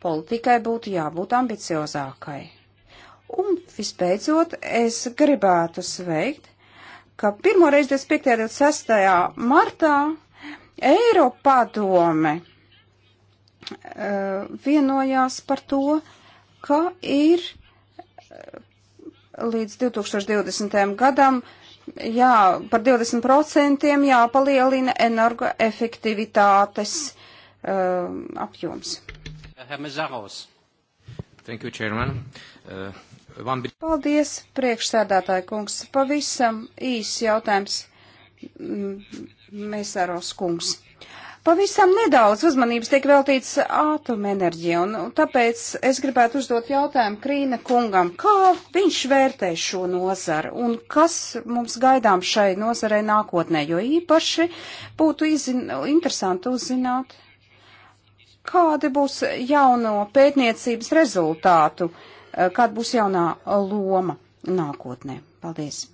politikai būtu jābūt ambiciozākai. Un visbeidzot, es gribētu sveikt, ka pirmoreiz 25. un 26. martā Eiropadome eh, vienojās par to, ka ir līdz 2020. gadam jā, par 20% jāpalielina energoefektivitātes uh, apjoms. Thank you, Chairman. Uh, one... Paldies, priekšsēdētāji kungs. Pavisam īsts jautājums. Mēsāros mm, kungs. Pavisam nedaudz uzmanības tiek veltīts atomenerģija, un tāpēc es gribētu uzdot jautājumu Krīna kungam, kā viņš vērtē šo nozaru un kas mums gaidām šai nozarei nākotnē, jo īpaši būtu izzin, interesanti uzzināt, kādi būs jauno pētniecības rezultātu, eh, kāda būs jaunā loma nākotnē. Paldies!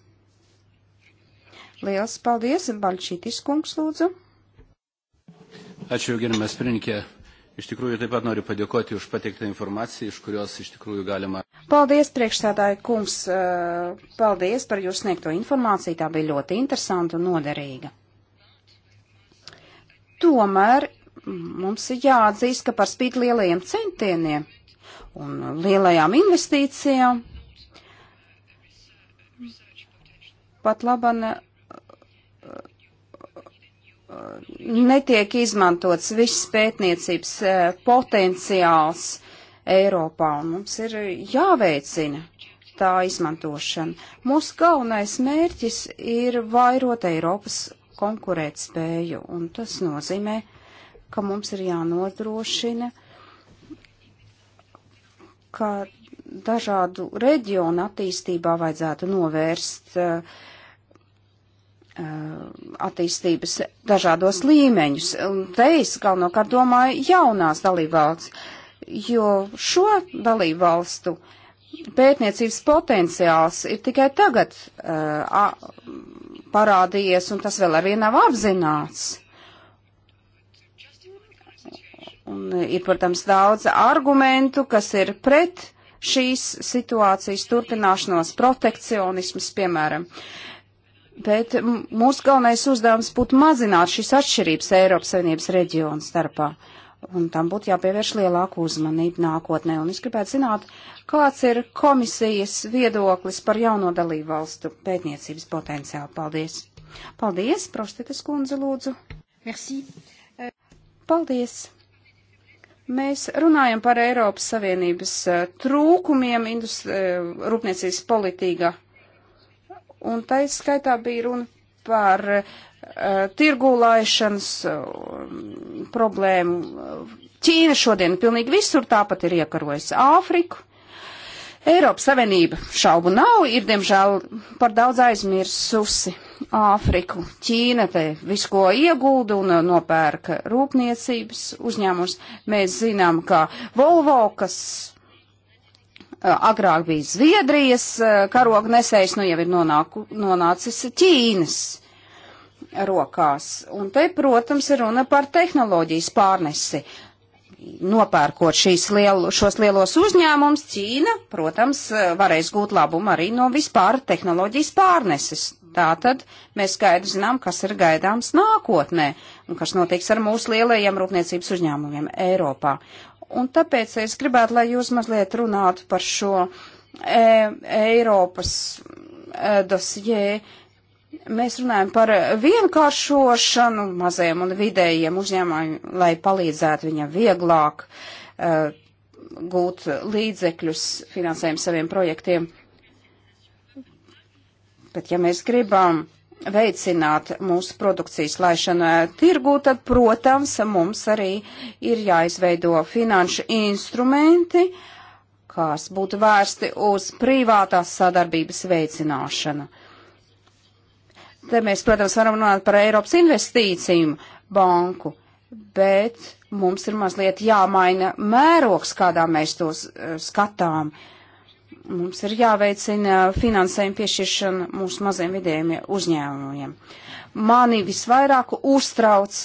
Liels paldies, Balčītis kungs, lūdzu! Ačiū, gerimas pirmininkė. Iš tikrųjų, taip pat noriu padėkoti už pateiktą informaciją, iš kurios iš tikrųjų galima. Paldies, priekšstādāji kungs. E, paldies par jūsu sniegto informāciju. Tā bija ļoti interesanta un noderīga. Tomēr mums ir jāatzīst, ka par spīt lielajiem centieniem un lielajām investīcijām pat labana netiek izmantots viss pētniecības e, potenciāls Eiropā, un mums ir jāveicina tā izmantošana. Mūsu galvenais mērķis ir vairot Eiropas konkurētspēju, un tas nozīmē, ka mums ir jānodrošina, ka dažādu reģionu attīstībā vajadzētu novērst uh, Uh, attīstības dažādos līmeņus. Te es galvenokārt domāju jaunās dalībvalsts, jo šo dalībvalstu pētniecības potenciāls ir tikai tagad uh, parādījies, un tas vēl arvien nav apzināts. Un ir, protams, daudz argumentu, kas ir pret šīs situācijas turpināšanos, protekcionismas, piemēram. Uh, bet mūsu galvenais uzdevums būtu mazināt šīs atšķirības Eiropas Savienības reģionu starpā. Un tam būtu jāpievērš lielāku uzmanību nākotnē. Un es gribētu zināt, kāds ir komisijas viedoklis par jauno dalību valstu pētniecības potenciālu. Paldies! Paldies, prostitas kundze, lūdzu! Merci! Paldies! Mēs runājam par Eiropas Savienības eh, trūkumiem industri, eh, rūpniecības politīgā un tai skaitā bija runa par uh, eh, tirgulaišanas uh, eh, problēmu. Ķīna šodien pilnīgi visur tāpat ir iekarojusi Āfriku. Eiropas Savienība šaubu nav, ir diemžēl par daudz aizmirsusi Āfriku. Ķīna te visu, ko iegulda un eh, nopērka rūpniecības uzņēmums. Mēs zinām, ka Volvo, kas Eh, agrāk bija Zviedrijas eh, karoga nesējs, nu jau ir nonāku, nonācis Ķīnas rokās. Un te, protams, ir runa par tehnoloģijas pārnesi. Nopērkot šīs lielu, šos lielos uzņēmumus, Ķīna, protams, eh, varēs gūt labumu arī no vispār tehnoloģijas pārneses. Tātad mēs skaidri zinām, kas ir gaidāms nākotnē un kas notiks ar mūsu lielajiem rūpniecības uzņēmumiem Eiropā. Un tāpēc es gribētu, lai jūs mazliet runātu par šo e, Eiropas e, dosjē. Mēs runājam par vienkāršošanu mazajiem un vidējiem uzņēmumiem, lai palīdzētu viņam vieglāk e, gūt līdzekļus finansējumu saviem projektiem. Bet ja mēs gribam veicināt mūsu produkcijas laišanu eh, tirgū, tad, protams, mums arī ir jāizveido finanšu instrumenti, kas būtu vērsti uz privātās sadarbības veicināšanu. Te mēs, protams, varam runāt par Eiropas investīciju banku, bet mums ir mazliet jāmaina mērogs, kādā mēs tos eh, skatām. Uh, mums ir jāveicina finansējuma piešķiršana mūsu maziem vidējiem uzņēmumiem. Mani visvairāk uztrauc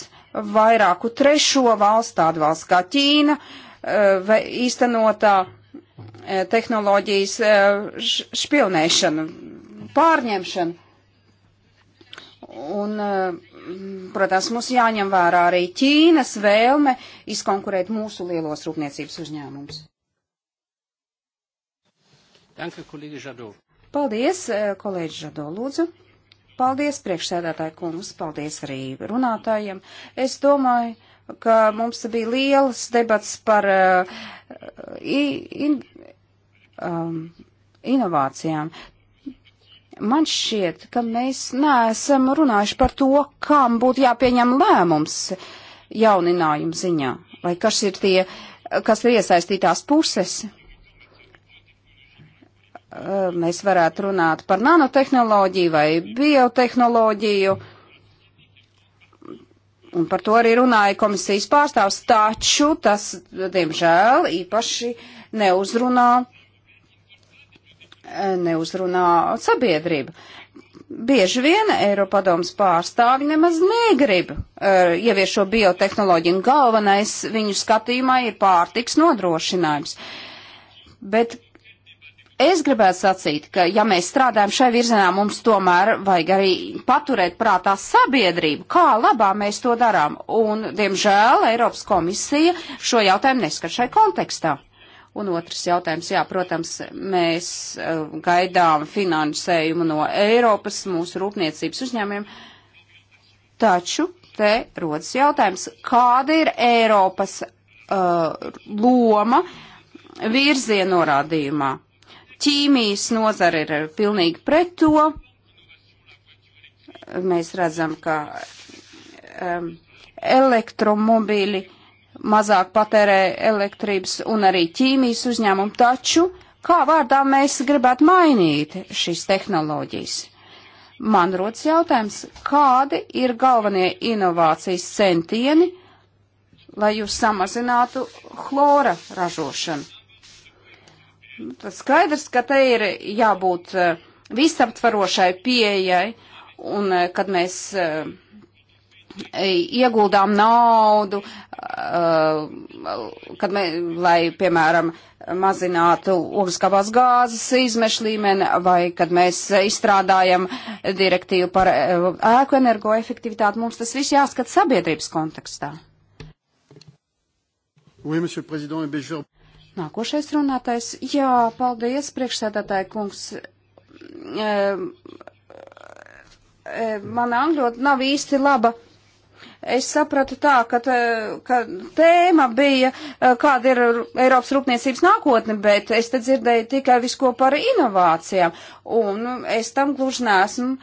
vairāku trešo valstu, tādu valsts kā Ķīna, eh, īstenotā eh, tehnoloģijas eh, špilnēšana, pārņemšana. Un, protams, mums jāņem vērā arī Ķīnas vēlme izkonkurēt mūsu lielos rūpniecības uzņēmumus. Danke, eh, kolēģi Žado. Paldies, kolēģi Žado, lūdzu. Paldies, priekšsēdētāji kungs, paldies arī runātājiem. Es domāju, ka mums bija liels debats par uh, in, um, inovācijām. Man šķiet, ka mēs neesam runājuši par to, kam būtu jāpieņem lēmums jauninājumu ziņā, vai kas ir tie, kas ir iesaistītās puses. Eh, mēs varētu runāt par nanotehnoloģiju vai biotehnoloģiju. Un par to arī runāja komisijas pārstāvs, taču tas, diemžēl, īpaši neuzrunā, eh, neuzrunā sabiedrība. Bieži vien Eiropadomas pārstāvi nemaz negrib eh, ievies šo biotehnoloģiju, un galvenais viņu skatījumā ir pārtiks nodrošinājums. Bet Es gribētu sacīt, ka ja mēs strādājam šai virzienā, mums tomēr vajag arī paturēt prātā sabiedrību, kā labā mēs to darām. Un, diemžēl, Eiropas komisija šo jautājumu neskat šai kontekstā. Un otrs jautājums, jā, protams, mēs uh, gaidām finansējumu no Eiropas mūsu rūpniecības uzņēmumiem, taču te rodas jautājums, kāda ir Eiropas uh, loma virzienu norādījumā? Ķīmijas nozara ir pilnīgi pret to. Mēs redzam, ka um, elektromobīļi mazāk patērē elektrības un arī ķīmijas uzņēmumu, taču kā vārdā mēs gribētu mainīt šīs tehnoloģijas? Man rodas jautājums, kādi ir galvenie inovācijas centieni, lai jūs samazinātu chlora ražošanu? Tas skaidrs, ka te ir jābūt e, visaptvarošai pieejai, un e, kad mēs e, ieguldām naudu, kad mē, lai, piemēram, mazinātu ogliskābās gāzes izmešu līmeni, vai kad mēs izstrādājam direktīvu par ēku energoefektivitāti, mums tas viss jāskat sabiedrības kontekstā. Oui, Nākošais runātais. Jā, paldies, priekšsēdētāji kungs. E, e, mana angļot nav īsti laba. Es sapratu tā, ka, tā, ka tēma bija, e, kāda ir Eiropas rūpniecības nākotne, bet es te dzirdēju tikai visko par inovācijām, un es tam gluži nesmu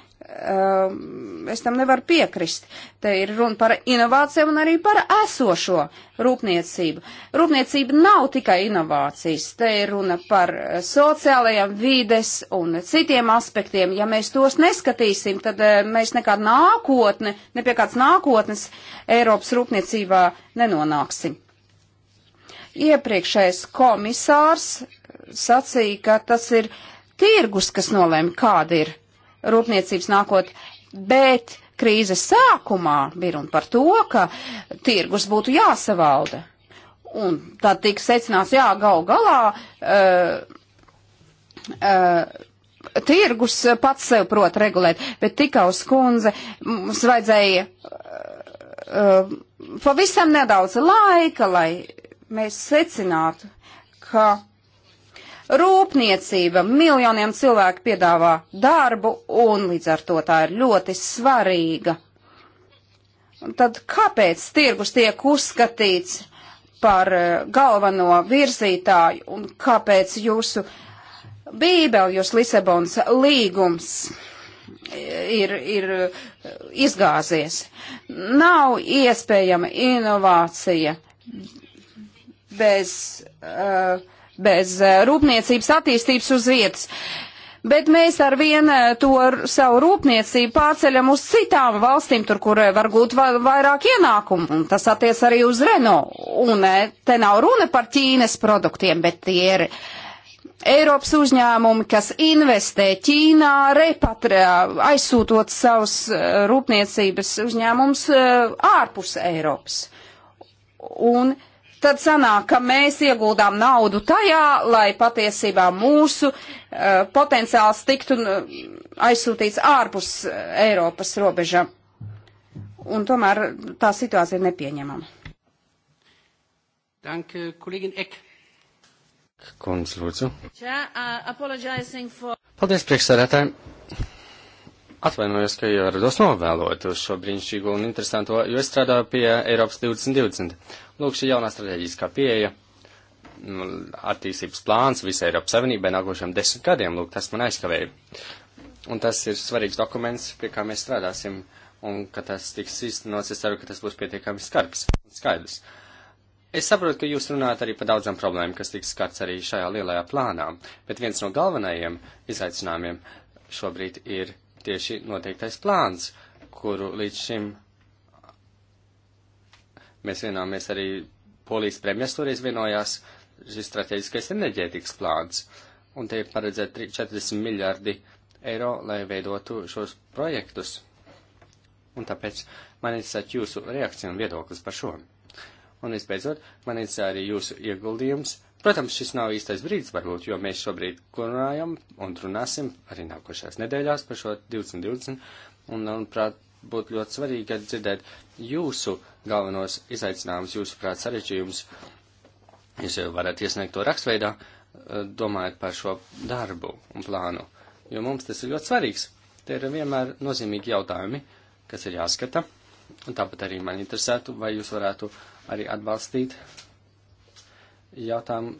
Um, es tam nevaru piekrist. Te ir runa par inovācijām un arī par esošo rūpniecību. Rūpniecība nav tikai inovācijas, te ir runa par sociālajiem vides un citiem aspektiem. Ja mēs tos neskatīsim, tad eh, mēs nekādu nākotni, ne pie kāds nākotnes Eiropas rūpniecībā nenonāksim. Iepriekšējais komisārs sacīja, ka tas ir tirgus, kas nolēma, kāda ir rūpniecības nākotnē, bet krīzes sākumā bija runa par to, ka tirgus būtu jāsavalda. Un tad tika secināts, jā, gal galā uh, uh, tirgus pats sev prot regulēt, bet tikai uz kundze mums vajadzēja uh, pavisam nedaudz laika, lai mēs secinātu, ka Rūpniecība miljoniem cilvēku piedāvā darbu un līdz ar to tā ir ļoti svarīga. Un tad kāpēc tirgus tiek uzskatīts par eh, galveno virzītāju un kāpēc jūsu Bībeli, jūsu Lisabons līgums eh, ir, ir eh, izgāzies? Nav iespējama inovācija bez. Uh, bez eh, rūpniecības attīstības uz vietas. Bet mēs ar vienu eh, to savu rūpniecību pārceļam uz citām valstīm, tur, kur eh, var gūt vairāk ienākumu. Un tas attiec arī uz Renault. Un te nav runa par Ķīnas produktiem, bet tie ir Eiropas uzņēmumi, kas investē Ķīnā, repatriā, aizsūtot savus rūpniecības uzņēmumus ārpus Eiropas. Un tad sanāk, ka mēs ieguldām naudu tajā, lai patiesībā mūsu uh, potenciāls tiktu uh, aizsūtīts ārpus eh, Eiropas robežām. Un tomēr tā situācija ir nepieņemama. Danke, kolēģin Ek. Kungs, lūdzu. Uh, Paldies, priekšsēdētāji. Atvainojos, ka ierados novēlot uz šo brīnišķīgo un interesanto, jo es strādāju pie Eiropas 2020 Lūk, šī jaunā strateģiskā pieeja, nu, attīstības plāns visai Eiropas Savienībai nākošiem desmit gadiem, lūk, tas man aizkavēja. Un tas ir svarīgs dokuments, pie kā mēs strādāsim, un, ka tas tiks īstenots, es ceru, ka tas būs pietiekami skarbs un skaidrs. Es saprotu, ka jūs runājat arī par daudzām problēmām, kas tiks skarts arī šajā lielajā plānā, bet viens no galvenajiem izaicinājumiem šobrīd ir tieši noteiktais plāns, kuru līdz šim Mēs vienāmies arī Polijas premjeras toreiz vienojās šis strateģiskais enerģētikas plāns, un te ir paredzēt 40 miljardi eiro, lai veidotu šos projektus. Un tāpēc man interesē jūsu reakcija un viedoklis par šo. Un visbeidzot, man interesē arī jūsu ieguldījums. Protams, šis nav īstais brīdis varbūt, jo mēs šobrīd runājam un runāsim arī nākošajās nedēļās par šo 2020, un, manuprāt, būtu ļoti svarīgi dzirdēt jūsu galvenos izaicinājumus, jūsu prāt sarežģījumus. Jūs jau varat iesniegt to rakstveidā, eh, domājot par šo darbu un plānu, jo mums tas ir ļoti svarīgs. Tie ir vienmēr nozīmīgi jautājumi, kas ir jāskata, un tāpat arī man interesētu, vai jūs varētu arī atbalstīt jautājumu,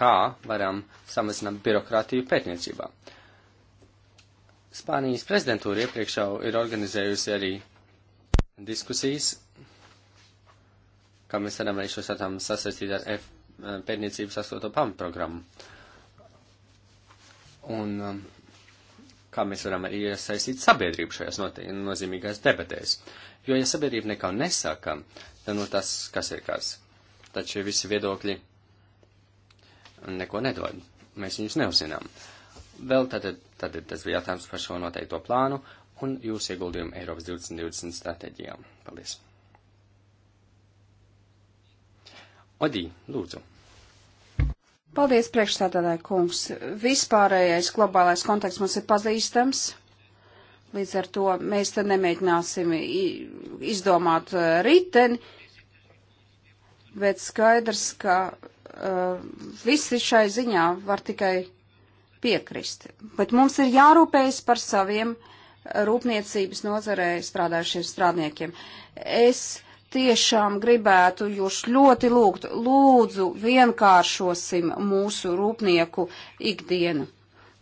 kā varam samazināt birokrātiju pētniecībā. Uh, Spānijas prezidentūra iepriekš jau ir organizējusi arī diskusijas, kā mēs varam arī šos jautājumus sasaistīt ar F eh, pētniecības astoto pamatprogrammu. Un um, kā mēs varam arī iesaistīt sabiedrību šajās nozīmīgās debatēs. Jo, ja sabiedrība nekā nesaka, tad nu tas, kas ir kas. Taču visi viedokļi neko nedod. Mēs viņus neuzinām. Uh, Vēl tātad, tātad tas bija jautājums par šo noteikto plānu un jūsu ieguldījumu Eiropas 2020 stratēģijām. Paldies! Odī, lūdzu! Paldies, priekšstādātāji kungs. Vispārējais globālais konteksts mums ir pazīstams. Līdz ar to mēs te nemēģināsim izdomāt uh, riteni, bet skaidrs, ka uh, visi šai ziņā var tikai piekrist. Bet mums ir jārūpējas par saviem rūpniecības nozarē strādājušiem strādniekiem. Es tiešām gribētu jūs ļoti lūgt, lūdzu vienkāršosim mūsu rūpnieku ikdienu.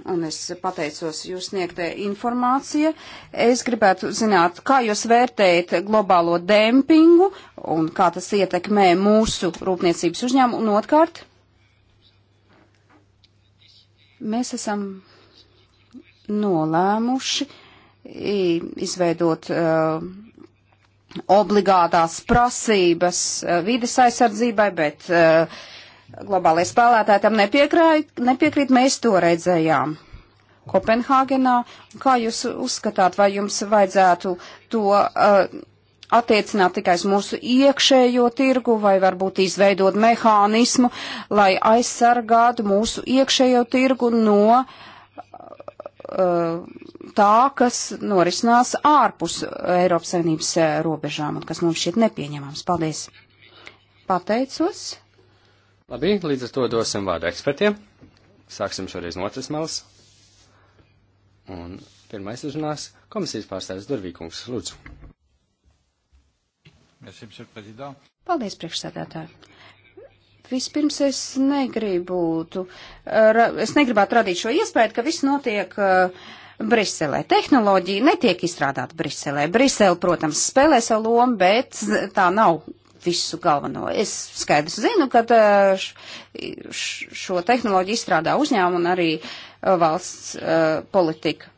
Un es pateicos jūs sniegtē informācija. Es gribētu zināt, kā jūs vērtējat globālo dempingu un kā tas ietekmē mūsu rūpniecības uzņēmumu un otkārt Mēs esam nolēmuši izveidot uh, obligātās prasības uh, vides aizsardzībai, bet uh, globālajie spēlētāji tam nepiekrīt, nepiekrīt mēs to redzējām. Kopenhāgenā, kā jūs uzskatāt, vai jums vajadzētu to uh, attiecināt tikai uz mūsu iekšējo tirgu vai varbūt izveidot mehānismu, lai aizsargātu mūsu iekšējo tirgu no uh, tā, kas norisinās ārpus Eiropas Savienības uh, robežām un kas mums šķiet nepieņemams. Paldies! Pateicos! Labi, līdz ar to dosim vārdu ekspertiem. Sāksim šoreiz no otras malas. Un pirmais uzrunās komisijas pārstāvis Durvīkungs. Lūdzu. Paldies, priekšsēdētāji. Vispirms es negribūtu, eh, es negribētu radīt šo iespēju, ka viss notiek eh, Briselē. Tehnoloģija netiek izstrādāta Briselē. Brisele, protams, spēlē savu lomu, bet tā nav visu galveno. Es skaidrs zinu, ka eh, šo tehnoloģiju izstrādā uzņēmumu un arī valsts politika.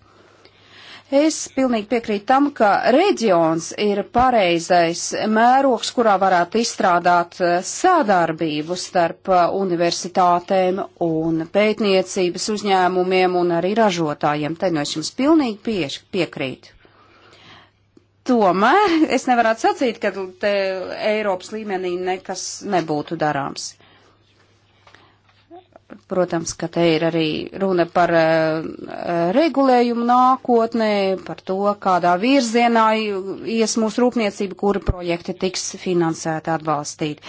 Es pilnīgi piekrītu tam, ka reģions ir pareizais mērogs, kurā varētu izstrādāt eh, sādarbību starp eh, universitātēm un pētniecības uzņēmumiem un arī ražotājiem. Te no nu es jums pilnīgi pie, piekrītu. Tomēr es nevarētu sacīt, ka te Eiropas līmenī nekas nebūtu darāms. Protams, ka te ir arī runa par uh, regulējumu nākotnē, par to, kādā virzienā ies mūsu rūpniecība, kura projekti tiks finansēti atbalstīt.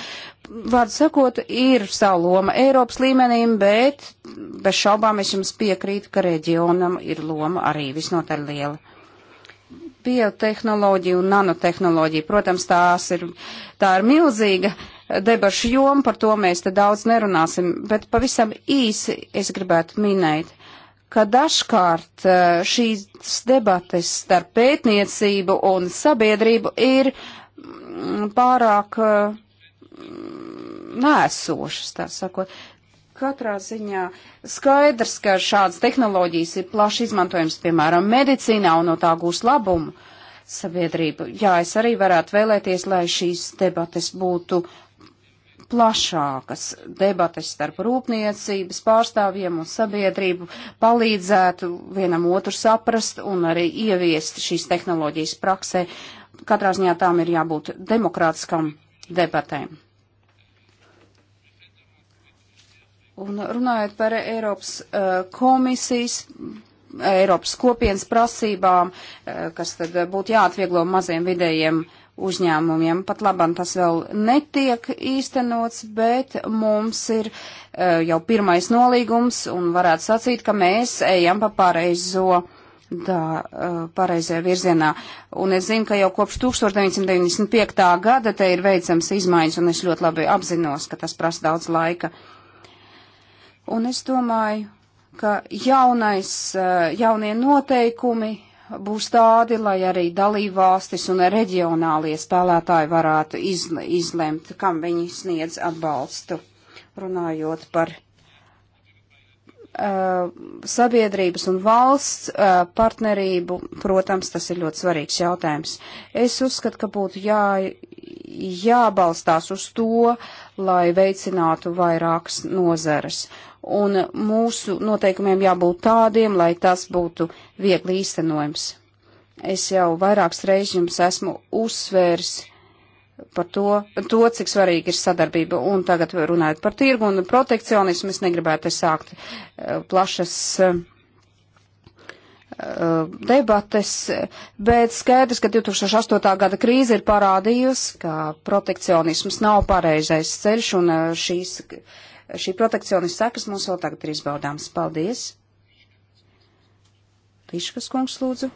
Vārdu sakot, ir savu loma Eiropas līmenim, bet bez šaubām es jums piekrītu, ka reģionam ir loma arī visnotaļ liela. Biotehnoloģija un nanotehnoloģija, protams, tās ir, tā ir milzīga debašu jomu, par to mēs te daudz nerunāsim, bet pavisam īsi es gribētu minēt, ka dažkārt eh, šīs debates starp pētniecību un sabiedrību ir mm, pārāk eh, mm, nēsošas, tā sakot. Katrā ziņā skaidrs, ka šādas tehnoloģijas ir plaši izmantojams, piemēram, medicīnā un no tā gūs labumu sabiedrību. Jā, es arī varētu vēlēties, lai šīs debates būtu plašākas debates starp rūpniecības pārstāvjiem un sabiedrību palīdzētu vienam otru saprast un arī ieviest šīs tehnoloģijas praksē. Katrā ziņā tām ir jābūt demokrātiskam debatēm. Un runājot par Eiropas uh, komisijas Eiropas kopienas prasībām, eh, kas tad būtu jāatvieglo maziem vidējiem uzņēmumiem. Pat labam tas vēl netiek īstenots, bet mums ir uh, jau pirmais nolīgums un varētu sacīt, ka mēs ejam pa pareizo. Tā uh, e, pareizajā virzienā. Un es zinu, ka jau kopš 1995. gada te ir veicams izmaiņas, un es ļoti labi apzinos, ka tas prasa daudz laika. Un es domāju, ka jaunais, uh, jaunie noteikumi būs tādi, lai arī dalībvalstis un reģionālie spēlētāji varētu izle, izlemt, kam viņi sniedz atbalstu. Runājot par uh, sabiedrības un valsts uh, partnerību, protams, tas ir ļoti svarīgs jautājums. Es uzskatu, ka būtu jā, jābalstās uz to, lai veicinātu vairākas nozares. Uh, un mūsu noteikumiem jābūt tādiem, lai tas būtu viegli īstenojams. Es jau vairākas reizes jums esmu uzsvērs par to, to, cik svarīgi ir sadarbība, un tagad runājot par tirgu un protekcionismu, es negribētu sākt eh, plašas eh, debates, bet skaidrs, ka 2008. gada krīze ir parādījusi, ka protekcionisms nav pareizais ceļš un eh, šīs šī protekcionista sekas mums vēl tagad ir izbaudāmas. Paldies! Liškas kungs, lūdzu.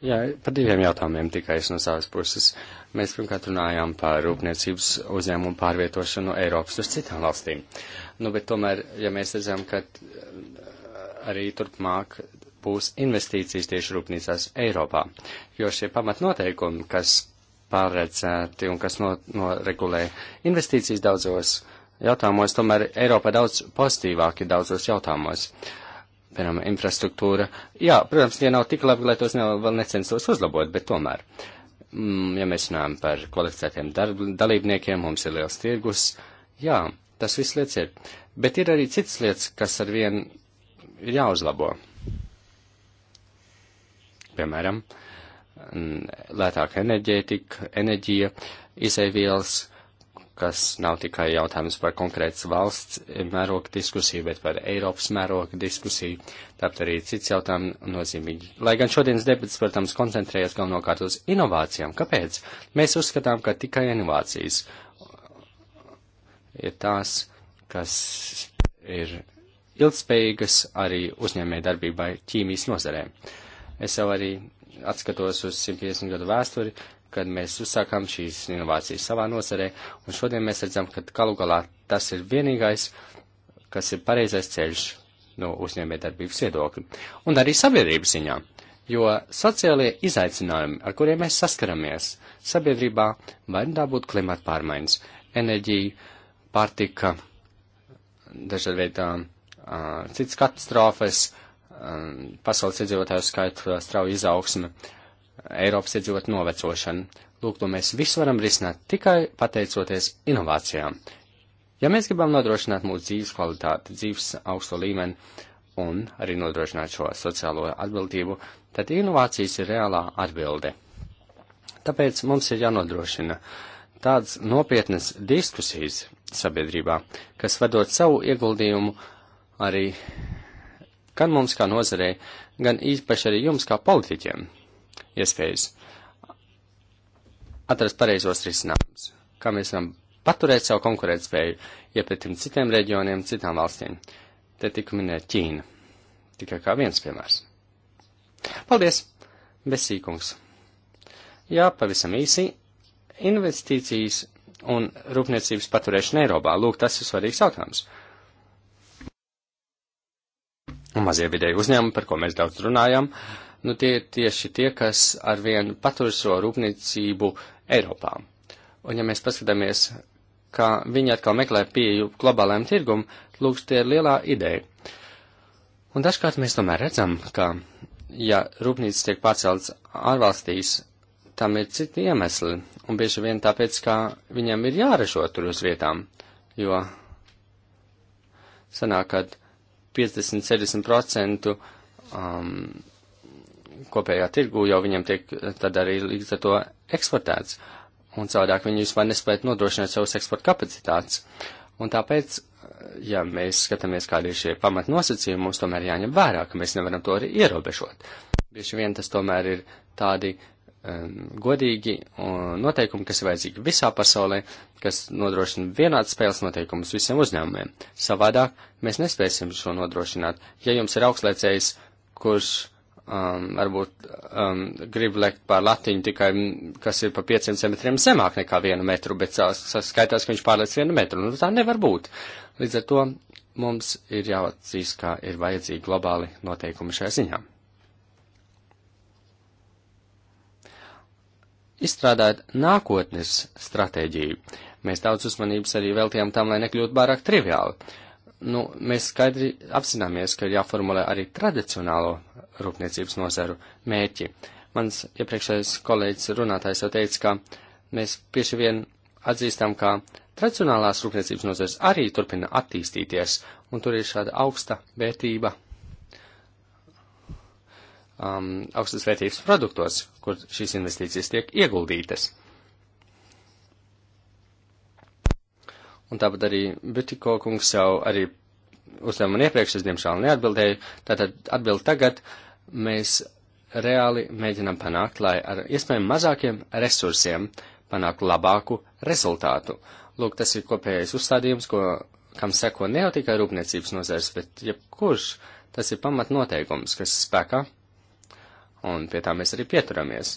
Jā, par diviem jautājumiem tikai no savas puses. Mēs pirmkārt runājām par rūpniecības uzņēmumu pārvietošanu no Eiropas uz citām valstīm. Nu, bet tomēr, ja mēs redzam, ka uh, arī turpmāk būs investīcijas tieši rūpnīcās Eiropā, jo šie pamatnoteikumi, kas pārredzēti un kas no, noregulē investīcijas daudzos uh, jautājumos, tomēr Eiropa daudz pozitīvāk ir daudzos jautājumos. Piemēram, infrastruktūra. Jā, protams, tie nav tik labi, lai tos ne, vēl necenstos uzlabot, bet tomēr, mm, ja mēs runājam par kvalificētiem darb, dalībniekiem, mums ir liels tirgus. Jā, tas viss lietas ir. Bet ir arī citas lietas, kas ar vienu ir jāuzlabo. Piemēram, mm, lētāka enerģētika, enerģija, izēvielas kas nav tikai jautājums par konkrētas valsts mēroga diskusiju, bet par Eiropas mēroga diskusiju, tāpat arī cits jautājums nozīmīgi. Lai gan šodienas debats, protams, koncentrējas galvenokārt uz inovācijām. Kāpēc? Mēs uzskatām, ka tikai inovācijas ir tās, kas ir ilgspējīgas arī uzņēmē darbībai ķīmijas nozarē. Es jau arī atskatos uz 150 gadu vēsturi, kad mēs uzsākām šīs inovācijas savā nozarē, un šodien mēs redzam, ka galu galā tas ir vienīgais, kas ir pareizais ceļš no uzņēmējdarbības viedokļa, un arī sabiedrības ziņā, jo sociālie izaicinājumi, ar kuriem mēs saskaramies sabiedrībā, vai nu tā būtu klimata pārmaiņas, enerģija, pārtika, dažādi veidā uh, cits katastrofas, uh, pasaules iedzīvotāju skaita strauja izaugsme. Uh, Eiropas iedzīvot novecošanu. Lūk, to mēs visu varam risināt tikai pateicoties inovācijām. Ja mēs gribam nodrošināt mūsu dzīves kvalitāti, dzīves augsto līmeni un arī nodrošināt šo sociālo atbildību, tad inovācijas ir reālā atbilde. Tāpēc mums ir jānodrošina tādas nopietnas diskusijas sabiedrībā, kas vedot savu ieguldījumu arī gan mums kā nozarei, gan īpaši arī jums kā politiķiem iespējas atrast pareizos risinājumus, kā mēs varam paturēt savu konkurētspēju iepretim citiem reģioniem, citām valstīm. Te tika minēta Ķīna. Tikai kā viens piemērs. Paldies! Besīkums. Jā, pavisam īsi. Investīcijas un rūpniecības paturēšana Eiropā. Lūk, tas ir svarīgs jautājums. Un mazie vidēji uzņēmumi, par ko mēs daudz runājam, uh, nu tie ir tieši tie, kas arvien patur šo rūpniecību Eiropā. Un ja mēs paskatāmies, kā viņi atkal meklē pieju globālajam tirgum, lūk, tie ir lielā ideja. Un dažkārt mēs tomēr redzam, ka, ja rūpnīcas tiek pacelts ārvalstīs, tam ir citi iemesli, un bieži vien tāpēc, ka viņam ir jāražo tur uz vietām, jo sanāk, ka 50-60% um, kopējā tirgu, jo viņam tiek eh, tad arī līdz ar to eksportēts. Un savādāk viņi vispār nespētu nodrošināt savus eksporta kapacitātes. Un tāpēc, eh, ja mēs skatāmies, kādi ir šie pamatnosacījumi, mums tomēr jāņem vērā, ka mēs nevaram to arī ierobežot. Bieži vien tas tomēr ir tādi um, godīgi noteikumi, kas ir vajadzīgi visā pasaulē, kas nodrošina vienādas spēles noteikumus visiem uzņēmumiem. Savādāk mēs nespēsim šo nodrošināt. Ja jums ir augstlaicējs, kurš um, varbūt um, grib lekt pār latiņu tikai, kas ir pa 500 centimetriem zemāk nekā vienu metru, bet skaitās, ka viņš pārlec vienu metru. Nu, tā nevar būt. Līdz ar to mums ir jāatzīst, ka ir vajadzīgi globāli noteikumi šajā ziņā. Izstrādāt nākotnes stratēģiju. Mēs daudz uzmanības arī veltījām tam, lai nekļūtu pārāk triviāli. Uh, nu, mēs skaidri apzināmies, ka ir jāformulē arī tradicionālo rūpniecības nozaru mērķi. Mans iepriekšējais kolēģis runātājs jau teica, ka mēs pieši vien atzīstam, ka tradicionālās rūpniecības nozares arī turpina attīstīties, un tur ir šāda augsta vērtība, um, augstas vērtības produktos, kur šīs investīcijas tiek ieguldītas. un tāpat arī Bitiko kungs jau arī uzdev man iepriekš, es diemžēl neatbildēju, tātad atbild tagad, mēs reāli mēģinam panākt, lai ar iespējami mazākiem resursiem panākt labāku rezultātu. Lūk, tas ir kopējais uzstādījums, ko, kam seko ne jau tikai rūpniecības nozars, bet jebkurš, tas ir pamat noteikums, kas spēkā, un pie tā mēs arī pieturamies.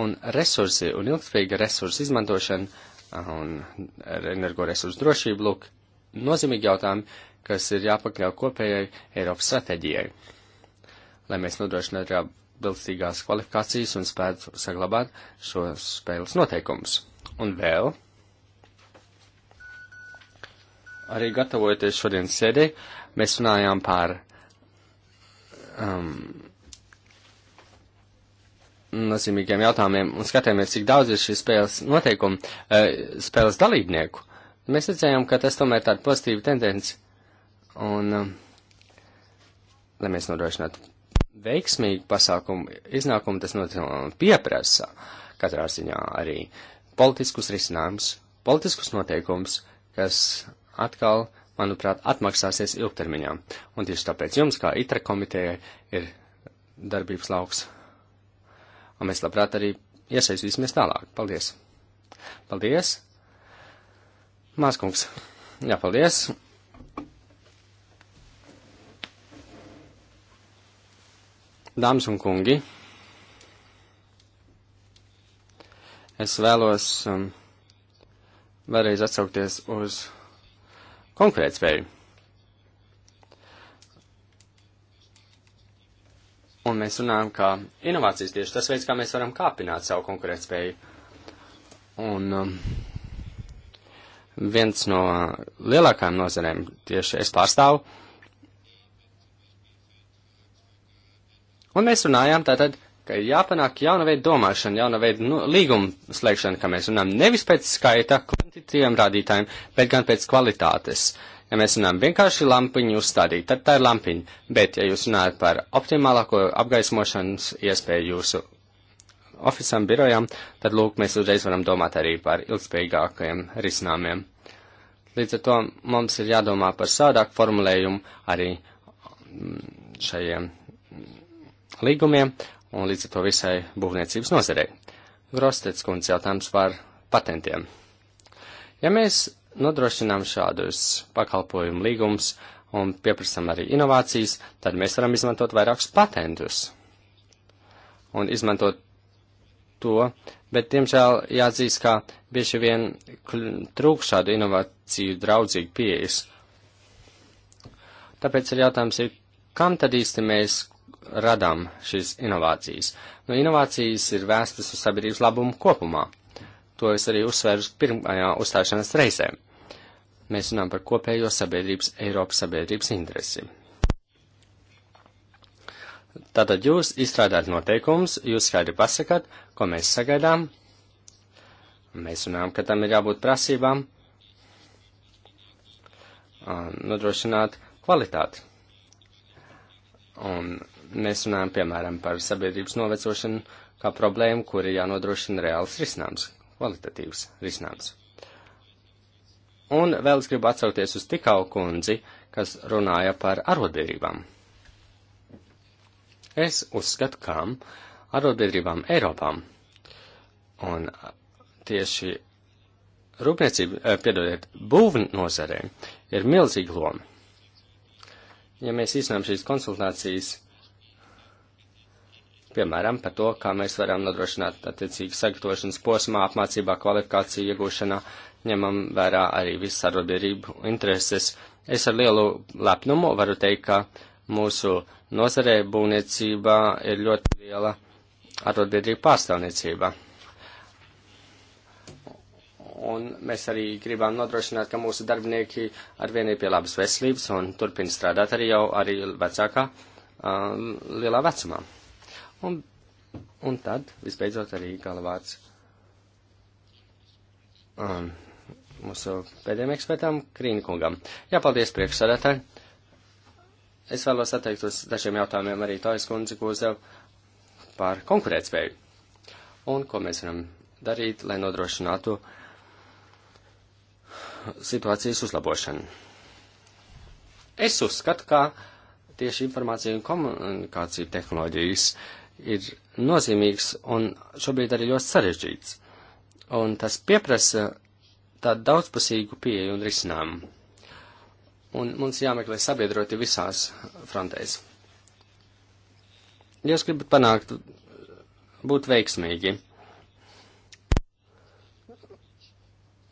Un resursi un ilgspējīga resursa izmantošana un ar energoresursu drošību, lūk, nozīmīgi jautājumi, kas ir jāpakļau kopējai Eiropas stratēģijai, lai mēs nodrošinātu atbilstīgās kvalifikācijas un spētu saglabāt šo spēles noteikumus. Un vēl, arī gatavojoties šodien sēdē, mēs runājām par um, nozīmīgiem jautājumiem un skatījāmies, cik daudz ir šīs spēles noteikumu, eh, spēles dalībnieku, mēs redzējām, ka tas tomēr ir tāda pozitīva tendence. Un, eh, lai mēs nodrošinātu veiksmīgu pasākumu iznākumu, tas notiek eh, pieprasa katrā ziņā arī politiskus risinājumus, politiskus noteikumus, kas atkal, manuprāt, atmaksāsies ilgtermiņā. Un tieši tāpēc jums, kā ITRA komitejai, ir darbības lauks un mēs labprāt arī iesaistīsimies tālāk. Paldies! Paldies! Māskungs! Jā, paldies! Dāmas un kungi, es vēlos um, vēlreiz atsaukties uz konkrētspēju. Un mēs runājam, ka inovācijas tieši tas veids, kā mēs varam kāpināt savu konkurētspēju. Un um, viens no lielākajām nozarēm tieši es pārstāvu. Un mēs runājām tātad, ka ir jāpanāk jauna veida domāšana, jauna veida nu, līguma slēgšana, ka mēs runājam nevis pēc skaita, kvantitīviem rādītājiem, bet gan pēc kvalitātes. Uh, Ja mēs runājam vienkārši lampiņu uzstādīt, tad tā ir lampiņa, bet ja jūs runājat par optimālāko apgaismošanas iespēju jūsu oficam, birojam, tad lūk, mēs uzreiz varam domāt arī par ilgspējīgākajiem risinājumiem. Līdz ar to mums ir jādomā par sādāku formulējumu arī mm, šajiem līgumiem un līdz ar to visai būvniecības nozarei. Grostets kundze jautājums par patentiem. Ja mēs nodrošinām šādus pakalpojumu līgumus un pieprasām arī inovācijas, tad mēs varam izmantot vairākus patentus un izmantot to, bet, diemžēl, jāatzīst, ka bieži vien trūk šādu inovāciju draudzīgu pieejas. Tāpēc ir jautājums, ir, kam tad īsti mēs radām šīs inovācijas? Nu, inovācijas ir vēstas uz sabiedrības labumu kopumā. To es arī uzsvēru pirmajā uzstāšanās reizē. Mēs runājam par kopējo sabiedrības, Eiropas sabiedrības interesi. Tātad jūs izstrādājat noteikumus, jūs skaidri pasakāt, ko mēs sagaidām. Mēs runājam, ka tam ir jābūt prasībām nodrošināt kvalitāti. Un mēs runājam, piemēram, par sabiedrības novecošanu kā problēmu, kur ir jānodrošina reāls risinājums kvalitatīvs risinājums. Un vēl es gribu atsaukties uz Tikau kundzi, kas runāja par arotbiedrībām. Es uzskatu, kā arotbiedrībām Eiropām un tieši rūpniecība, eh, piedodiet, būvnozarē ir milzīga loma. Ja mēs iznām šīs konsultācijas, Piemēram, par to, kā mēs varam nodrošināt attiecīgi sagatavošanas posmā, apmācībā, kvalifikāciju iegūšanā, ņemam vērā arī visas arotbiedrību intereses. Es ar lielu lepnumu varu teikt, ka mūsu nozarē būvniecībā ir ļoti liela arotbiedrība pārstāvniecība. Un mēs arī gribam nodrošināt, ka mūsu darbinieki arvien ir pie labas veselības un turpina strādāt arī jau arī vecākā, um, lielā vecumā. Un, un tad, visbeidzot, arī galvāts um, mūsu pēdējiem ekspertam, Krīnkungam. Jā, paldies priekšsādātāji. Es vēlos atteikt uz dažiem jautājumiem arī Tājas kundze, ko uzdev par konkurētspēju. Un ko mēs varam darīt, lai nodrošinātu situācijas uzlabošanu. Es uzskatu, ka tieši informācija un komunikācija tehnoloģijas uh, ir nozīmīgs un šobrīd arī ļoti sarežģīts. Un tas pieprasa tādu daudzpusīgu pieeju un risinājumu. Un mums jāmeklē sabiedroti visās frontēs. Ja jūs gribat panākt, būt veiksmīgi,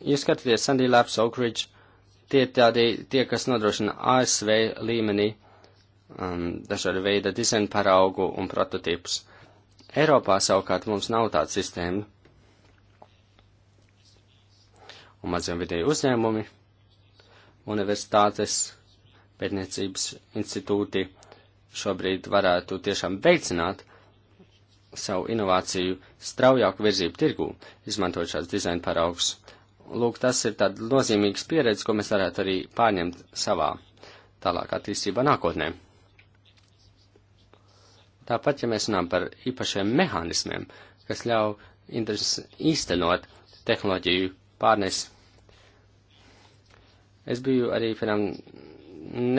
jūs skatāties Sandy Labs, Oak Ridge, tie tādi, tie, kas nodrošina ASV līmenī um, dažāda veida dizaina paraugu un prototipus. Eiropā savukārt mums nav tāda sistēma. Un maziem vidēji uzņēmumi, universitātes, pētniecības institūti šobrīd varētu tiešām veicināt savu inovāciju straujāku virzību tirgū, izmantojot šāds dizaina paraugs. Lūk, tas ir tāds nozīmīgs pieredze, ko mēs varētu arī pārņemt savā tālāk attīstībā nākotnē. Tāpat, ja mēs runājam par īpašiem mehānismiem, kas ļauj īstenot tehnoloģiju pārnes. Es biju arī, piemēram,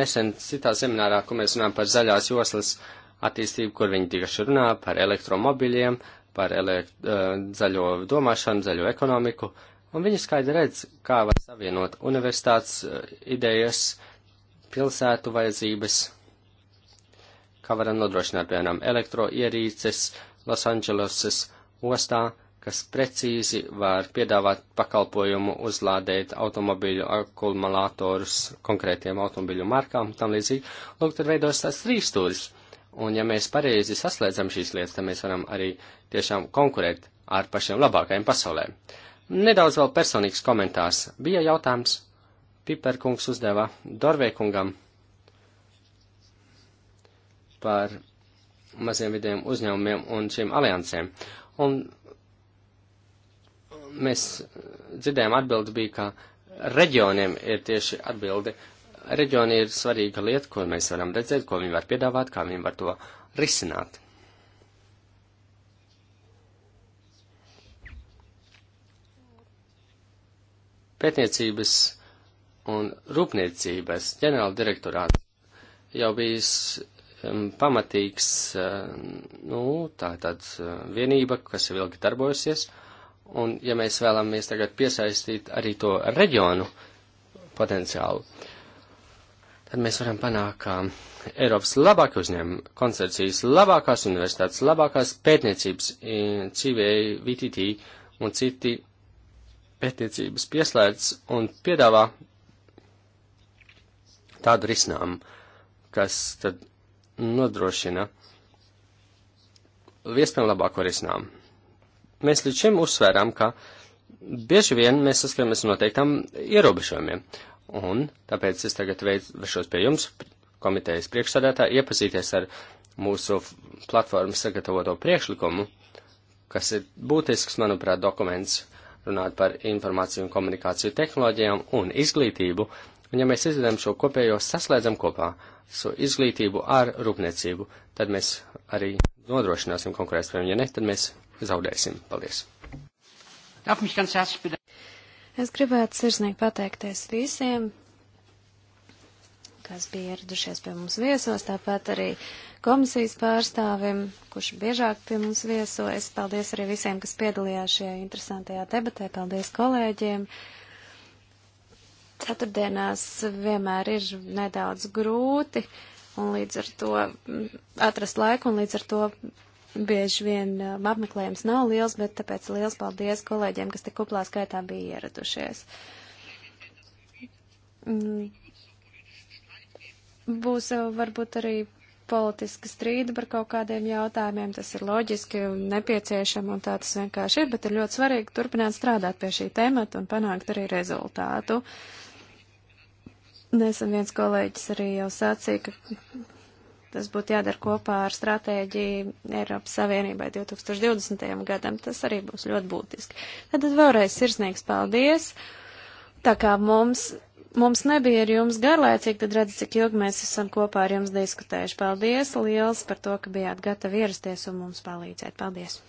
nesen citā seminārā, kur mēs runājam par zaļās joslas attīstību, kur viņi tieši runā par elektromobiļiem, par elekt, eh, zaļo domāšanu, zaļo ekonomiku, un viņi skaidri redz, kā var savienot universitātes eh, idejas, pilsētu vajadzības kā varam nodrošināt, piemēram, elektroierīces Losandželosas ostā, kas precīzi var piedāvāt pakalpojumu uzlādēt automobīļu akumulātorus konkrētiem automobīļu markām un tam līdzīgi. Lūk, tad veidos tās trīs stūris. Un ja mēs pareizi saslēdzam šīs lietas, tad mēs varam arī tiešām konkurēt ar pašiem labākajiem pasaulē. Nedaudz vēl personīgs komentārs. Bija jautājums, Piperkungs uzdeva Dorvēkungam. kungam par maziem vidiem uzņēmumiem un šiem aliansēm. Un mēs dzirdējām atbildi bija, ka reģioniem ir tieši atbildi. Reģioni ir svarīga lieta, ko mēs varam redzēt, ko viņi var piedāvāt, kā viņi var to risināt. Pētniecības un rūpniecības ģenerāla direktorāts jau bijis pamatīgs, e, nu, tā tāds e, vienība, kas ir ilgi darbojusies, un ja mēs vēlamies tagad piesaistīt arī to reģionu potenciālu, tad mēs varam panākt, ka Eiropas labākie uzņēmumi, koncepcijas labākās universitātes, labākās pētniecības, CVA, VTT un citi pētniecības pieslēdz un piedāvā tādu risinājumu, kas tad nodrošina iespējami labāko risinājumu. Mēs līdz šim uzsvērām, ka bieži vien mēs saskaramies noteiktām ierobežojumiem, un tāpēc es tagad vēršos pie jums, komitejas priekšsādātā, iepazīties ar mūsu platformas sagatavoto priekšlikumu, kas ir būtisks, manuprāt, dokuments runāt par informāciju un komunikāciju tehnoloģijām un izglītību, un ja mēs izvedam šo kopējo, saslēdzam kopā so izglītību ar rūpniecību, tad mēs arī nodrošināsim konkurētspēju. Ja ne, tad mēs zaudēsim. Paldies! Es gribētu sirsnīgi pateikties visiem, kas bija ieradušies pie mums viesos, tāpat arī komisijas pārstāvim, kurš biežāk pie mums viesojas. Paldies arī visiem, kas piedalījās šajā interesantajā debatē. Paldies kolēģiem! ceturtdienās vienmēr ir nedaudz grūti un līdz ar to mm, atrast laiku un līdz ar to bieži vien um, apmeklējums nav liels, bet tāpēc liels paldies kolēģiem, kas te kuplā skaitā bija ieradušies. Mm. Būs uh, varbūt arī politiska strīda par kaut kādiem jautājumiem, tas ir loģiski un nepieciešami un tā tas vienkārši ir, bet ir ļoti svarīgi turpināt strādāt pie šī temata un panākt arī rezultātu. Uh, Nesen viens kolēģis arī jau sacīja, ka tas būtu jādara kopā ar stratēģiju Eiropas Savienībai 2020. gadam. Tas arī būs ļoti būtiski. Tad vēlreiz sirsnīgs paldies. Tā kā mums, mums nebija ar jums garlaicīgi, tad redzat, cik ilgi mēs esam kopā ar jums diskutējuši. Paldies liels par to, ka bijāt gatavi ierasties un mums palīdzēt. Paldies!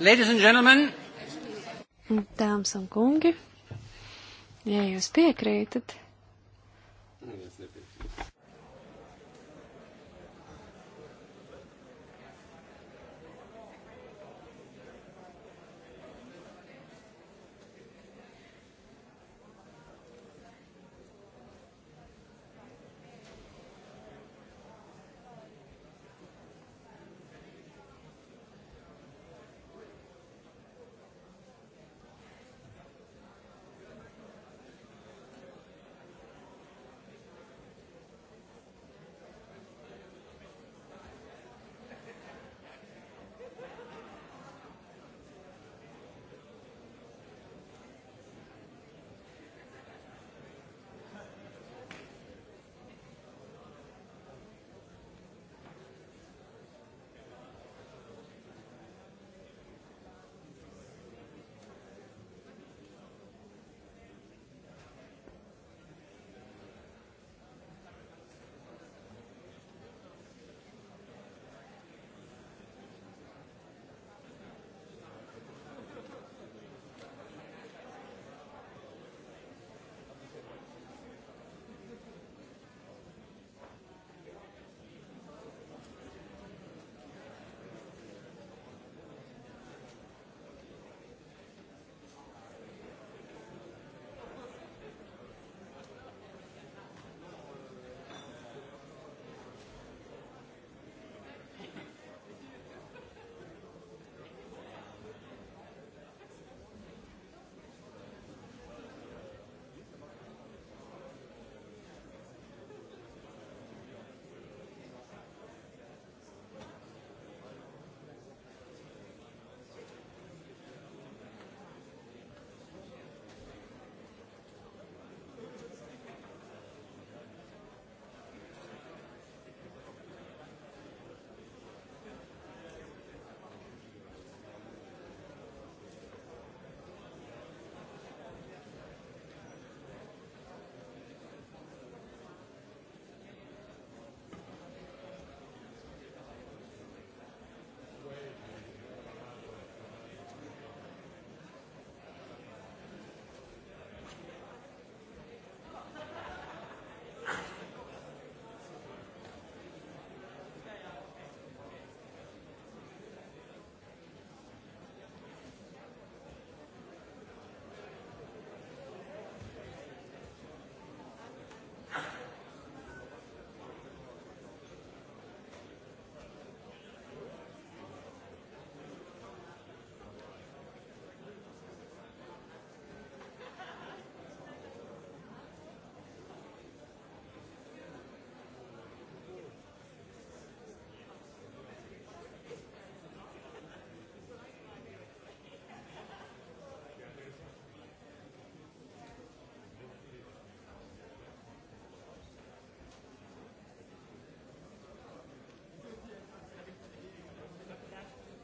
Ladies and gentlemen. Dāmas un kungi, ja jūs piekrītat,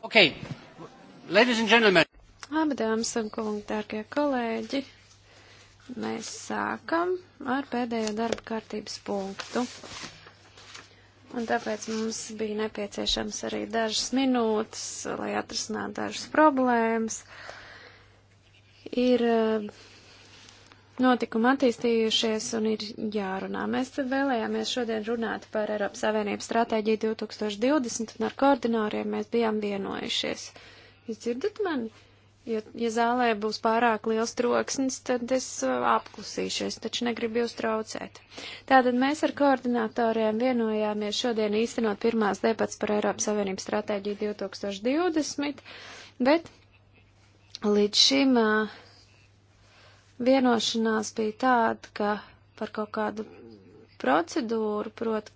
Okay. Ladies and gentlemen. Labi, dāmas un kungi, dārgie kolēģi, mēs sākam ar pēdējo darba kārtības punktu. Un tāpēc mums bija nepieciešams arī dažas minūtes, lai atrisinātu dažas problēmas. Ir uh, notikumi attīstījušies un ir jārunā. Mēs tad vēlējāmies šodien runāt par Eiropas Savienības stratēģiju 2020 un ar koordinātoriem mēs bijām vienojušies. Jūs dzirdat mani? Ja, ja zālē būs pārāk liels troksnis, tad es apklusīšos, taču negribu jūs traucēt. Tātad mēs ar koordinatoriem vienojāmies šodien īstenot pirmās debats par Eiropas Savienības stratēģiju 2020, bet līdz šim uh, Vienošanās bija tāda, ka par kaut kādu procedūru, proti,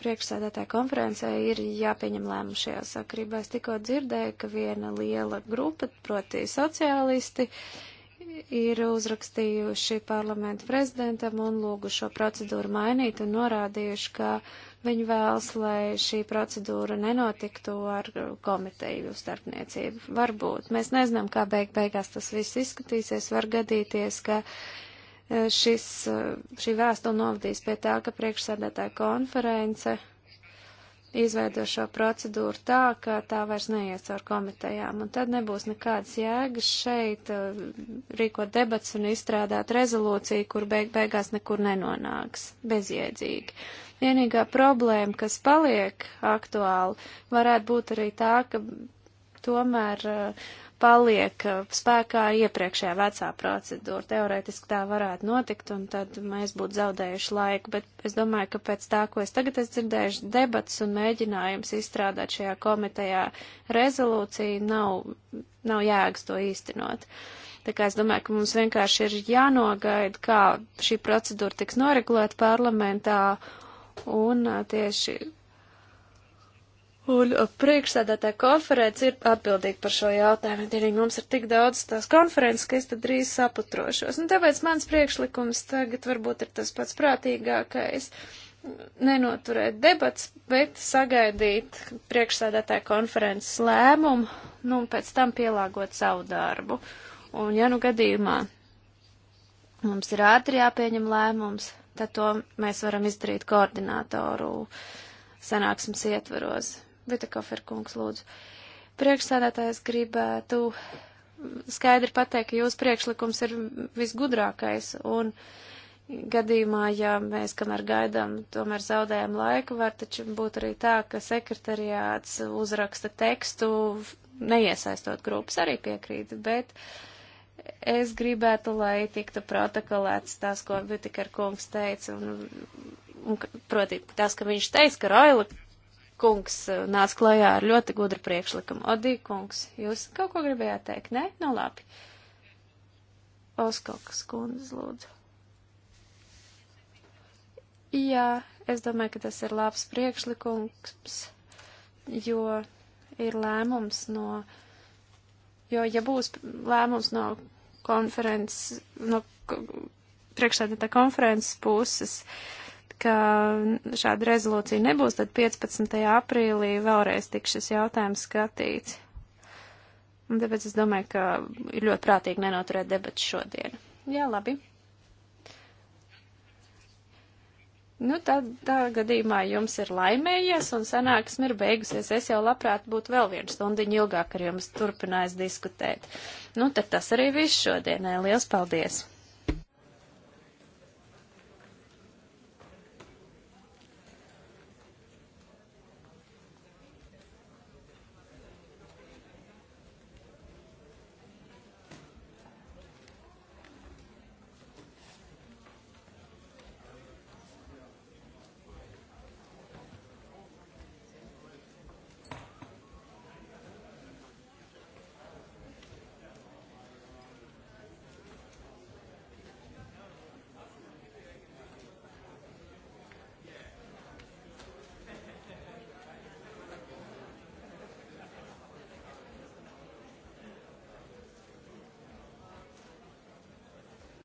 priekšsēdētāja konferencē ir jāpieņem lēmumu šajā sakarībā. Es tikko dzirdēju, ka viena liela grupa, proti sociālisti, ir uzrakstījuši parlamentu prezidentam un lūgušo procedūru mainīt un norādījuši, ka uh, Viņi vēlas, lai šī procedūra nenotiktu ar komiteju starpniecību. Varbūt. Mēs nezinām, kā beig beigās tas viss izskatīsies. Var gadīties, ka e, šis, e, šī vēstule novadīs pie tā, ka priekšsēdētāja konference izveido šo procedūru tā, ka tā vairs neies caur komitejām, un tad nebūs nekādas jēgas šeit e, rīkot debats un izstrādāt rezolūciju, kur beig beigās nekur nenonāks bezjēdzīgi. Vienīgā problēma, kas paliek aktuāli, varētu būt arī tā, ka tomēr uh, paliek uh, spēkā iepriekšējā vecā procedūra. Teorētiski tā varētu notikt, un tad mēs būtu zaudējuši laiku, bet es domāju, ka pēc tā, ko es tagad esmu dzirdējuši, debats un mēģinājums izstrādāt šajā komitejā rezolūciju nav, nav jēgas to īstenot. Tā kā es domāju, ka mums vienkārši ir jānogaida, kā šī procedūra tiks noregulēta parlamentā, Un tieši Un priekšsēdētāja konference ir atbildīga par šo jautājumu. Dienīgi mums ir tik daudz tās konferences, ka es tad drīz saputrošos. Un nu, tāpēc mans priekšlikums tagad varbūt ir tas pats prātīgākais nenoturēt debats, bet sagaidīt priekšsēdētāja konferences lēmumu, nu, un pēc tam pielāgot savu darbu. Un, ja nu gadījumā mums ir ātri jāpieņem lēmums, tad to mēs varam izdarīt koordinātoru sanāksmes ietvaros. Vitakofer kungs, lūdzu. Priekšsēdētājs gribētu skaidri pateikt, ka jūsu priekšlikums ir visgudrākais un gadījumā, ja mēs kamēr gaidām, tomēr zaudējam laiku, var taču būt arī tā, ka sekretariāts uzraksta tekstu, neiesaistot grupas, arī piekrīt, bet uh, Es gribētu, lai tiktu protokolēts tas, ko Vitikar kungs teica, un, un proti tas, ka viņš teica, ka Roila kungs uh, nāca klajā ar ļoti gudru priekšlikumu. Odī kungs, jūs kaut ko gribējāt teikt, ne? Nu labi. Oskokas kundze, lūdzu. Jā, es domāju, ka tas ir labs priekšlikums, jo ir lēmums no. Uh, Jo, ja būs lēmums no konferences, no priekšsēdētā konferences puses, ka šāda rezolūcija nebūs, tad 15. aprīlī vēlreiz tiks šis jautājums skatīts. Un tāpēc es domāju, ka ir ļoti prātīgi nenoturēt debatu šodien. Jā, labi. Nu, tad tā gadījumā jums ir laimējies un sanāksme ir beigusies. Es jau labprāt būtu vēl vienu stundiņu ilgāk ar jums turpinājis diskutēt. Nu, tad tas arī viss šodienai. Liels paldies!